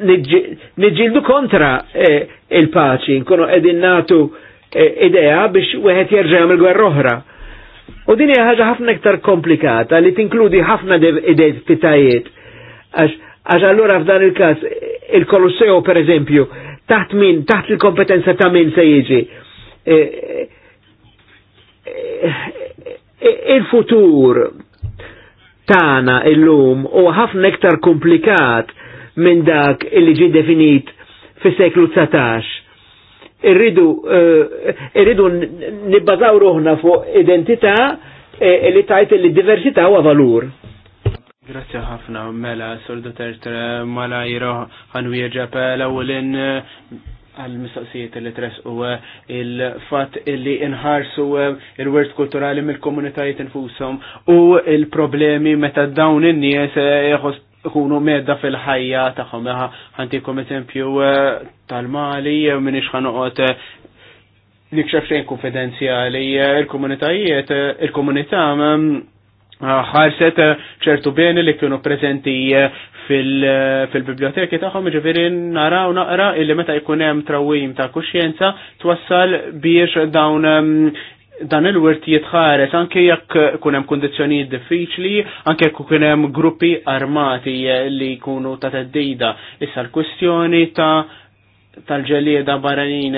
nġildu kontra e, il-paċi, kunu edin natu e, eh, idea biex weħet jerġa' il gwerra oħra. U din hija ħaġa ħafna iktar komplikata li tinkludi ħafna identitajiet. Għax allura f'dan il-każ il-Kolosseo per eżempju taħt min, taħt il-kompetenza ta' min se jiġi. Eh, eh, eh, il-futur tana illum u ħafna iktar komplikat minn dak illi ġi definit fis seklu 19. Irridu, irridu nibbażaw ruħna fuq identità li tajt li diversità huwa valur. Grazie ħafna, mela, soldu tertre, mala jiro ħanwieġab l-ewelin għal-mistoqsijiet li tres u il-fat illi inħarsu il-wirt kulturali mill-komunitajiet infusom u il-problemi meta dawn in-nies eh, ikunu medda fil-ħajja tagħhom. Ħantikom eżempju eh, tal-Mali minn ixħanuqot eh, nikxef xejn konfidenzjali il-komunitajiet, il komunitajiet mm, Ah, ħarset eh, ċertu beni li kienu prezenti eh, eh, fil-biblioteki tagħhom ġifieri nara u naqra illi meta jkun hemm trawim ta' kuxjenza twassal biex dawn ehm, dan il-wirt jitħares anke jekk kunem hemm kundizzjonijiet diffiċli, anke jekk kunem hemm gruppi armati li jkunu ta' teddida. Issa l-kwistjoni ta' tal-ġelieda barranin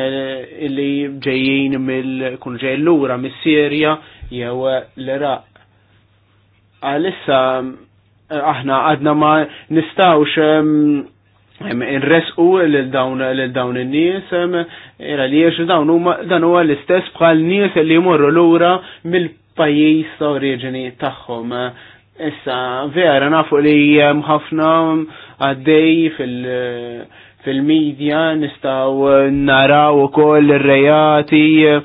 li ġejjin mill kun ġej lura mis-Sirja jew l-Iraq għalissa eh, aħna għadna ma nistawx nresqu l-dawn il-nies, era li jiex dawn dan huwa l-istess bħal nies li jmorru lura mill-pajjiż ta' oriġini tagħhom. Issa vera nafu li hemm ħafna għaddej fil- fil-medja nistaw naraw ukoll ir-rejati eh,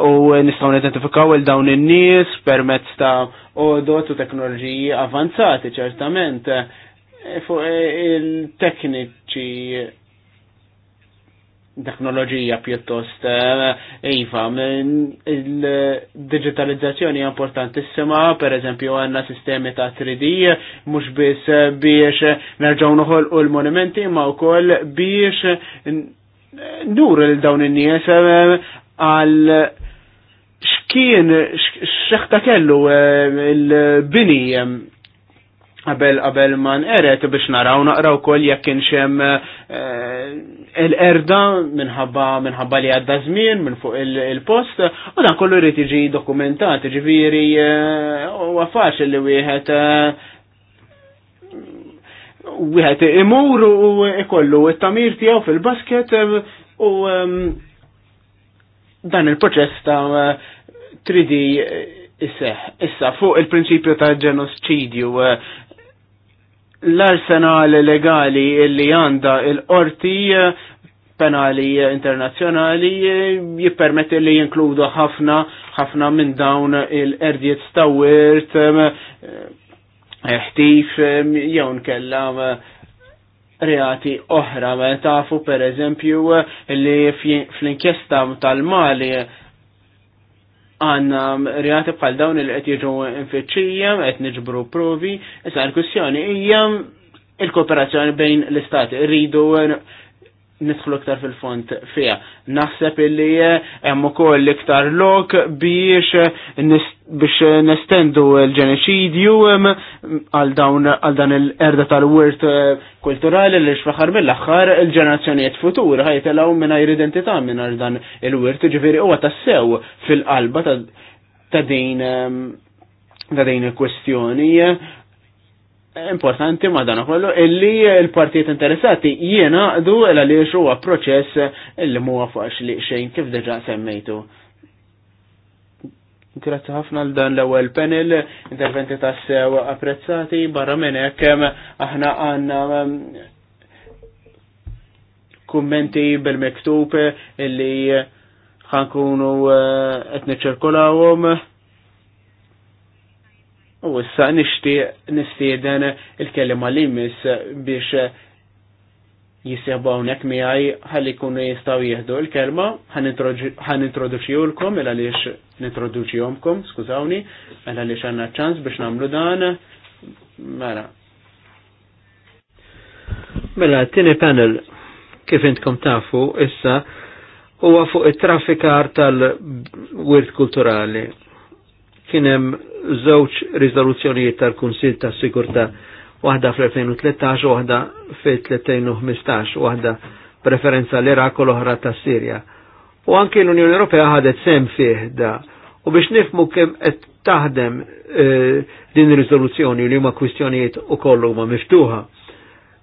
u nistaw nidentifikaw il dawn in-nies permezz ta' u dotu teknoloġiji avanzati ċertament fuq il-tekniċi teknoloġija pjuttost iva, il-digitalizzazzjoni importantissima, per eżempju għanna sistemi ta' 3D, mux biss biex nerġaw noħol u l-monumenti, ma' u koll biex nur il dawn in-nies għal xkien, x'eħta kellu eh, il-bini eh, qabel qabel man eret biex naraw naqraw kol jekk kien xem eh, l-erda minħabba minħabba li għadda żmien minn fuq il-post u dan kollu rrit iġi dokumentat, ġifieri huwa faċli li wieħed wieħed imur u ikollu it-tamir tiegħu fil-basket u dan il-proċess ta' Tridi d eh, Issa fuq il-prinċipju ta' ġenocidju. Eh, l-arsenal legali li għanda il-qorti eh, penali internazzjonali jippermetti li jinkludu ħafna ħafna minn dawn il-erdiet stawirt ħtif jew nkella reati oħra ma tafu per eżempju li fl-inkjesta tal-Mali għanna reati bħal dawn il qed jiġu infittxija, qed niġbru provi, issa l-kwistjoni hija il-kooperazzjoni bejn l-istati. Rridu nidħlu iktar fil-font fija. Naħseb illi eh, hemm ukoll iktar lok biex biex nestendu l-ġeneċidju għal dawn għal dan l-erda tal-wirt eh, kulturali li xfaħar mill-aħħar il-ġenerazzjonijiet futur ħajtelgħu mingħajr identità mingħajr dan il-wirt, ġifieri huwa tassew fil-qalba ta' din ta' din il-kwestjoni importanti ma dan kollu illi l-partijiet interessati jiena du l li huwa proċess illi huwa li xejn kif deġa semmejtu. Grazzi ħafna l dan l-ewwel panel, interventi ta' sew apprezzati, barra minn hekk aħna għandna um, kummenti bil-miktub illi ħankunu uh, qed niċċirkulawhom U issa nixtieq nistieden il-kelima li jmiss biex jisibu hawnhekk miħaj ħalli jkunu jistgħu jieħdu l-kelma, ulkom, il għaliex nintroduċjomkom, skużawni, il għaliex għandna ċans biex nagħmlu dan. Mela. Mela, t-tieni panel kif intkom tafu issa huwa fuq it-traffikar tal-wirt kulturali. Kien hemm żewġ riżoluzzjonijiet tal-Kunsil tas sigurtà waħda fl-2013 u waħda fil-2015, waħda preferenza l-Iraq u l-oħra ta' Sirja. U anki l-Unjoni Ewropea ħadet sem fih da. U biex nifmu kemm qed taħdem e, din ir-riżoluzzjoni li huma kwistjonijiet ukoll huma miftuħa.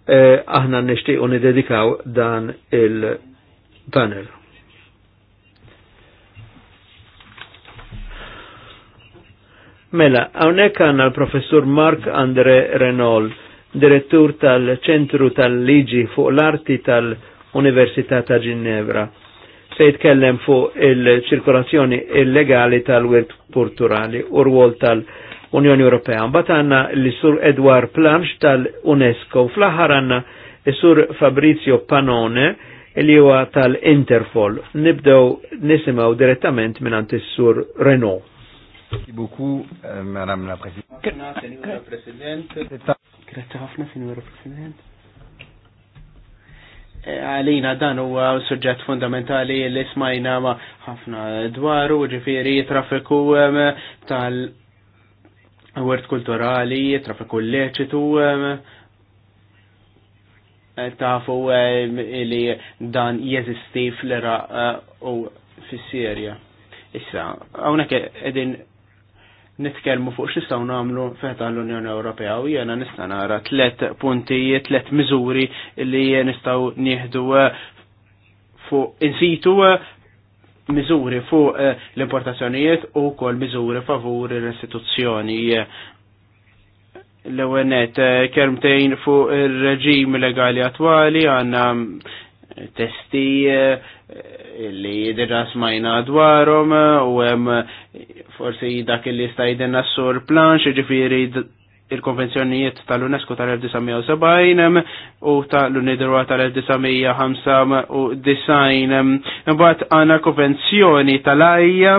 E, Aħna nixtiequ nidedikaw dan il-panel. Mela, hawnhekk għandna l-professur Mark Andre Renault, direttur tal-ċentru tal-liġi fuq l-arti tal-Università ta' Ginevra. Se tkellem fuq il-ċirkolazzjoni illegali tal-wirt kulturali u rwol tal-Unjoni Ewropea. Mbagħad għandna l-Sur Edward Planch tal-UNESCO. Fl-aħħar għandna l-Sur Fabrizio Panone li huwa tal-Interpol. Nibdew nisimgħu direttament minn is-Sur Renault. Grazie beaucoup, euh, Madame la Presidente. Grazie ħafna, Signora President. Eh, għalina dan huwa suġġett fundamentali li smajna ħafna dwaru, ġifieri traffiku tal- Word kulturali, traffiku leċitu, tafu li dan jeżisti fl-era eh, u fis-Sirja. Issa, għawnek edin nitkellmu fuq x'nistgħu nagħmlu feta l-Unjoni Ewropea u jiena nista' nara tliet punti, tliet miżuri li nistgħu nieħdu eh, fuq insitu eh, miżuri fuq eh, l-importazzjonijiet u wkoll miżuri favur l-istituzzjoni l-ewenet kermtejn fuq ir reġim legali attwali għandna testi eh, li jidirra smajna dwarom eh, u hemm eh, forsi dak li stajdenna s-sur plan ġifiri il-konvenzjonijiet tal-UNESCO tal-1970 u tal-UNIDRWA tal 1950 u design. Mbagħad għana konvenzjoni tal-ajja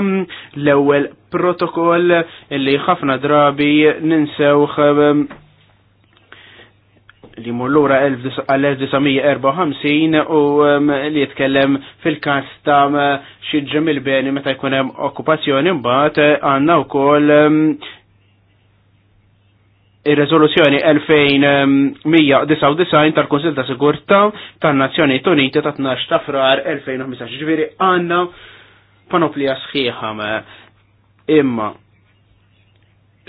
l-ewwel protokoll li ħafna drabi ninsewħ li mullura 1954 u um, li jitkellem fil-kas ta' um, xieġem il-beni meta jkun hemm mbaħt mbagħad eh, għandna wkoll ir rezoluzjoni 2199 tal konsil ta' Sigurtà tan-Nazzjoni Uniti ta' 12 ta' frar 2015. ġviri għandna panoplija sħiħa imma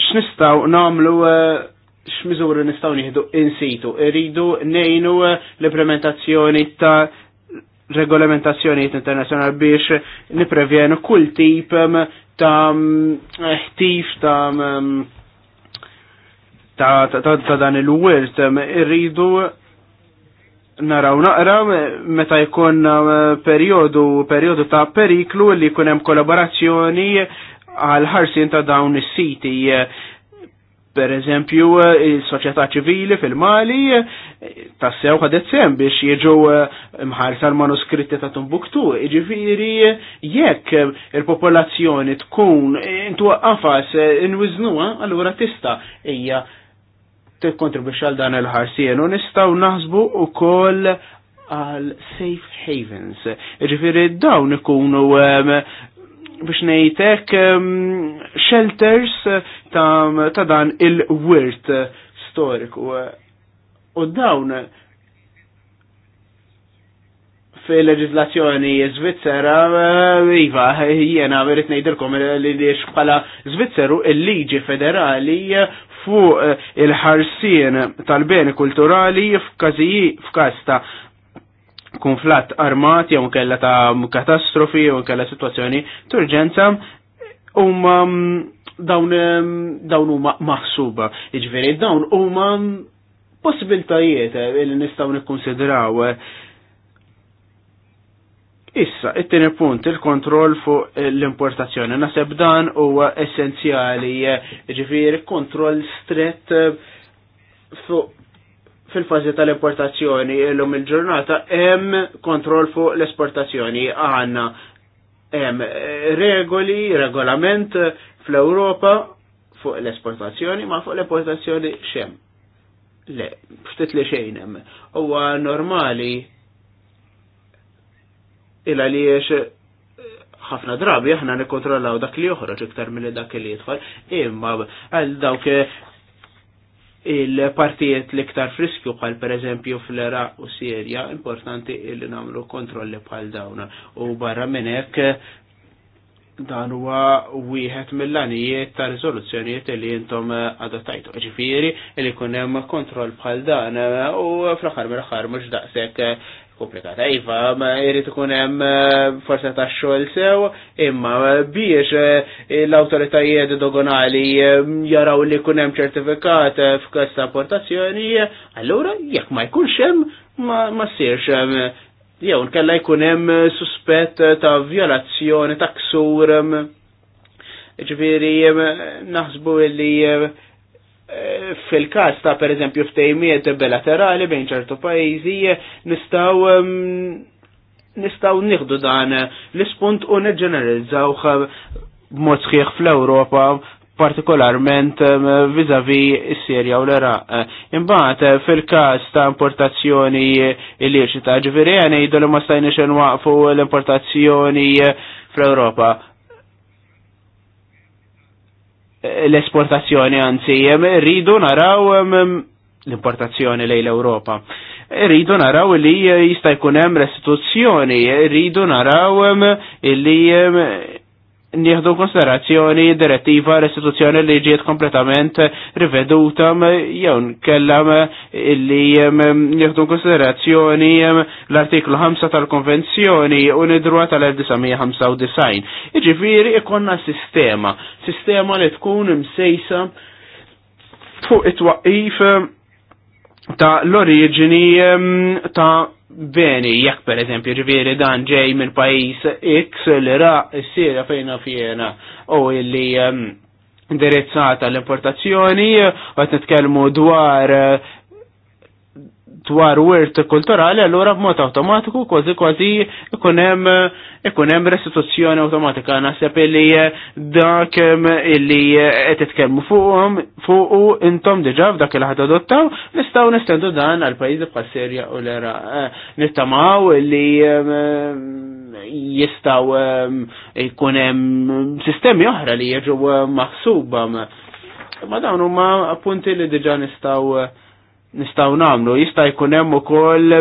x'nistgħu nagħmlu eh, x'miżuri nistgħu nieħdu situ Irridu ngħinu l-implementazzjoni ta' regolamentazzjonijiet internazzjonali biex niprevjenu kull tip um, ta' um, ħtif um, ta' ta' dan il-wirt irridu naraw naqra meta jkun periodu periodu ta' periklu li jkun hemm kollaborazzjoni għal ħarsin ta' dawn is-siti Per eżempju, eh, il-soċjetà ċivili fil-Mali eh, tassew ħadet sem biex jiġu eh, mħarsa l-manuskritti ta' Tumbuktu. Ġifiri, jekk il-popolazzjoni tkun intu għafas inwiznuha, allura tista' hija tikkontribwix għal dan il-ħarsien u nistgħu naħsbu wkoll għal safe havens. Jiġifieri dawn ikunu biex nejtek shelters ta', ta dan il-wirt storiku. U dawn fil leġislazzjoni Zvizzera, iva, jena verit nejderkom li li bħala Zvizzeru il-liġi federali fuq eh, il-ħarsien tal-beni kulturali f'każ ta' konflatt armat jew kella ta' katastrofi jew kella situazzjoni turġenza huma um, mm, dawn dawn huma maħsuba. Iġveri, dawn huma possibiltajiet eh, li nistgħu nikkonsidraw. Eh. Issa, it-tieni punt, il-kontroll fuq eh, l-importazzjoni. Naseb dan huwa essenzjali, ġifieri kontroll strett fuq fil-fazi tal-importazzjoni l-lum il-ġurnata hemm kontroll fuq l-esportazzjoni għanna hemm regoli, regolament fl-Europa fuq l-esportazzjoni ma fuq l-esportazzjoni xem. Le, ftit li xejn hemm. Huwa normali il għaliex ħafna drabi aħna nikkontrollaw dak li joħroġ iktar mill dak li jidħol, imma għal dawk il-partijiet l-iktar friskju bħal per eżempju fl-era u Sirja, importanti il namlu kontrolli bħal dawna. U barra minn hekk dan huwa wieħed mill-għanijiet ta' riżoluzzjonijiet li jintom eh, adottajtu. Ġifieri li jkun hemm kontroll bħal dan eh, u fl-aħħar mill-aħħar mhux daqshekk eh, komplikata. Iva, jrid ikun hemm forsa ta' xogħol sew, imma biex l-awtoritajiet dogonali jaraw li jkun hemm ċertifikat f'kas ta' portazzjoni, allura jekk ma jkunx hemm ma ssirx jew nkella jkun hemm eh, suspett eh, ta' violazzjoni ta' ksur ġifieri naħsbu li eh, fil-każ ta' pereżempju ftejmiet bilaterali bejn ċertu pajjiżi nistgħu nistgħu nieħdu dan l-ispunt u neġġeneralizzawh b'mod sħiħ fl-Ewropa partikolarment ehm, vizavi s-Sirja u l-Iraq. Eh, imbagħad eh, fil-każ ta' importazzjoni illiċita, ġifieri għan jgħidu li ma xen waqfu l-importazzjoni eh, fl-Ewropa. L-esportazzjoni anzi, ehm, rridu naraw ehm, l-importazzjoni lejn l-Ewropa. Rridu naraw li jista' jkun hemm restituzzjoni, rridu naraw li nieħdu konsiderazzjoni direttiva restituzzjoni li ġiet kompletament riveduta jew nkellam illi nieħdu konsiderazzjoni l-artiklu 5 tal-konvenzjoni u nidruha tal-1995. Iġifieri ikonna sistema, sistema li tkun msejsa fuq it-twaqif ta' l-oriġini ta' beni jekk per eżempju ġviri dan ġej minn pajjiż X li ra s-sira fejna fjena u illi ehm, indirizzata l-importazzjoni u netkelmu dwar dwar wirt kulturali, allura b'mod automatiku kważi kważi ikun hemm restituzzjoni automatika. Naħseb illi dak illi qed titkellmu fuqhom fuqu intom diġà f'dak il ħad adottaw, nistgħu nistendu dan għal pajjiżi bħal u l-Era. Eh, nittamaw li jistgħu jkun hemm sistemi oħra li jiġu maħsuba. Ma dawn huma appunti li diġà nistgħu nistaw namlu. Jista' jkun hemm ukoll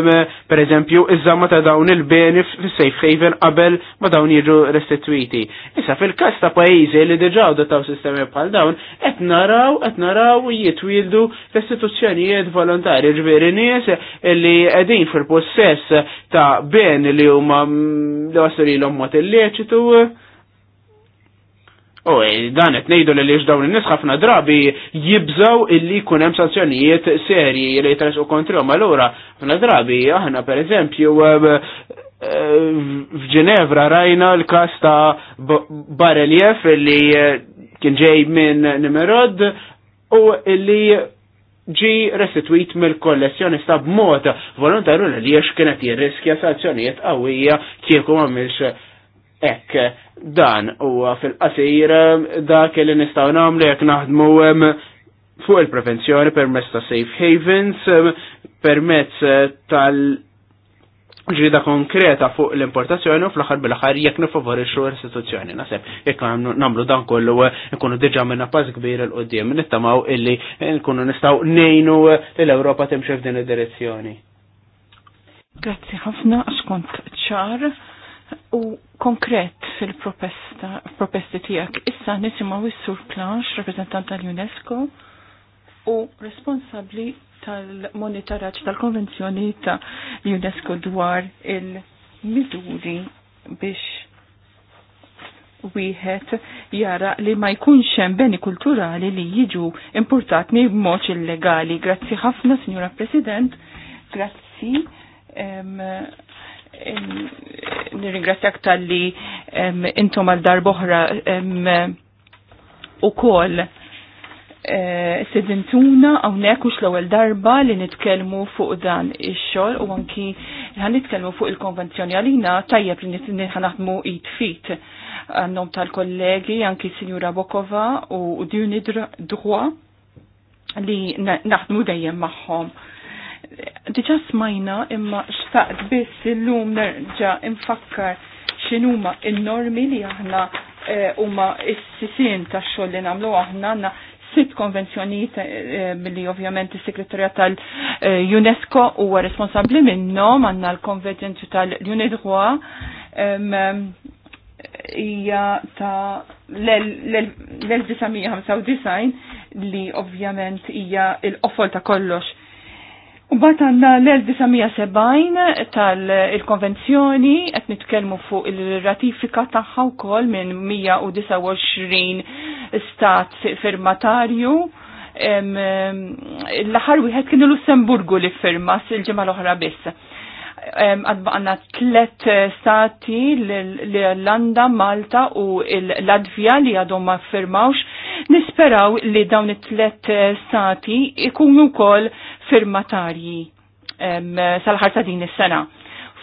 pereżempju iż żama ta' dawn il-beni fis-safe haven qabel ma dawn jiġu restitwiti. Issa fil-każ ta' pajjiżi li diġà dotaw sistemi bħal dawn qed naraw qed naraw jitwieldu restituzzjonijiet volontari ġveri nies li qegħdin fil-possess ta' ben li huma mm, li wasililhom mod illeċitu U eh, dan qed ngħidu li dawn in-nies ħafna drabi jibżgħu illi jkun hemm sanzjonijiet serji li jitresqu kontrihom. Allura ħafna drabi aħna pereżempju eh, eh, f'Ġenevra rajna l-każ ta' Barelief illi kien ġej minn Nimerod u illi ġi restituit mill-kollezzjonista b'mod volontarju li jiex kienet jirriskja sanzjonijiet qawwija kieku m'għamilx. Ek, dan huwa fil-qasir dak li nistgħu nagħmlu jekk naħdmu fuq il-prevenzjoni permezz ta' safe havens, permezz tal- ġrida konkreta fuq l-importazzjoni u fl-axar bil-axar jek nifavorixxu l-istituzzjoni. Naseb, jek namlu dan kollu nkunu diġa minna paż kbir l-qoddim, nittamaw illi nkunu nistaw nejnu l-Ewropa timxie f'din id-direzzjoni. Grazzi ħafna, skont ċar u konkret fil-propesti tijak. Issa nisimaw wissur sur Planx, tal-UNESCO, u responsabli tal-monitoraċ tal-konvenzjoni ta' UNESCO dwar il-miduri biex wieħed jara li ma jkunx hemm beni kulturali li jiġu importatni b'mod illegali. Grazzi ħafna, Signora President. Grazzi nirringrazzjak tal-li intom għal darboħra u kol e, sedintuna għaw nekux l ewwel darba li nitkelmu fuq dan il-xol u anki għan nitkelmu fuq il-konvenzjoni għalina tajjeb li nitħanaħdmu it-fit għannom tal-kollegi anki Sinjura Bokova u Djuni Dħua li naħdmu dejjem maħħom Diġa smajna imma xtaqt biss illum nerġa infakkar x'inhuma in-normi li aħna huma s-sisin ta' xogħol li nagħmlu aħna għandna sitt konvenzjonijiet e, billi ovvjament is-Sekretarja tal-UNESCO huwa responsabbli minnhom għandna l konvenzjoni tal unesco hija ta' l-1995 li ovvjament hija l-qofol ta' kollox Mbagħad għandna l-1970 tal-konvenzjoni qed nitkellmu fuq il-ratifika tagħha wkoll minn 129 stat firmatarju. L-aħħar wieħed kienu Lussemburgu li firma s-ġimgħa l-oħra biss għadbaqna tlet eh, stati l-Irlanda, Malta u l-Latvija li għadhom ma firmawx, nisperaw li dawn it-tlet eh, stati ikunu kol firmatarji sal-ħarta din is-sena.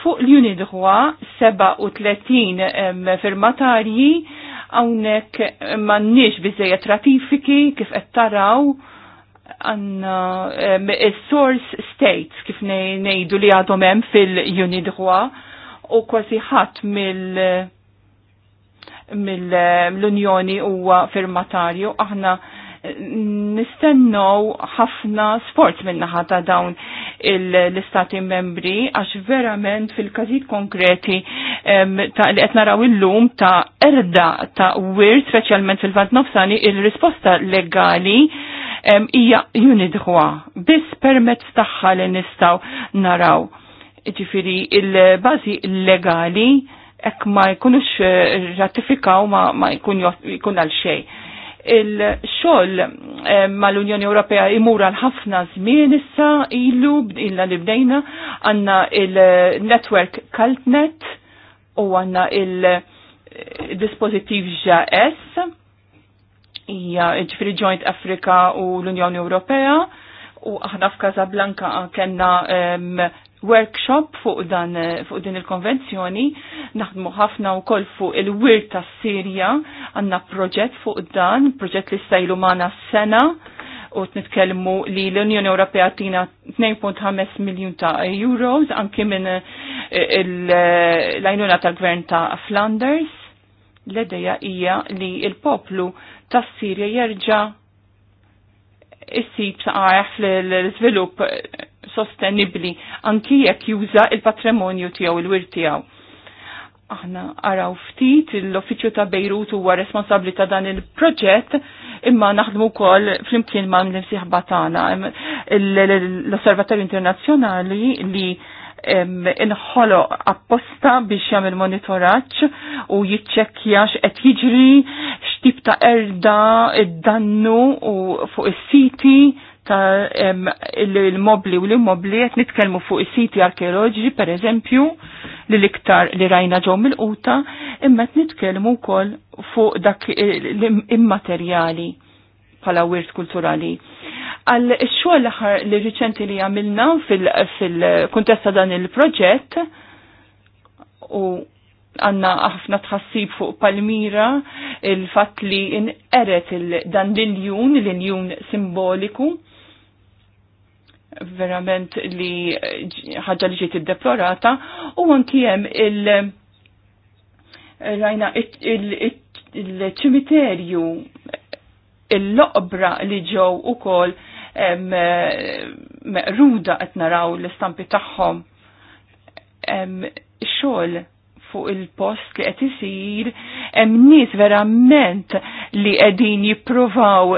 Fuq l-Unidħwa 37 firmatarji għawnek mannix bizzejet ratifiki kif qed taraw għanna um, source states kif nejdu li għadhom hemm fil-Unidroa u kważi ħadd mill mill-Unjoni eh, huwa firmatarju aħna nistennow ħafna sport minna ta' dawn l-istati membri għax verament fil-każijiet konkreti li qed naraw illum ta' erda ta' wir speċjalment fil-vant nofsani il-risposta legali hija unidħwa biss permezz tagħha li nistgħu naraw. Ġifiri, il-bażi legali ek ma jkunux eh, ratifikaw ma, ma jkun, għal xej. Il-xol mal-Unjoni Ewropea imur għal ħafna żmien issa ilu illa li bdejna għanna il-network Kaltnet u għanna il-dispozitiv eh, ġa' hija ġifri Joint Africa u l-Unjoni Ewropea u aħna f'Kazablanka kellna um, workshop fuq dan fuq din il-konvenzjoni naħdmu ħafna wkoll fuq il wirt tas Sirja għandna proġett fuq dan, proġett li stajlu s sena u t li l-Unjoni Ewropea tina 2.5 miljun ta' euros anki minn eh, eh, l-għajnuna tal-gvern ta' Flanders l-edeja hija li il-poplu tas-Sirja jerġa' issib saqaf l-svilup sostenibli anki jekk juża il-patrimonju tiegħu il-wir tiegħu. Aħna araw ftit l offiċċju ta' Bejrut huwa responsabbli ta' dan il-proġett imma naħdmu wkoll flimkien ma' l-imsieħba tagħna. L-Osservatorju Internazzjonali li inħolo apposta biex jagħmel monitoraġġ u jiċċekkja x'qed jiġri, x'tip ta' erda id-dannu u fuq is-siti ta' il-mobli u l-immobli qed nitkellmu fuq is-siti arkeoloġiċi pereżempju li l-iktar li rajna ġew mill-quta, imma qed nitkellmu wkoll fuq dak l-immaterjali bħala wirt kulturali. Għal xogħol l-aħħar li riċenti li għamilna fil-kuntesta dan il-proġett u għanna ħafna tħassib fuq Palmira il-fatt li inqeret dan l-iljun, l-iljun simboliku verament li ħagġa li ġiet iddeplorata u għankijem hemm il rajna il-ċimiterju il-loqbra li ġew ukoll meqruda qed naraw l-istampi tagħhom xogħol fuq il-post li qed isir hemm nies verament li qegħdin jippruvaw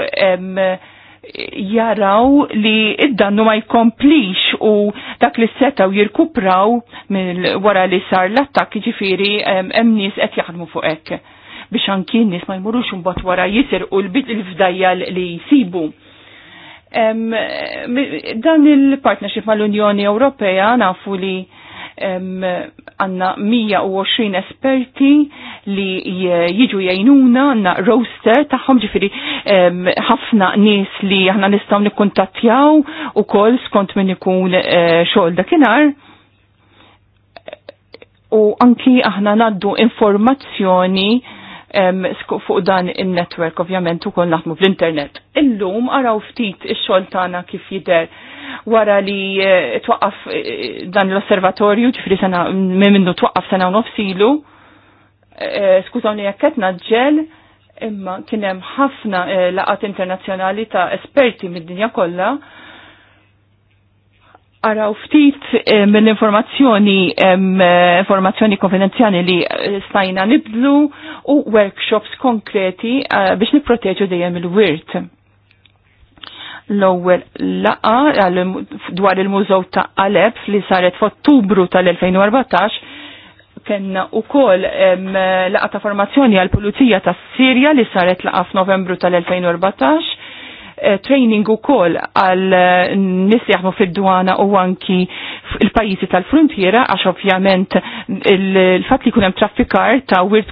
jaraw li id-dannu ma jkomplix u dak li setaw jirkupraw wara li sar l attak ġifiri emnis qed jaħdmu fuq hekk biex anki nis ma jmurux bat wara jisir u l-bit il-fdajjal li jsibu. Dan il-partnership mal-Unjoni Ewropea nafu li għanna 120 esperti li jiġu jajnuna, għanna roaster taħħom ġifiri ħafna nis li għanna nistaw nikkontattjaw u kol skont minn ikun e, xol dakinar. U anki aħna naddu informazzjoni fuq dan il-network ovvjament ukoll naħdmu fl-internet. Illum araw ftit ix-xogħol tagħna kif jidher wara li eh, twaqqaf eh, dan l-osservatorju ġifri sena minn minnu twaqqaf sena u nofsilu. Eh, skużawni jekk qed naġġel, imma kien hemm ħafna laqat internazzjonali ta' esperti mid-dinja kollha Araw ftit eh, mill-informazzjoni eh, informazzjoni konfidenzjali li eh, stajna nibdlu u workshops konkreti biex nipproteġu dejjem il-wirt. L-ewwel laqa dwar il-Mużew ta' Alep li saret f'Ottubru tal-2014 kenna ukoll laqa ta' formazzjoni għal pulizija tas Sirja li saret laqa f'Novembru tal-2014 Eh, training u kol għal eh, nis jaħmu fil-dwana u anki il pajisi tal-frontiera, għax ovvjament il-fat li kunem traffikar ta' wirt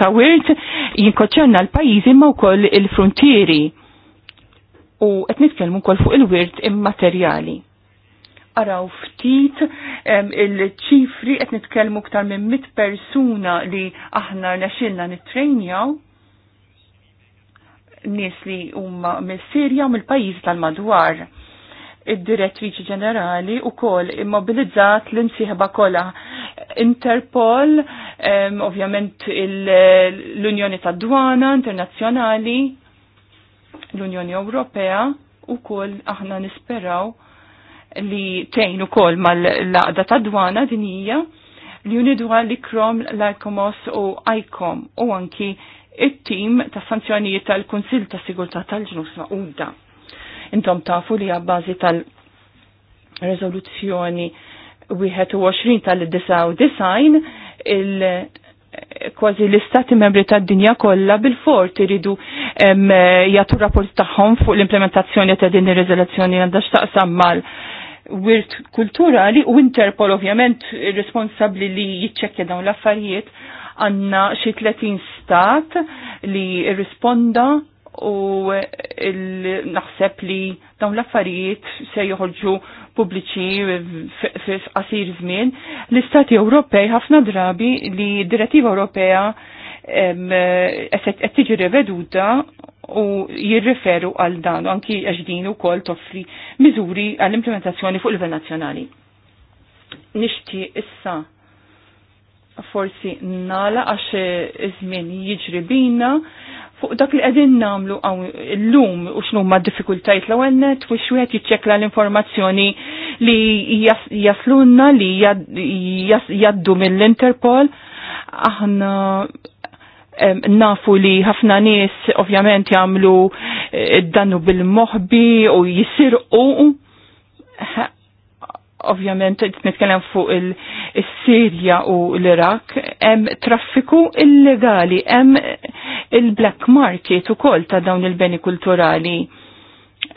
ta' wirt jinkoċenna l pajisi ma' u kol il-frontieri. U għet nitkelmu kol fuq il-wirt immaterjali. Araw ftit il-ċifri qed nitkellmu ktar minn mit persuna li aħna nit nittrejnjaw nies li huma mill-Sirja u mill pajiz tal-madwar. Id-Direttriċi Ġenerali u kol immobilizzat l-imsieħba kollha Interpol, um, ovvjament l-Unjoni tad Dwana Internazzjonali, l-Unjoni Ewropea u kol aħna nisperaw li tejn u kol mal-laqda ta' dwana dinija li unidwa li krom l-ICOMOS u ICOM u anki it-tim ta' sanzjonijiet tal-Kunsil ta' Sigurtà tal-Ġnus Maquda. Intom tafu li għabbażi tal-rezoluzzjoni 21 tal-99 il- kważi l-istati membri tad dinja kollha bil-fort iridu jagħtu rapport tagħhom fuq l-implementazzjoni ta' din ir-riżoluzzjoni għandha x'taqsam mal wirt kulturali u Interpol ovvjament responsabbli li jiċċekkja dawn l-affarijiet għanna xi 30 stat li risponda u naħseb li dawn l-affarijiet se joħorġu pubbliċi f'qasir żmien. L-Istati Ewropej ħafna drabi li direttiva Ewropea qed tiġi reveduta u jirriferu għal dan, anki għax u kol toffri miżuri għall-implementazzjoni fuq il-livell nazzjonali. Nixti issa forsi nala għax izmin żmien jiġri bina fuq dak li qegħdin nagħmlu llum u xnu d-diffikultajiet la għennet u xwiet jitċekla l-informazzjoni li jaslunna li jaddu mill-Interpol aħna nafu li ħafna nies ovvjament jagħmlu eh, dannu bil mohbi u jisirqu ovvjament nitkellem fuq il-Sirja u l-Irak, hemm traffiku illegali, hemm il-black market ukoll ta' dawn il-beni kulturali.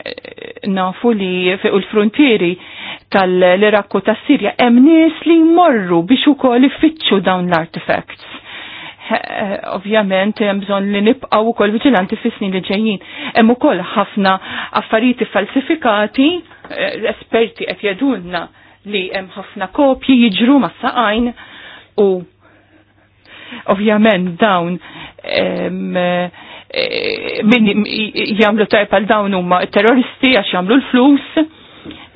Eh, nafu li fuq il-frontieri tal-Irak u tas-Sirja hemm nies li jmorru biex ukoll ifittxu dawn l-artifacts. Eh, ovvjament hemm bżonn li nibqgħu wkoll viġilanti fis-snin li ġejjin. Hemm ukoll ħafna affarijiet falsifikati, eh, esperti qed jedunna li hemm ħafna kopji jiġru ma' saqajn u ovvjament dawn eh, min jagħmlu tajb għal dawn huma terroristi għax jagħmlu l-flus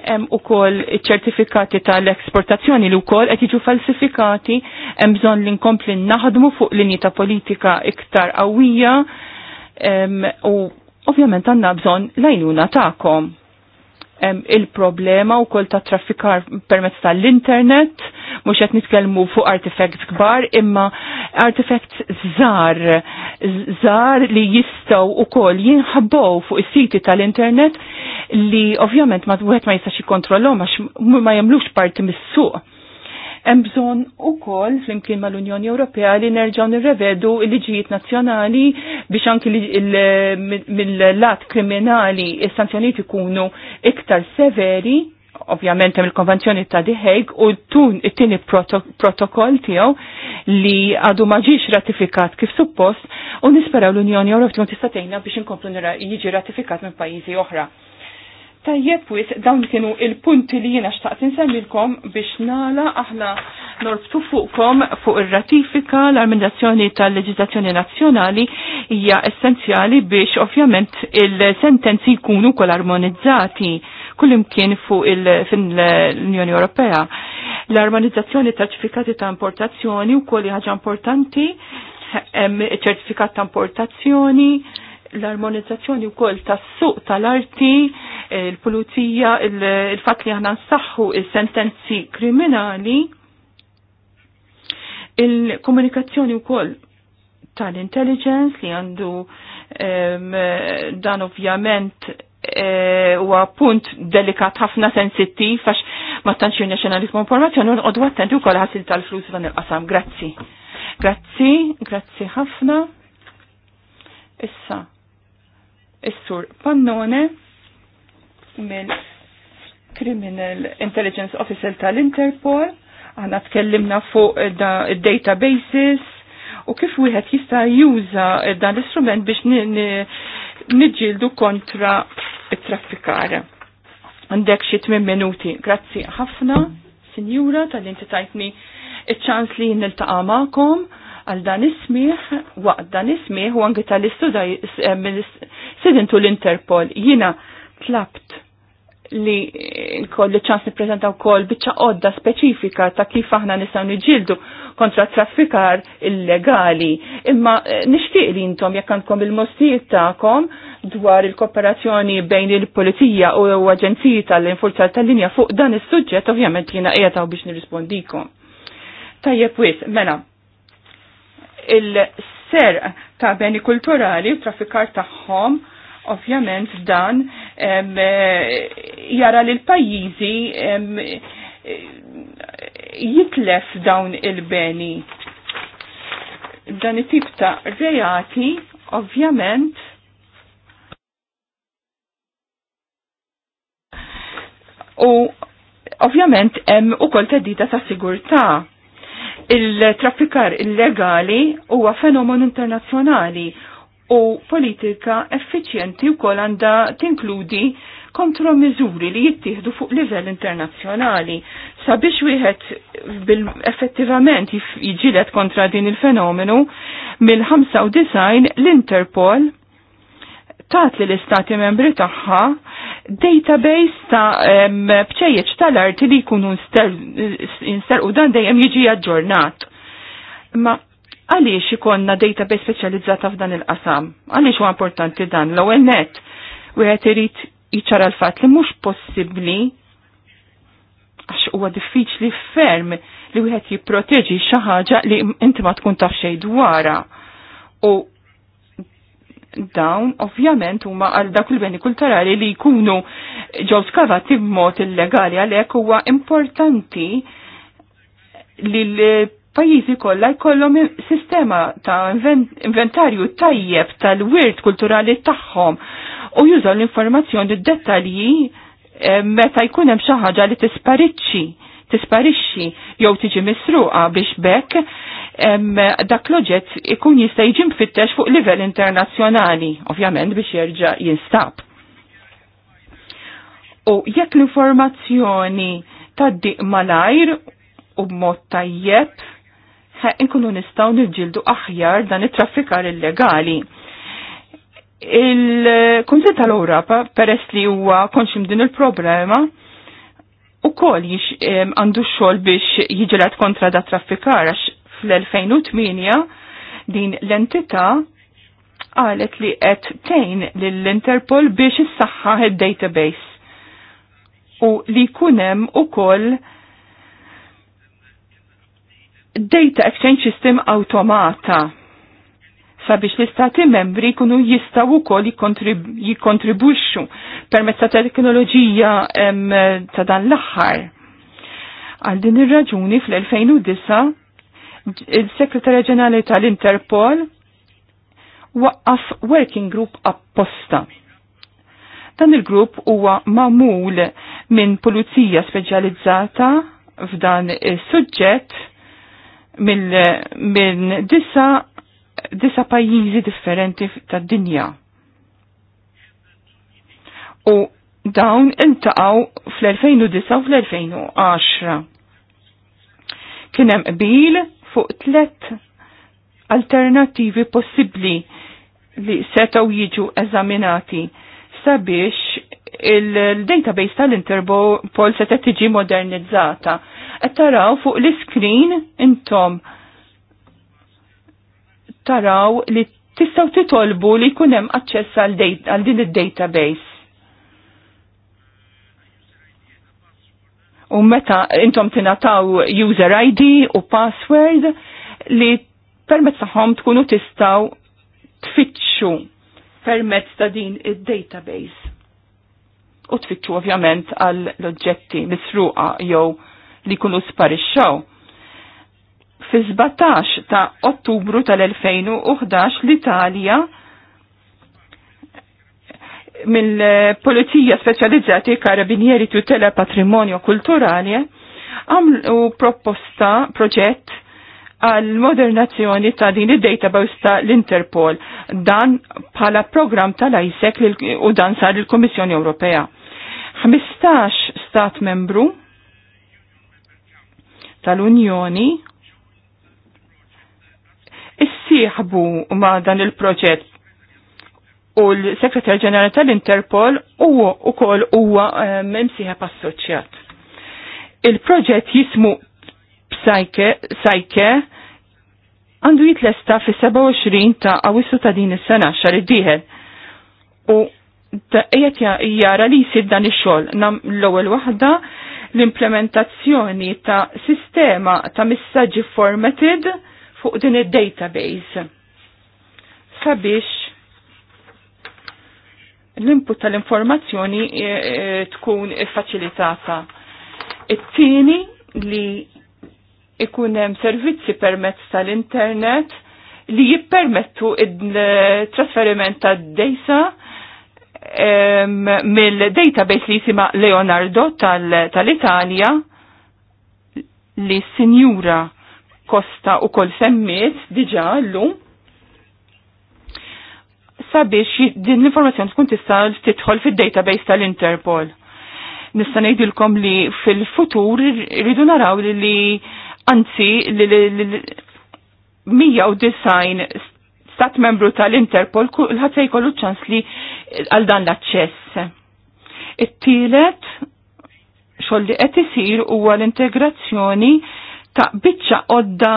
hemm ukoll iċ-ċertifikati tal-eksportazzjoni li wkoll qed jiġu falsifikati hemm bżonn li nkompli naħdmu fuq linji ta' politika iktar qawwija u ovvjament għandna bżonn l-għajnuna tagħkom il-problema u kol ta' traffikar permezz tal-internet, mux għet nitkelmu fuq artifacts kbar, imma artifacts zar, zar li jistaw u kol jinħabbow fuq is-siti tal-internet li ovvjament ma' għet ma jistax jikontrollom għax ma jamlux parti mis-suq Hemm bżonn ukoll flimkien mal-Unjoni Ewropea li nerġgħu nirrevedu l-liġijiet nazzjonali biex anki mill-lat kriminali is-sanzjonijiet ikunu iktar severi ovvjament hemm il-konvenzjoni ta' The Hague u tun it-tieni protokoll tiegħu li għadu ma ġiex ratifikat kif suppost u nisperaw l-Unjoni Ewropea tkun tista' tgħinna biex inkomplu jiġi ratifikat minn pajjiżi oħra. Tajjeb wis dawn kienu il-punti li jiena xtaqt insemmilkom biex nala aħna norbtu fuqkom fuq ir-ratifika l-armendazzjoni tal-leġiżlazzjoni nazzjonali hija essenzjali biex ovvjament il-sentenzi jkunu kol armonizzati kullimkien fuq l-Unjoni Ewropea. L-armonizzazzjoni tal-ċifikati ta' importazzjoni u kolli ħaġa importanti, ċertifikat ta' importazzjoni, l-armonizzazzjoni wkoll tas-suq tal-arti, il-pulizija, il-fatt li aħna nsaħħu il-sentenzi kriminali, il-komunikazzjoni wkoll tal-intelligence li għandu dan ovvjament e, huwa punt delikat ħafna sensittiv għax ma tantx nazzjonalizmu informazzjoni għodu attenti wkoll ħasil tal-flus dan il-qasam. Grazzi. Grazzi, grazzi ħafna. Issa, is-sur Pannone mill Criminal Intelligence Officer tal-Interpol, għana tkellimna fuq databases u kif wieħed jista' juża dan l-istrument biex niġġieldu kontra it-traffikar. Għandek xi tmien minuti. Grazzi ħafna, Sinjura, tal-inti tajtni iċ-ċans li niltaqa' magħkom għal dan ismiħ, waqt dan ismiħ u anke tal istuda eh, stidintu l-Interpol, jina tlabt li kolli ċans u kol bieċa odda speċifika ta' kif aħna nisaw niġildu kontra traffikar illegali. Imma eh, nishtiq li intom jekk għandkom il-mostijiet ta'kom dwar il-kooperazzjoni bejn il-polizija u l tal-infurzar tal-linja fuq dan is-suġġett ovvjament jiena u biex nirrispondikom. Tajjeb wis, mela, il-ser ta' beni kulturali u traffikar tagħhom Ovvjament dan eh, jara li l-pajjiżi eh, jitlef dawn il-beni. Dan it-tip ta' reati ovvjament u ovvjament hemm ukoll tedita ta' sigurtà. Il-traffikar illegali huwa fenomen internazzjonali u politika effiċjenti wkoll għandha tinkludi kontromiżuri li jittieħdu fuq livell internazzjonali sabiex wieħed effettivament jiġilet kontra din il-fenomenu mill-95 l-Interpol tat li l-istati membri tagħha database ta' bċejjeċ tal-arti li jkunu nsterqu dan dejjem jiġi aġġornat. Ma' għaliex ikonna database specializzata f'dan il-qasam? Għaliex huwa importanti dan l-ewwel net? Wieħed irid jiċċara l-fatt li mhux possibbli għax huwa diffiċli ferm li wieħed jipproteġi xi ħaġa li inti ma tkun taf xejn dwarha. U dawn ovvjament huma għal dak il-beni kulturali li jkunu ġew skavati b'mod illegali għalhekk huwa importanti li l pajjiżi kollha jkollhom sistema ta' inventarju tajjeb tal-wirt kulturali tagħhom u jużaw l-informazzjoni dettalji eh, meta jkun hemm xi ħaġa li tispariċċi tisparixxi jew tiġi misruqa biex bekk dak l-oġġett ikun jista' jiġi mfittex fuq livell internazzjonali, ovvjament biex jerġa' jinstab. U jekk l-informazzjoni tad-diq tad-diq malajr u b'mod tajjeb se inkunu nistaw nġildu aħjar dan it-traffikar illegali. Il-Kunsil tal europa peress li huwa konxim din il-problema, u kol jix għandu xol biex jiġilat kontra da traffikar, għax fl-2008 din l-entità għalet li qed tejn l-Interpol biex s-saxħa id-database u li kunem u koll data exchange system automata sabiex l-istati membri kunu jistaw u kol jikontribuxxu permezz ta' teknoloġija ta' dan l axar Għal din ir-raġuni fl-2009 il-Sekretarja Ġenerali tal-Interpol waqqaf working group apposta. Dan il-grupp huwa mamul minn pulizija speċjalizzata f'dan is-suġġett minn disa, disa pajjiżi differenti tad dinja U dawn intaqaw fl-2009 u fl-2010. Kien hemm qbil fuq tliet alternattivi possibbli li setgħu jiġu eżaminati sabiex il-database tal-Interpol se tiġi modernizzata qed taraw fuq l-iskrin intom taraw li tistaw titolbu li jkun hemm aċċess għal din id-database. U meta intom tinataw user ID u password li permezz tagħhom tkunu tistaw tfittxu permezz ta' din id-database. U tfittxu ovvjament għall oġġetti misruqa jew li kunu sparixxaw. Fi 17 ta' Ottubru tal-2011 l-Italja mill-Polizija Speċjalizzati e Karabinieri Tutela Patrimonju Kulturali għamlu proposta proġett għal modernazzjoni ta' din id-database ta' l-Interpol dan bħala program tal-ISEC u dan sar il-Komissjoni Ewropea. 15 stat membru tal-Unjoni issieħbu ma' dan il-proġett u l-Sekretar Ġenerali tal-Interpol u ukoll huwa mimsieħeb eh, assoċjat. Il-proġett jismu Psyche għandu jitlesta fi 27 ta' awissu ta' din is-sena xar id-dieħel. U qiegħed jara li jsir dan ix-xogħol. Nam l-ewwel waħda l-implementazzjoni ta' sistema ta' missaġġi formatted fuq din id-database. Sabiex l-input tal-informazzjoni eh, eh, tkun facilitata. It-tieni li ikun hemm servizzi permezz tal-internet li jippermettu il-trasferiment tad data mill-database li jisima Leonardo tal-Italja tal li sinjura Kosta u kol semmiet diġa l-lum sabiex din l-informazzjoni tkun tista' titħol fid-database tal-Interpol. Nista' ngħidilkom li fil-futur rridu naraw li anzi li 190 stat membru tal-Interpol kulħadd se jkollu ċans li għal dan l-aċċess. It-tielet xogħol li qed isir huwa l-integrazzjoni ta' biċċa qodda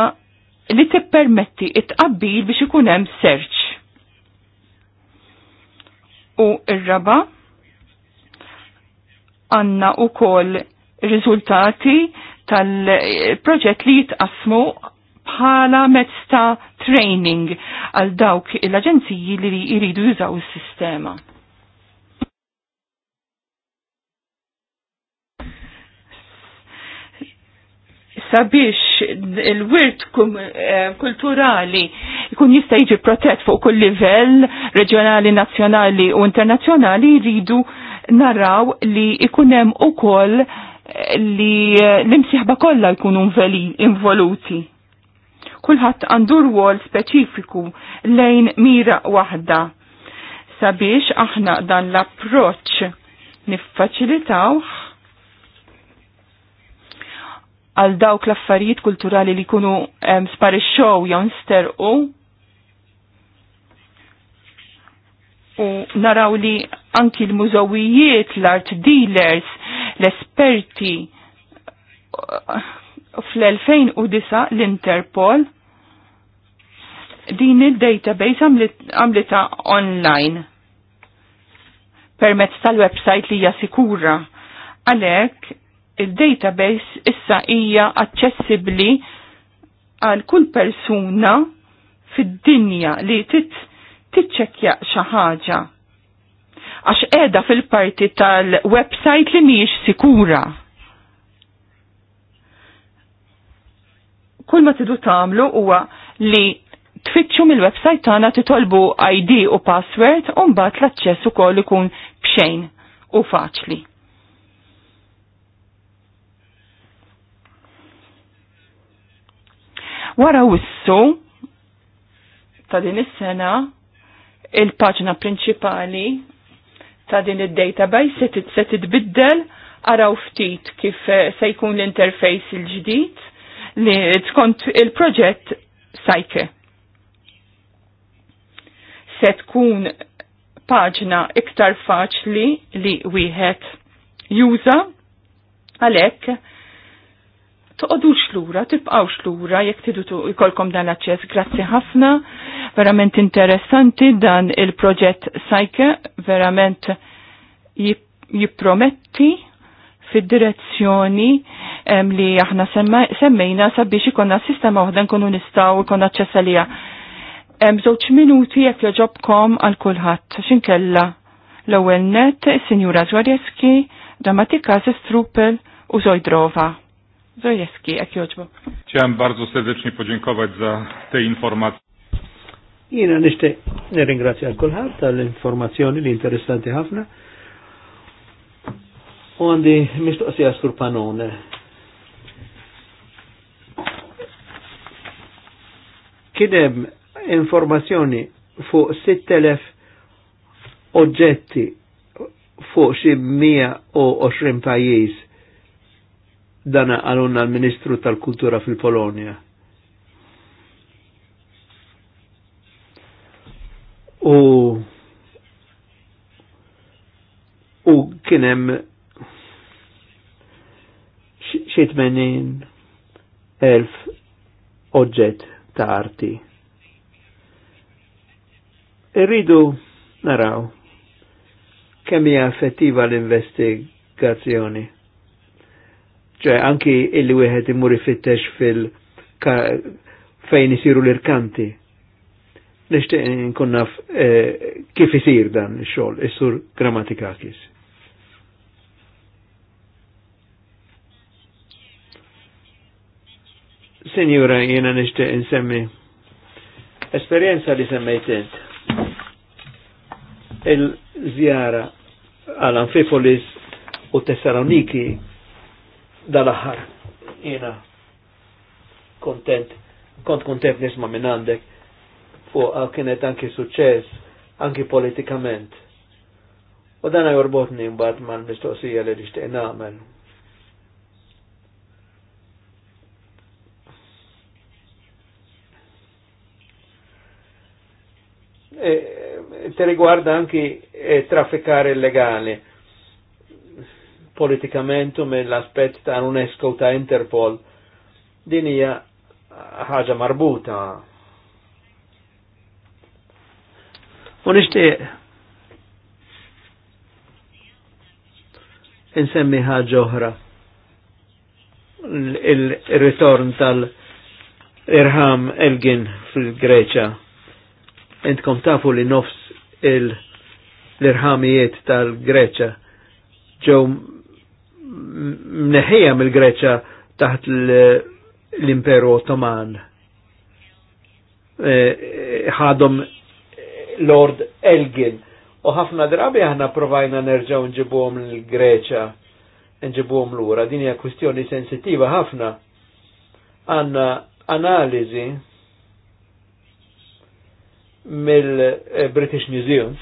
li tippermetti it-qabbil biex ikun hemm serċ. U r-raba għanna u koll riżultati tal-proġett li jitqasmu bħala mezz ta' training għal dawk l-aġenziji li jridu jużaw is-sistema. sabiex il-wirt eh, kulturali jkun jista' jiġi protett fuq kull livell reġjonali, nazzjonali u internazzjonali jridu naraw li jkun hemm ukoll li l-imsieħba kollha jkunu involuti kulħadd għandu rwol speċifiku lejn mira waħda. Sabiex aħna dan l-approċ niffaċilitaw għal dawk l-affarijiet kulturali li kunu sparixxew sparixxow jew nsterqu u naraw li anki l-mużawijiet, l-art dealers, l-esperti uh, fl-2009 l-Interpol din il-database għamlita online permezz tal-website li hija sikura. Għalhekk il-database issa hija aċċessibbli għal kull persuna fid-dinja li tit tiċċekkja xi ħaġa. Għax qiegħda fil-parti tal-website li mhijiex sikura. Kull ma tidu tagħmlu huwa li tfittxu mill-website tagħna titolbu ID u password u mbagħad l-aċċess ukoll ikun bxejn u faċli. Wara wissu ta' din is-sena il-paġna prinċipali ta' din id-database se titbiddel araw ftit kif eh, se jkun l-interface il-ġdid li skont il-proġett Sajke se tkun paġna iktar faċli li wieħed juża għalhekk Toqgħodux lura, tibqgħux lura, jekk tidu ikolkom dan l-aċċess. Grazzi ħafna, verament interessanti dan il-proġett Sajke, verament jipprometti fid-direzzjoni li aħna semmejna sabiex ikonna sistema waħda nkunu nistgħu ikonna aċċess għalija hemm żewġ minuti jekk joġobkom għal kulħadd x'inkella l-ewwel net is-Sinjura Żwarjeski, Dramatika Strupel u Zojdrova. Zojeski, jak joġbu. Chciałem bardzo serdecznie podziękować za te informacje. Jina nishtiq nirringrazzja kulħadd tal-informazzjoni li interessanti ħafna. U għandi mistoqsija sur panone. Kidem informazzjoni fuq 6.000 oġġetti fuq u 120 pajjiż dana għalunna l-Ministru tal-Kultura fil polonia U u kienem xitmenin elf oġġet ta' arti. Irridu naraw kemm hija effettiva l-investigazzjoni. Ġe, anki illi wieħed imur ifittex fil- fejn isiru l-irkanti. Nishtiq nkun naf eh, kif isir dan ix-xogħol, is-sur grammatikakis. Senjura, jena nishtiq insemmi esperienza li semmejt il-żjara għal Anfipolis u Tessaloniki dal-aħħar. Jena kontent, kont kontent nisma' minn għandek fuq kienet anki suċċess anki politikament. U dan jorbotni mbagħad mal-mistoqsija li nixtieq nagħmel E, te riguarda anche eh, trafficare illegale politicamente mill l'aspetto da non ta' Interpol di nia haja marbuta. U nixtieq insemmi ħaġa oħra il-ritorn tal-irħam Elgin fil-Greċa Entkom tafu li nofs l-irħamijiet tal-Greċa ġew mneħija mill-Greċa taħt l-Imperu Ottoman. Eh, ħadhom Lord Elgin. U ħafna drabi aħna provajna nerġaw nġibuhom l-Greċa, nġibuhom l-ura. Din hija kwistjoni sensittiva ħafna. Għanna analiżi mill-British Museum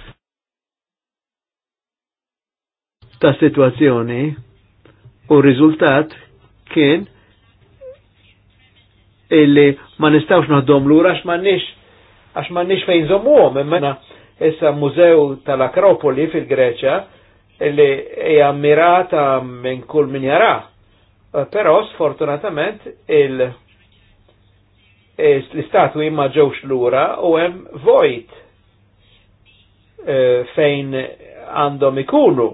ta' situazzjoni u riżultat kien illi ma nistawx naħdom lura għax m'għandniex nix fejn fejn għom imma issa mużew tal-Akropoli fil-Greċja illi hija ammirata minn kull min jara. Però sfortunatament il- E, l-istatwi ma ġewx lura u hemm vojt e, fejn għandhom ikunu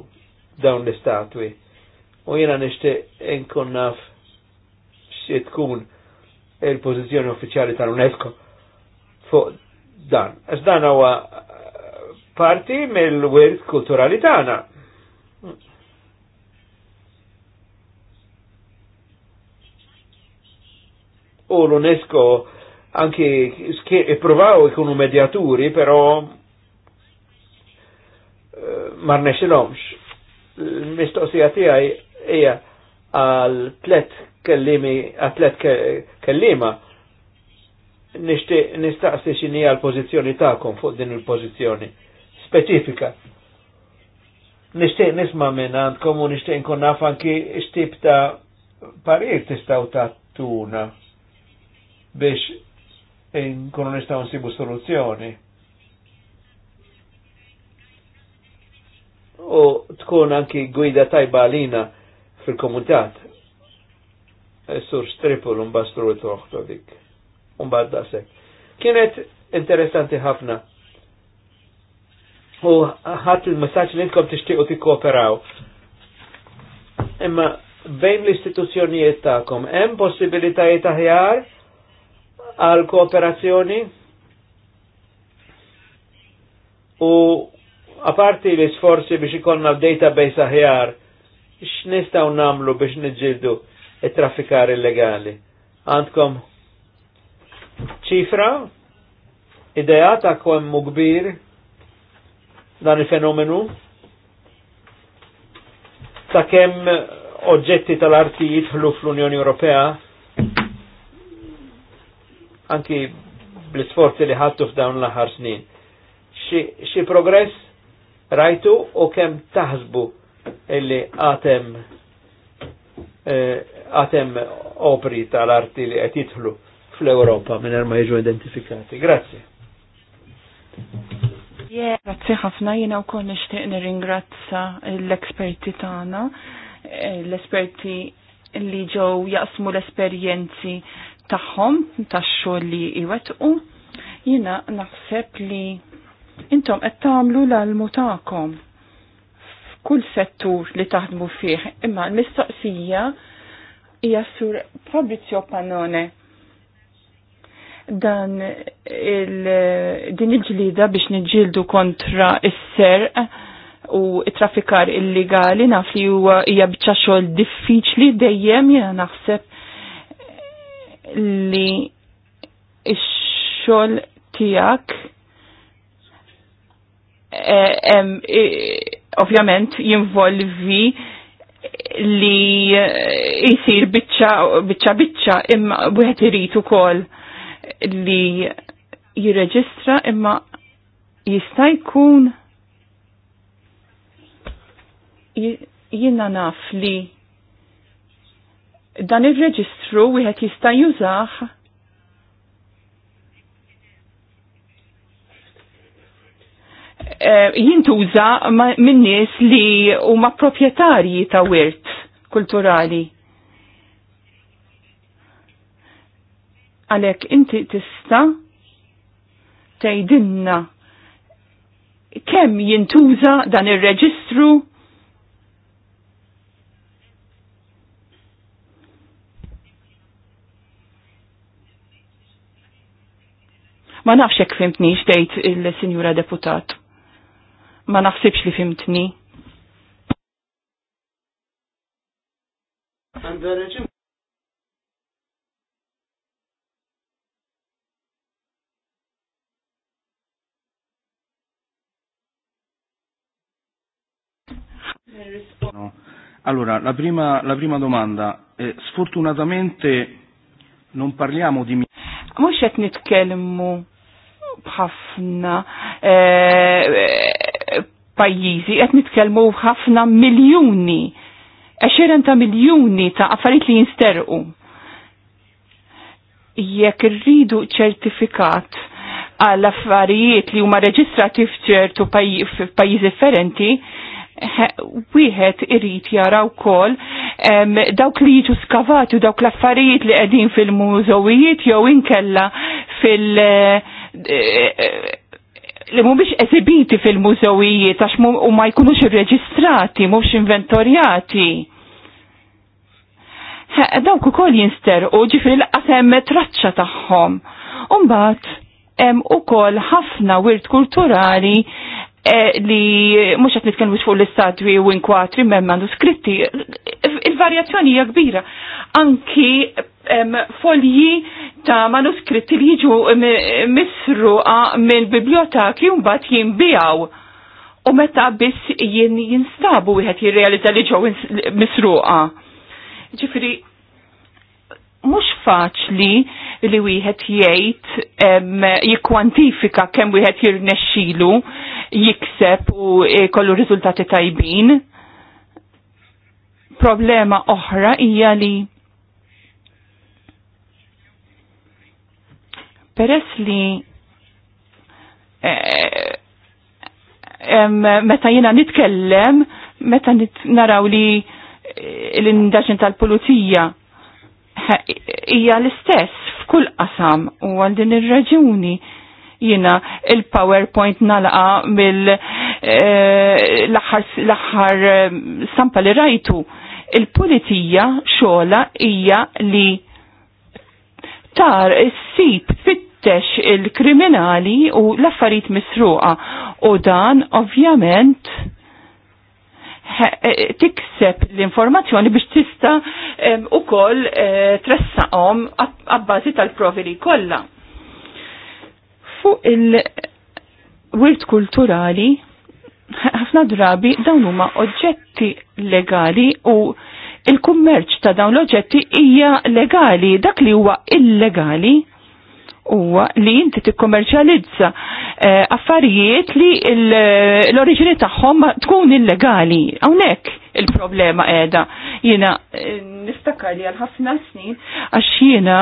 dawn l-istatwi. U jena nishtiq inkun naf xie tkun il-pozizjoni uffiċjali tal-UNESCO fuq dan. Għax dan huwa parti mill-wirt kulturali tagħna. u l-UNESCO anki ippruvaw ikunu medjaturi, però eh, mar nexilomx. Mistoqsija tijaj ija għal tlet kellimi, għal tlet kellima, nistaqsi xini għal pozizjoni ta'kom fuq din il-pozizjoni specifika. Nishtiq nisma minn għandkom u nishtiq nkun nafan anki xtib ta' parir tistaw ta' tuna biex nkunu nistgħu nsibu soluzzjoni. U tkun anki gwida tajba għalina fil-komutat. Sur stripul un bastru toħto dik. Un baddasek. Kienet interessanti ħafna. U ħat il messagġ li nkom t intkom t-kooperaw. Imma bejn l-istituzzjonijiet ta'kom, hemm possibilitajiet aħjar ta għal kooperazzjoni u għaparti l sforzi biex ikonna database aħjar x'nistgħu namlu biex niġġieldu it-traffikar illegali. Għandkom ċifra, idea ta' kemmu dan il-fenomenu ta' kem oġġetti tal artijiet jidħlu unjoni Ewropea anki bl-isforzi li ħattu f'dawn l-aħħar snin. Xi progress rajtu u kemm taħsbu illi għatem eh, għatem opri tal-arti li qed jidħlu fl-Ewropa minn ma jiġu identifikati. Grazzi. Yeah. Grazzi ħafna jiena wkoll nixtieq nirringrazza l-esperti tagħna, eh, l-esperti li ġew jaqsmu l-esperjenzi taħħom, tax-xogħol li iwettqu. Jiena naħseb li intom qed tagħmlu l-almu tagħkom f'kull settur li taħdmu fih, imma l-mistoqsija hija Fabrizio Pannone dan il, din il-ġlida biex nġildu kontra is ser u traffikar illegali naf li huwa hija biċċa xogħol diffiċli dejjem jiena naħseb li ix-xogħol tiegħek eh, eh, ovvjament jinvolvi li eh, jisir biċċa biċċa imma wieħed irid ukoll li jirreġistra imma jista' jkun naf li dan il-reġistru wieħed jista' jużah eh, jintuża minn nies li huma proprjetarji ta' wirt kulturali. Għalhekk inti tista' tgħidilna kemm jintuża dan ir-reġistru Ma nafx jekk fimtni xtejt il-Sinjura Deputat. Ma nafsibx li fimtni. Allora, la prima, la prima domanda. Eh, sfortunatamente non parliamo di mhux qed nitkellmu b'ħafna eh, eh, pajjiżi, qed nitkellmu b'ħafna miljuni, għexieren ta' miljuni ta' affarijiet li jinsterqu. Jekk irridu ċertifikat għall affarijiet li huma reġistrati f'ċertu pajjiż differenti, wieħed irid jara wkoll dawk li jiġu skavati u dawk l-affarijiet li qegħdin fil-mużowijiet jew inkella fil- eh, eh, li biex eżibiti fil-mużowijiet għax u ma jkunux irreġistrati, mhux inventorjati dawk ukoll jinsterqu ġifri l-qasem traċċa tagħhom. Umbagħad u ukoll ħafna wirt kulturali eh, li mhux qed nitkellmu fuq l-istatwi u inkwatri m'hemm skritti, il-varjazzjoni hija kbira. Anki folji ta' manuskritti li jiġu misruqa minn biblioteki mbagħad jinbijaw. U meta biss jien jinstabu wieħed jirrealizza li ġew misruqa. Ġifieri mhux faċli li wieħed jgħid jikkwantifika kemm wieħed jirnexxilu jikseb u e, kollu riżultati tajbin Problema oħra hija li peress li eh, meta jina nitkellem, meta nit, naraw li eh, l-indaġin tal-pulizija eh, hija l-istess f'kull qasam u għal din ir-raġuni jina il-PowerPoint nalqa' mill-aħħar l-aħħar stampa li rajtu il-pulizija xola hija li tar issib fittex il-kriminali u l-affarijiet misruqa u dan ovvjament e, tikseb l-informazzjoni biex tista u koll e, tressaqom għabbażi tal-provi li kolla. Fuq il-wirt kulturali, ħafna drabi dawn huma oġġetti legali u il-kummerċ ta' dawn l-oġġetti hija legali, dak li huwa illegali huwa li inti tikkommerċjalizza eh, affarijiet li l-oriġini tagħhom tkun illegali. Hawnhekk il-problema qiegħda. Jiena eh, niftakar li għal ħafna snin għax jiena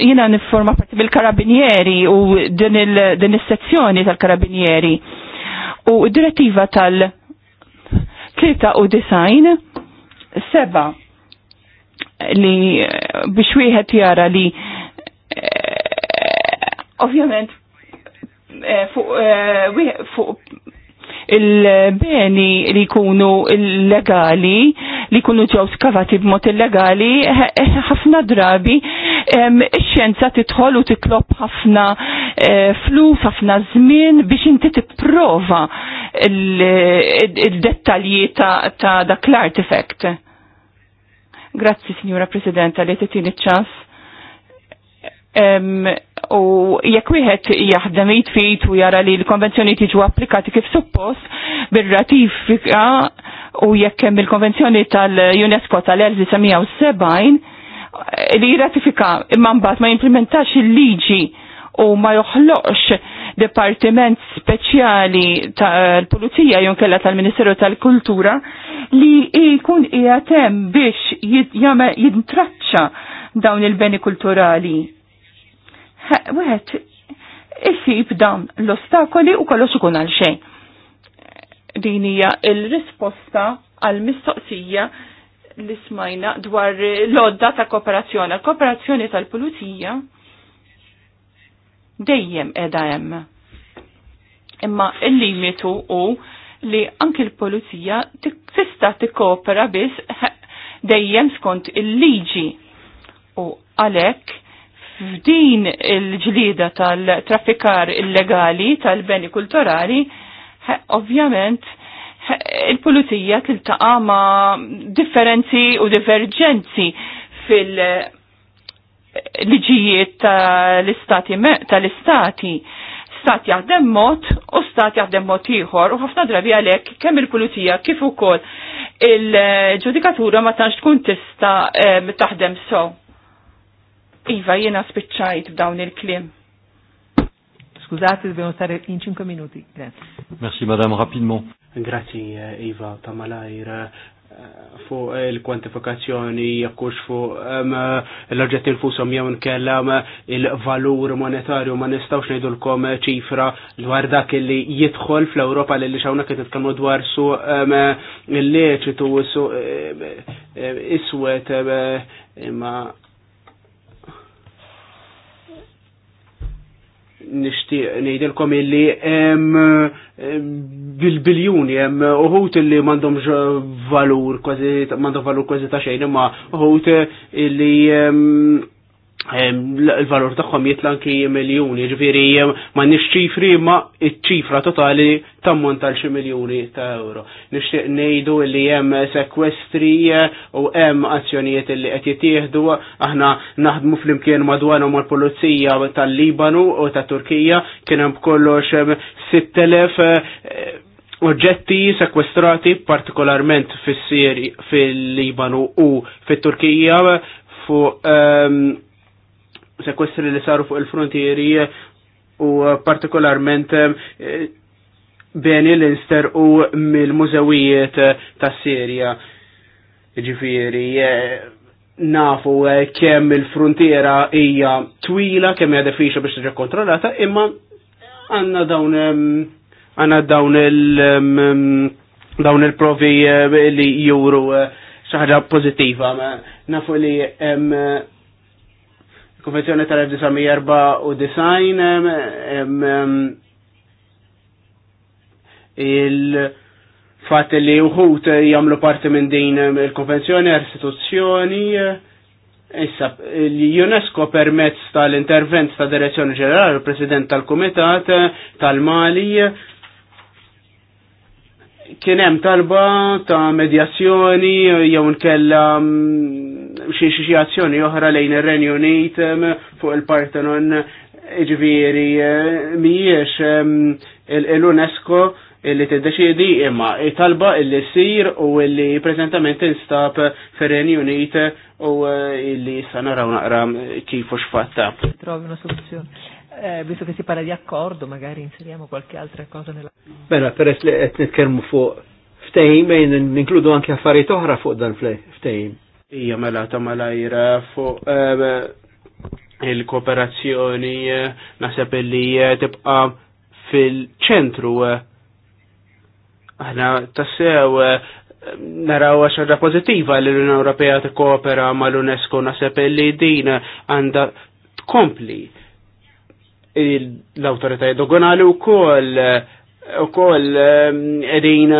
jiena nifforma parti bil-karabinieri u din is-sezzjoni tal-karabinieri. U d-direttiva tal-, -karabinieri, design seba li biex wieħed jara li eh, ovvjament eh, fuq eh, il-beni li jkunu legali, li jkunu ġew skavati b'mod illegali, eh, ħafna drabi ix-xjenza titħol u titlop ħafna eh, flus, ħafna żmien biex inti tipprova il-dettalji ta' dak l artifekt Grazzi, Signora Presidenta, li titini ċans u jekk wieħed jaħdem jitfit u jara li l-konvenzjoni tiġu applikati kif suppost bir-ratifika u jekk hemm il-konvenzjoni tal-UNESCO tal-1970 eh, li ratifika imma mbagħad ma jimplementax il-liġi u ma joħloqx departiment speċjali tal-Pulizija jonkella kella tal-Ministeru tal-Kultura li jkun qiegħed hemm biex jintraċċa dawn il-beni kulturali wieħed isib dan l-ostakoli u kollox ikun għal xejn. Din hija l-risposta għal mistoqsija li smajna dwar l-odda ta' kooperazzjoni. L-kooperazzjoni tal-pulizija dejjem edha hemm. Imma il-limitu u li anki l pulizija tista tikkopera biss dejjem skont il-liġi u għalhekk f'din il-ġlida tal-traffikar illegali tal-beni kulturali, ovvjament il-pulizija tiltaqa ma' differenzi u divergenzi fil- liġijiet tal-istati tal-istati stat jaħdem mod u stat jaħdem mod ieħor u ħafna drabi għalhekk kemm il-pulizija kif ukoll il-ġudikatura ma tantx tkun tista' eh, taħdem sew. So Iva, jiena spiċċajt b'dawn il-klim. Skużati, dobbiamo stare in 5 minuti. Grazie. Merci, madame, rapidement. Grazie, Iva, tamalajr fuq il-kwantifikazzjoni jekkux fuq l il infusom jew nkellem il-valur monetarju ma nistgħux ngħidulkom ċifra dwar dak li jidħol fl-Ewropa lilli xawna kien titkellmu dwar su l-leċitu su iswed imma nishtiq nejdilkom illi hemm eh, bil-biljuni hemm uħut illi m'għandhomx eh, valur kważi m'għandhom valur kważi ta' xejn imma uħut illi eh, il-valur tagħhom jitlanki anki miljuni, ġifieri ma nix ċifri ma ċ-ċifra totali tammont tal xi miljuni ta' euro. Nixtieq ngħidu li hemm sekwestri eh, u hemm azzjonijiet li qed jittieħdu aħna naħdmu flimkien madwarhom mal-Pulizija tal-Libanu u ta' Turkija kien hemm kollox 6000 eh, Oġġetti sekwestrati partikolarment fil-Libanu u fil-Turkija fuq sekwestri li saru fuq il-frontieri u partikolarment eh, beni l-inster u mill-mużewijiet ta' Sirja. Ġifiri, eh, nafu eh, kemm il-frontiera hija twila, kemm hija defixa biex tiġi kontrollata, imma għandna dawn għandna dawn il- dawn il-provi li juru xaħġa pozittiva. Nafu li hemm konvenzjoni tal design il-fat li uħut jamlu parti minn din il-konvenzjoni, istituzzjoni, issa l-UNESCO permezz tal-intervent ta' direzzjoni ġenerali, il-President tal-Kumitat, tal-Mali, kien hemm talba ta' medjazzjoni jew nkella xi xi azzjoni oħra lejn ir-Renju Unit fuq il-Partenon iġviri mhijiex l-UNESCO illi tiddeċiedi imma talba illi sir u illi prezentament instab fir-Renju Unit u eh, illi issa naraw naqra kif u x'fatta. Trovi una soluzzjoni. Eh, visto che si parla di accordo, magari inseriamo qualche altra cosa nella... Bene, mela, per li qed nitkellmu fuq ftehim e ninkludu anche affarijiet oħra fuq dan ftehim hija mela ta' malajra fuq eh, il-kooperazzjoni eh, naħseb li eh, tibqa fil-ċentru aħna tassew naraw xaġa pozittiva li l-Unjoni Ewropea tikkoopera mal-UNESCO naħseb li din għandha tkompli l-autoritajiet dogonali u koll u koll edin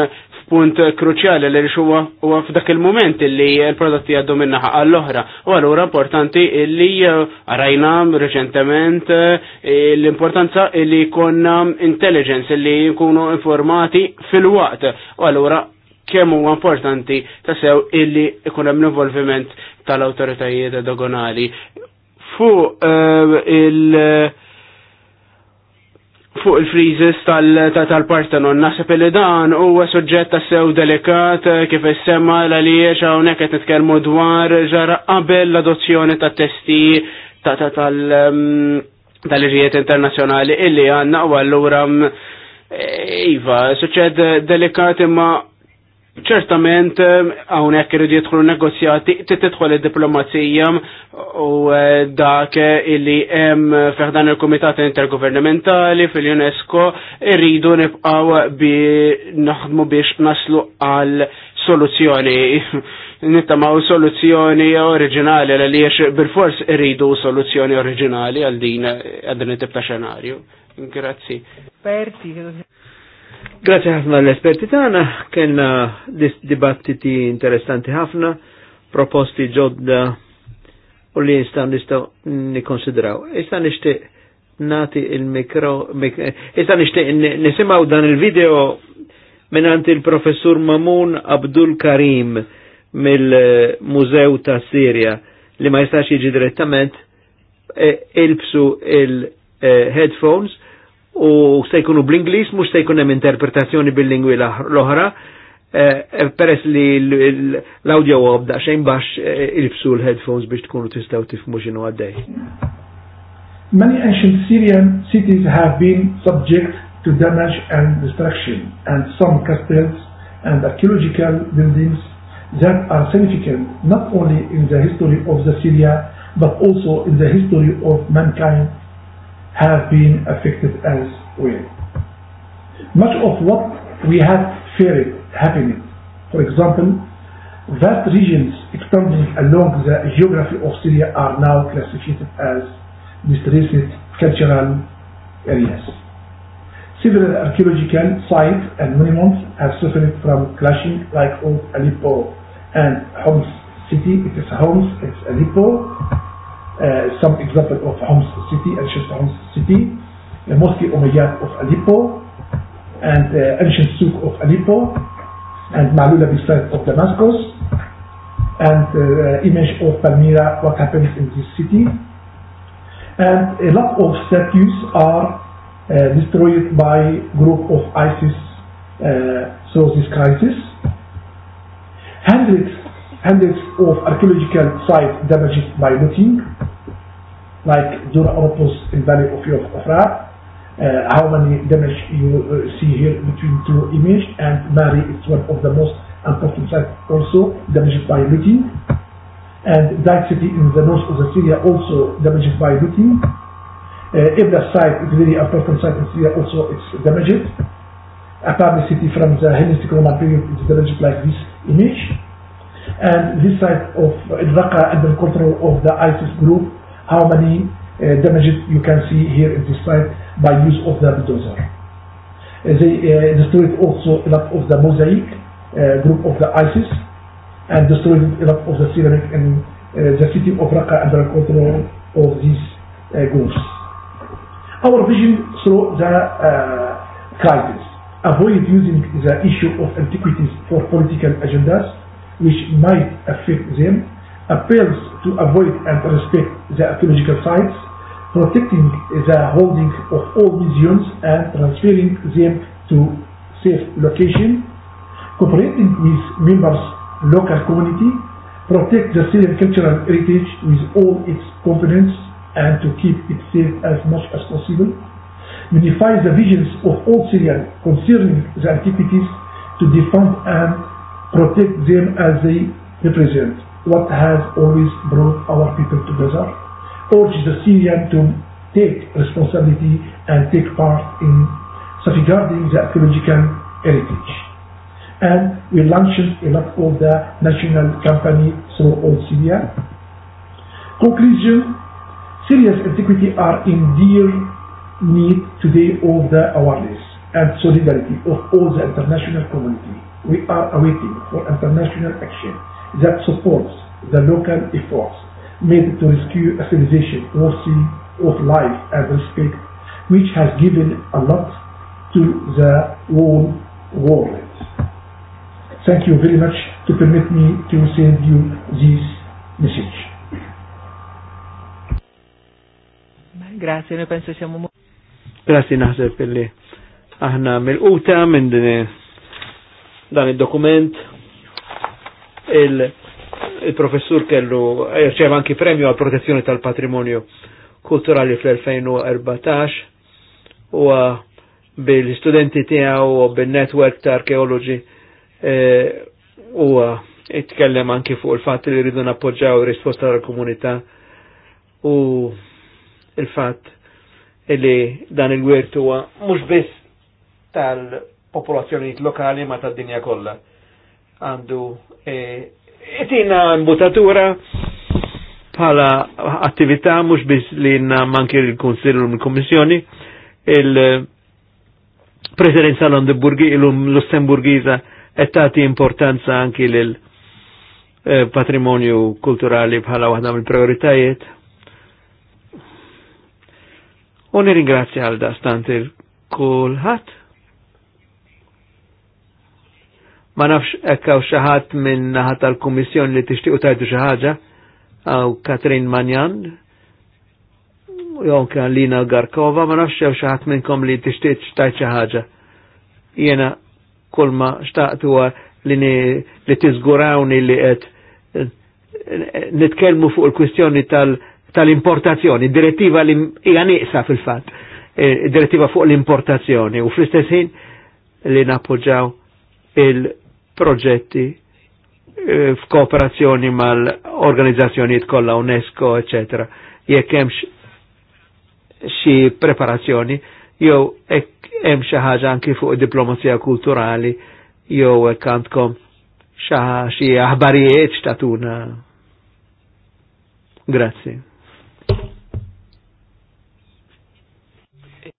punt kruċjali li huwa huwa f'dak il-moment li l-prodotti għaddu minnaħa għall-oħra. U allura importanti li eh, rajna reċentement eh, l-importanza li konna intelligence li jkunu informati fil-waqt. U allura kemm huwa importanti tasew illi ikun hemm involviment tal-awtoritajiet dogonali. Fu eh, il- uh, fuq il-freezes tal-Partanon. Naħseb li dan huwa suġġett ta' sew delikat eh, kif issemma l-għaliex hawnhekk qed nitkellmu dwar ġara qabel l-adozzjoni ta' testi mm, tal-liġijiet internazzjonali illi għandna u għallura mm, eh, Iva, suċċed delikat imma ċertament hawnhekk irid jidħlu negozjati titħol id-diplomazija u e, dak illi hemm feħdan il komitat Intergovernamentali fil-UNESCO irridu nibqgħu bi naħdmu biex naslu għal soluzzjoni nittamaw soluzzjoni oriġinali għaliex bil-fors irridu soluzzjoni oriġinali għal din għad din tip ta' xenarju. Grazzi. Grazie ħafna l-esperti tagħna, kellna dibattiti interessanti ħafna, proposti ġodda u li nistan nistaw nikonsidraw. Issa nixtieq nati il-mikro, issa nixtieq nisimgħu dan il-video minant il-professur Mamun Abdul Karim mill-Mużew ta' Sirja li ma jistax jiġi direttament e, ilbsu il-headphones e, u se jkunu bl-Inglis, mux se jkunem interpretazzjoni bil-lingwi l-oħra, e, e, peress li l-audio għobda xejn bax e, il-bsu l-headphones biex tkunu tistaw tifmu xinu għaddej. Many ancient Syrian cities have been subject to damage and destruction, and some castles and archaeological buildings that are significant not only in the history of the Syria, but also in the history of mankind have been affected as well. Much of what we have feared happening, for example, vast regions extending along the geography of Syria are now classified as distressed cultural areas. Several archaeological sites and monuments have suffered from clashing like old Aleppo and Homs city, it is Homs, it's Aleppo, uh, some example of Homs city, ancient Homs city, uh, mostly Umayyad of Aleppo, and uh, ancient souk of Aleppo, and Malula beside of Damascus, and uh, image of Palmyra, what happens in this city. And a lot of statues are uh, destroyed by group of ISIS uh, through this crisis. Hundreds hundreds of archaeological sites damaged by looting, like Dura Oropos in Valley of York of Ra, uh, how many damage you uh, see here between two images, and Mari is one of the most important sites also damaged by looting, and Dyke City in the north of the Syria also damaged by looting. Uh, Ibla site is very really important site in Syria also it's damaged. Apparently city from the Hellenistic Roman period is damaged like this image. And this side of uh, Raqqa and the control of the ISIS group, how many uh, damages you can see here in this site by use of the bulldozer. Uh, they uh, destroyed also a lot of the mosaic uh, group of the ISIS and destroyed a lot of the ceramic in uh, the city of Raqqa under control of these uh, groups. Our vision through the uh, crisis. Avoid using the issue of antiquities for political agendas which might affect them, appeals to avoid and respect the archaeological sites, protecting the holding of all museums and transferring them to safe location, cooperating with members local community, protect the Syrian cultural heritage with all its components and to keep it safe as much as possible, unify the visions of all Syrians concerning the antiquities to defend and protect them as they represent what has always brought our people together, urge the Syrian to take responsibility and take part in safeguarding the archaeological heritage. And we launched a lot of the national company through all Syria. Conclusion, Syria's antiquity are in dear need today of the awareness and solidarity of all the international community. We are awaiting for international action that supports the local efforts made to rescue a civilization worthy of life and respect, which has given a lot to the whole world. Thank you very much to permit me to send you this message. Grazie, ne penso siamo Grazie naħseb illi aħna mill-quta minn dan il-dokument il-professur il kellu irċev anki premju għal protezzjoni tal patrimonio kulturali fl-2014 u bil-studenti tiegħu u bil-network ta' arkeologi e, u itkellem anki fuq il fat li rridu nappoġġaw risposta tal-komunità u il-fatt li dan il-wirt huwa mhux biss tal- popolazzjonijiet lokali ma ta' dinja kollha. Għandu e, etina e bħala attività mhux biss li għandna manki l-Kunsill u l-Kummissjoni il-Presidenza Lussemburgiża qed tagħti importanza anki lil e, patrimonju kulturali bħala waħda mill-prioritajiet. U nirringrazzja għal da stant il-kulħadd Ma nafx ekkaw xaħat minn naħat tal-Komissjon li u tajdu xaħġa, għaw Katrin Manjan, jonka Lina Garkova, ma nafx jew xaħat minnkom li tixtiq tajt xaħġa. Jena kull ma xtaqtu li, t-izgurawni li qed nitkelmu fuq il-kwistjoni tal-importazzjoni, direttiva li hija fil fat e, direttiva fuq l-importazzjoni u fl istessin li nappoġġaw il- proġetti eh, f'kooperazzjoni mal-organizzazzjonijiet kollha UNESCO, eccetera. Jekk hemmx xi preparazzjoni jew hemm xi ħaġa anki fuq diplomazija kulturali jew hekk għandkom xi aħbarijiet x'tatuna. Grazzi.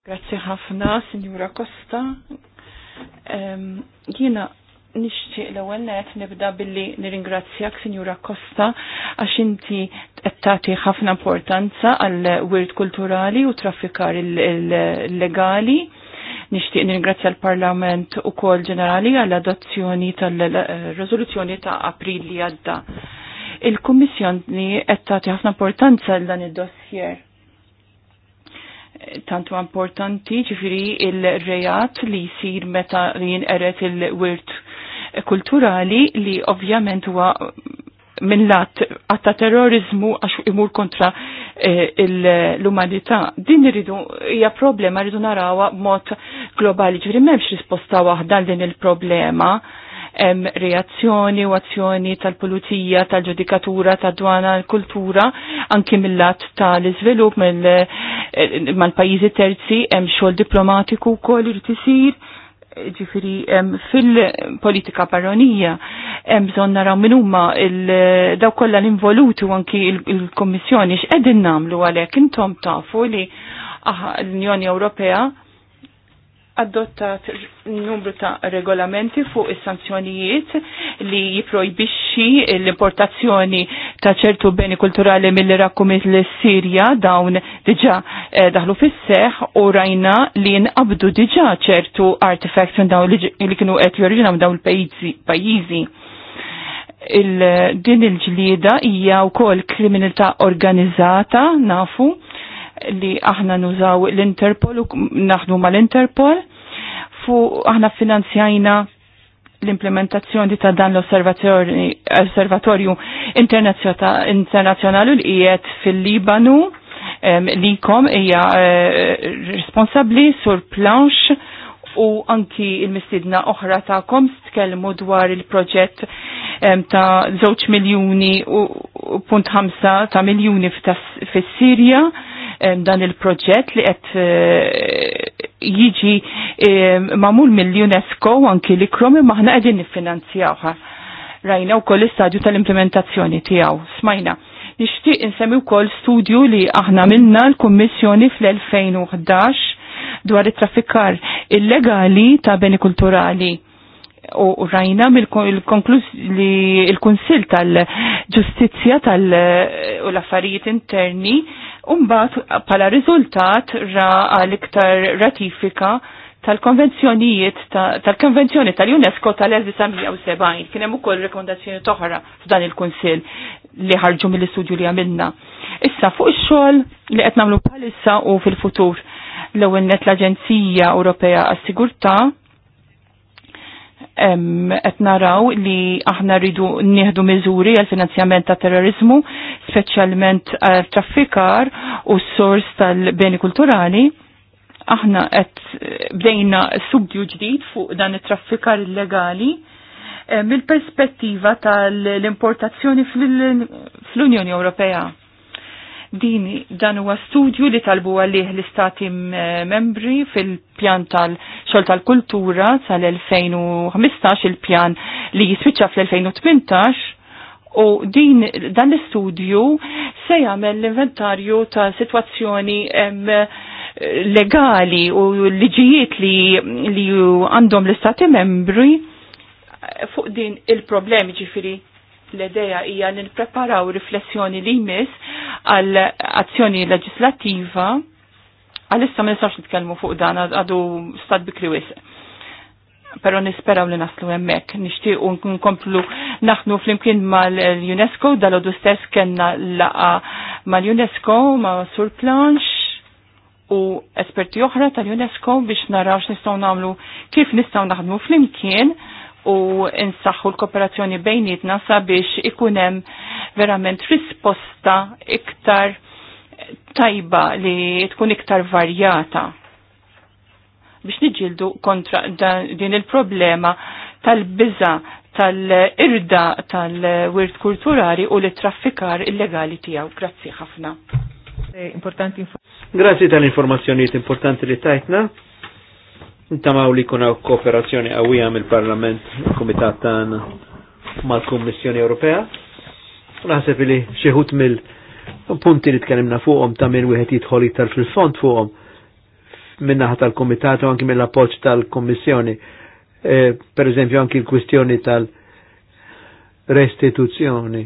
Grazzi ħafna, Signora Costa. Um, jina nixtieq l-ewwel net nibda billi nirringrazzjak Sinjura Costa għax inti qed tagħti ħafna importanza għal wirt kulturali u traffikar il-legali. Nixtieq nirringrazzja l-Parlament ukoll ġenerali għall adozzjoni tal-riżoluzzjoni ta' April li għadda. Il-Kummissjoni qed tagħti ħafna importanza għal dan id-dossier tantu importanti ġifiri il-rejat li jisir meta jinqeret il-wirt kulturali li ovvjament huwa minn lat għatta terrorizmu għax imur kontra eh, l-umanità. Din iridu hija problema rridu narawa mod globali, ġifieri m'hemmx risposta waħda din il-problema hemm reazzjoni u azzjoni tal-pulizija, tal-ġudikatura, tad-dwana, l-kultura, anki mill-lat tal-iżvilupp eh, mal-pajjiżi terzi hemm xogħol diplomatiku wkoll irid isir ġifiri fil-politika baronija hemm bżonn naraw minn huma daw kollha l-involuti u anki l-Kommissjoni x'qegħdin nagħmlu għalhekk intom tafu li l-Unjoni Ewropea adottat numru ta' regolamenti fuq is-sanzjonijiet li jiprojbixxi l-importazzjoni ta' ċertu beni kulturali mill-Iraq l sirja dawn diġà eh, daħlu fis-seħ u rajna li nqabdu diġà ċertu artifacts minn dawn li kienu qed jorġinaw minn dawn il-pajjiżi. Il din il-ġlieda hija wkoll kriminalità organizzata nafu li aħna nużaw l-Interpol u naħdu ma l-Interpol fu aħna finanzjajna l-implementazzjoni ta' dan l-osservatorju internazjonali li jiet fil-Libanu li kom hija eh, responsabbli sur planx u anki il-mistidna oħra Kom stkellmu dwar il-proġett ta' żewġ miljuni u punt ħamsa ta' miljuni fis-Sirja dan il-proġett li qed eh, jiġi mamul mill-UNESCO anki li kromi maħna qegħdin niffinanzjawha. Rajna wkoll koll istadju tal-implementazzjoni tiegħu. Smajna. Nixtieq insemmi wkoll studju li aħna minna l-Kummissjoni fl-2011 dwar it-traffikar illegali ta' beni kulturali u rajna li il-Kunsil tal-Ġustizzja tal- eh, u l-Affarijiet Interni umbat pala riżultat ra għal-iktar ratifika tal-konvenzjonijiet tal-konvenzjoni tal-UNESCO tal-1970 kien hemm ukoll rekomendazzjoni toħra f'dan il-Kunsill li ħarġu mill-istudju li għamilna. Issa fuq ix-xogħol li qed nagħmlu bħalissa u fil-futur l-ewwel net l-Aġenzija Ewropea għas-Sigurtà qed naraw li aħna rridu nieħdu miżuri għal finanzjament ta' terrorizmu, speċjalment għal eh, traffikar u s-sors tal-beni kulturali. Aħna qed eh, bdejna subdju ġdid fuq dan it-traffikar illegali mill-perspettiva tal-importazzjoni fl-Unjoni Ewropea Dini dan huwa studju li talbu għalih l-istati membri fil-pjan tal-xol tal-kultura tal-2015 il-pjan li jiswiċċa fl-2018 u din dan l-istudju se jagħmel l-inventarju ta' sitwazzjoni legali u liġijiet li għandhom l-istati membri fuq din il-problemi ġifiri l-ideja hija nippreparaw riflessjoni li jmiss għal azzjoni leġislattiva għalissa ma nistax nitkellmu fuq dan għadu stad bikri wisq. Pero nisperaw li naslu hemmhekk, nixtiequ nkomplu naħnu flimkien mal-UNESCO, dal-għodu stess kellna laqa mal-UNESCO, ma' Sur Planche, u esperti oħra tal-UNESCO biex naraw x'nistgħu nagħmlu kif nistgħu naħdmu flimkien u insaħħu l-kooperazzjoni bejnietna sabiex ikunem verament risposta iktar tajba li tkun iktar varjata biex niġildu kontra din il-problema tal-biza tal-irda tal-wirt kulturali u li traffikar illegali tijaw. Grazzi ħafna. Grazie Grazzi tal-informazzjoniet importanti li tajtna. Ntamaw li kuna kooperazzjoni għawija mill-Parlament, il-Komitat tan mal-Kommissjoni Ewropea. Naħseb li xieħut mill-punti li tkellimna fuqhom ta' minn wieħed jidħol iktar fil-fond fuqhom min-naħa tal-Komitat u anki mill-appoġġ tal-Kommissjoni. E, per eżempju anki l-kwistjoni tal-restituzzjoni,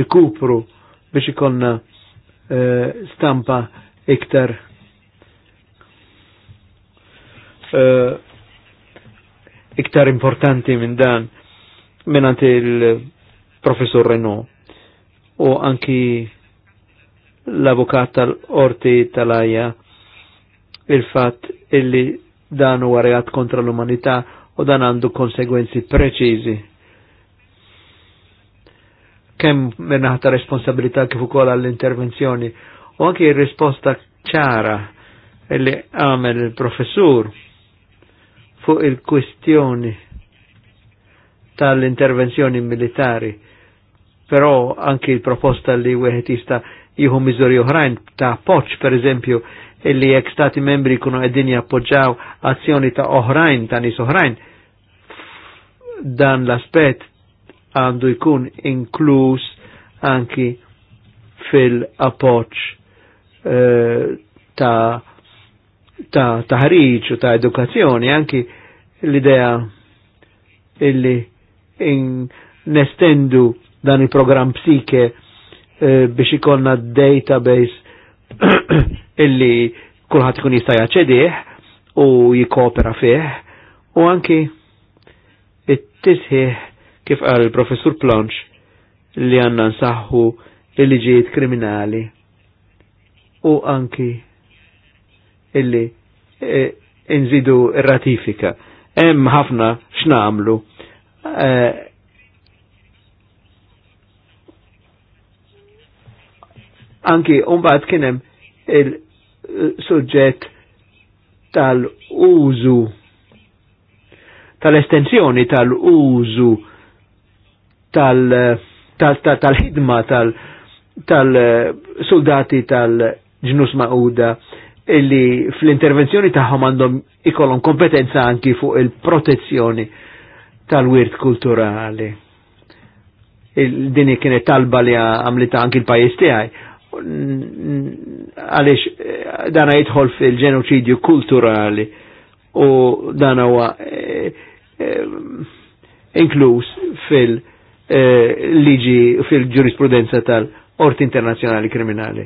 il-kupru biex ikonna e, stampa iktar Eh, iktar importanti minn dan minnant il-professor Renault u anki l-avukat tal-orti tal-ajja il-fat illi dan u reat kontra l-umanità u dan għandu konsegwenzi preċiżi. Kemm minnaħ ta' responsabilità kif ukoll għall-intervenzjoni u anki il risposta ċara illi għamel il-professur fuq il-kwistjoni tal-intervenzjoni militari, però anki il-proposta li wieħed jista' jieħu miżuri oħrajn ta' poċ, per eżempju, illi jekk stati membri kunu qegħdin jappoġġaw azzjoni ta' oħrajn ta' nies oħrajn, dan l-aspett għandu jkun inkluż anki fil-appoġġ eh, ta' ta' taħriġ u ta' edukazzjoni anki l-idea illi nestendu dan il-program psike eh, biex ikonna database illi kullħat ikun jista' jaċedih u jikopera fih u anki it-tisħiħ kif qal il-professur Plonċ li għanna nsaħħu il-liġijiet kriminali u anki illi eh, nżidu ratifika hemm ħafna x'namlu. Eh, anki mbagħad kien hemm il-suġġett tal-użu tal-estensjoni tal-użu tal-ħidma tal-soldati eh, tal-ġnus ma'uda illi fl-intervenzjoni tagħhom għandhom ikollhom kompetenza anki fuq il-protezzjoni tal-wirt kulturali. Il Dini kienet talba li għamlita anki l-pajis tijaj. għaliex eh, dana jitħol fil-ġenoċidju kulturali u dana huwa eh, eh, inkluż fil-liġi fil-ġurisprudenza tal-Orti Internazzjonali Kriminali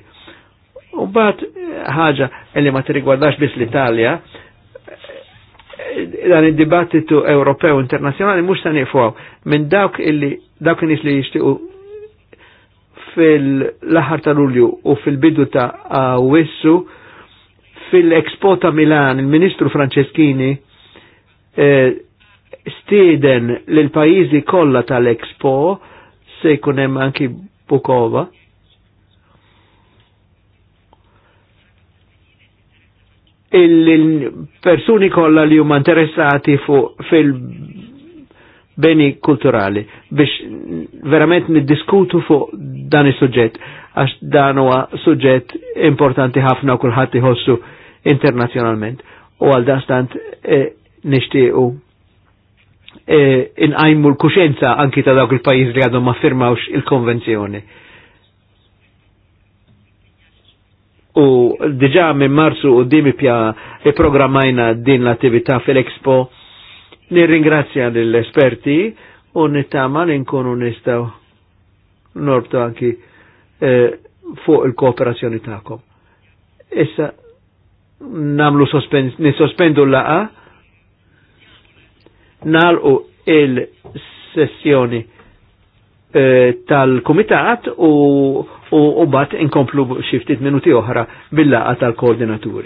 U bat ħaġa li ma t-rigwardax biss l-Italja, dan id-dibattitu Ewropew internazzjonali mhux san jifuaw, minn dawk illi dawk nis li jixtiequ fil-aħħar ta' Lulju u fil-bidu ta' Wessu, fil-Expo ta' Milan, il-Ministru Franceschini steden eh, stieden pajizi pajjiżi kollha tal-Expo se jkun hemm anki Bukova il-persuni kollha li huma interessati fu fil-beni kulturali biex verament niddiskutu fuq dan is-suġġett għax dan huwa suġġett importanti ħafna u kulħadd iħossu internazzjonalment u għal dastant eh, nixtiequ e, inqajmu l-kuxenza anki ta' dawk il-pajjiż li għadhom ma firmawx il-konvenzjoni. il konvenzjoni u diġa minn marsu u dimi pja e programmajna din l-attività fil-Expo. Nirringrazzja l-esperti u nittama li nkunu nistaw norbtu anki eh, fuq il-kooperazzjoni ta'kom. Issa namlu nisospendu l-laqa nalqu il-sessjoni Eh, tal-komitat u, u, u bat inkomplu xiftit minuti oħra bil-laqa tal-koordinaturi.